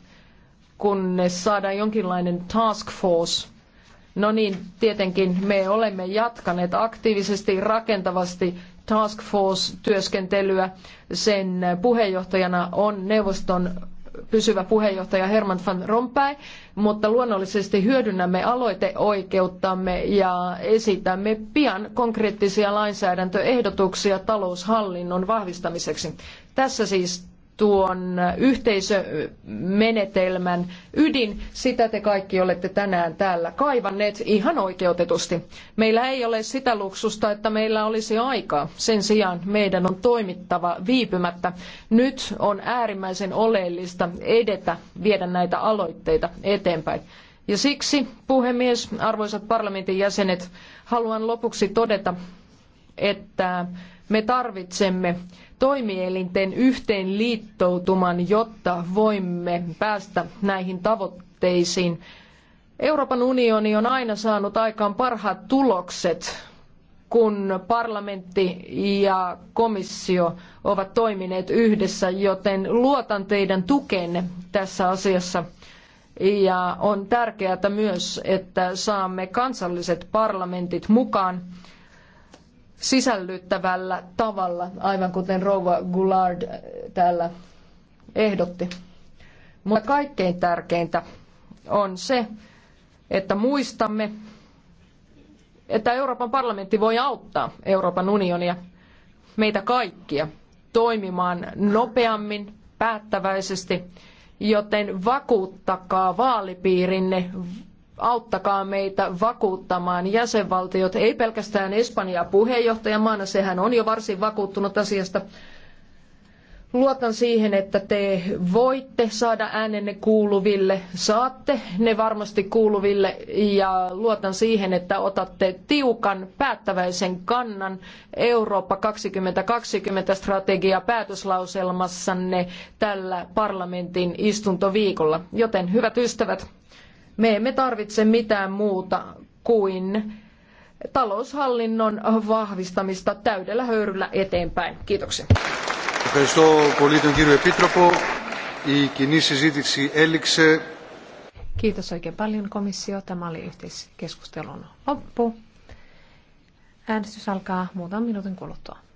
kunnes saadaan jonkinlainen task force. No niin, tietenkin me olemme jatkaneet aktiivisesti, rakentavasti Task Force-työskentelyä. Sen puheenjohtajana on neuvoston pysyvä puheenjohtaja Herman van Rompuy, mutta luonnollisesti hyödynnämme aloiteoikeuttamme ja esitämme pian konkreettisia lainsäädäntöehdotuksia taloushallinnon vahvistamiseksi. Tässä siis tuon yhteisömenetelmän ydin, sitä te kaikki olette tänään täällä kaivanneet ihan oikeutetusti. Meillä ei ole sitä luksusta, että meillä olisi aikaa. Sen sijaan meidän on toimittava viipymättä. Nyt on äärimmäisen oleellista edetä, viedä näitä aloitteita eteenpäin. Ja siksi, puhemies, arvoisat parlamentin jäsenet, haluan lopuksi todeta, että me tarvitsemme toimielinten yhteenliittoutuman, jotta voimme päästä näihin tavoitteisiin. Euroopan unioni on aina saanut aikaan parhaat tulokset, kun parlamentti ja komissio ovat toimineet yhdessä, joten luotan teidän tukeenne tässä asiassa. Ja on tärkeää myös, että saamme kansalliset parlamentit mukaan sisällyttävällä tavalla, aivan kuten Rova Goulard eh, täällä ehdotti. Mutta kaikkein tärkeintä on se, että muistamme, että Euroopan parlamentti voi auttaa Euroopan unionia, meitä kaikkia, toimimaan nopeammin, päättäväisesti, joten vakuuttakaa vaalipiirinne auttakaa meitä vakuuttamaan jäsenvaltiot, ei pelkästään Espanjaa puheenjohtajamaana, sehän on jo varsin vakuuttunut asiasta. Luotan siihen, että te voitte saada äänenne kuuluville, saatte ne varmasti kuuluville ja luotan siihen, että otatte tiukan päättäväisen kannan Eurooppa 2020 strategia päätöslauselmassanne tällä parlamentin istuntoviikolla. Joten hyvät ystävät, me emme tarvitse mitään muuta kuin taloushallinnon vahvistamista täydellä höyryllä eteenpäin. Kiitoksia. Ευχαριστώ πολύ τον κύριο Επίτροπο. Η Kiitos oikein paljon komissio. Tämä oli yhteiskeskustelun loppu. Äänestys alkaa muutaman minuutin kuluttua.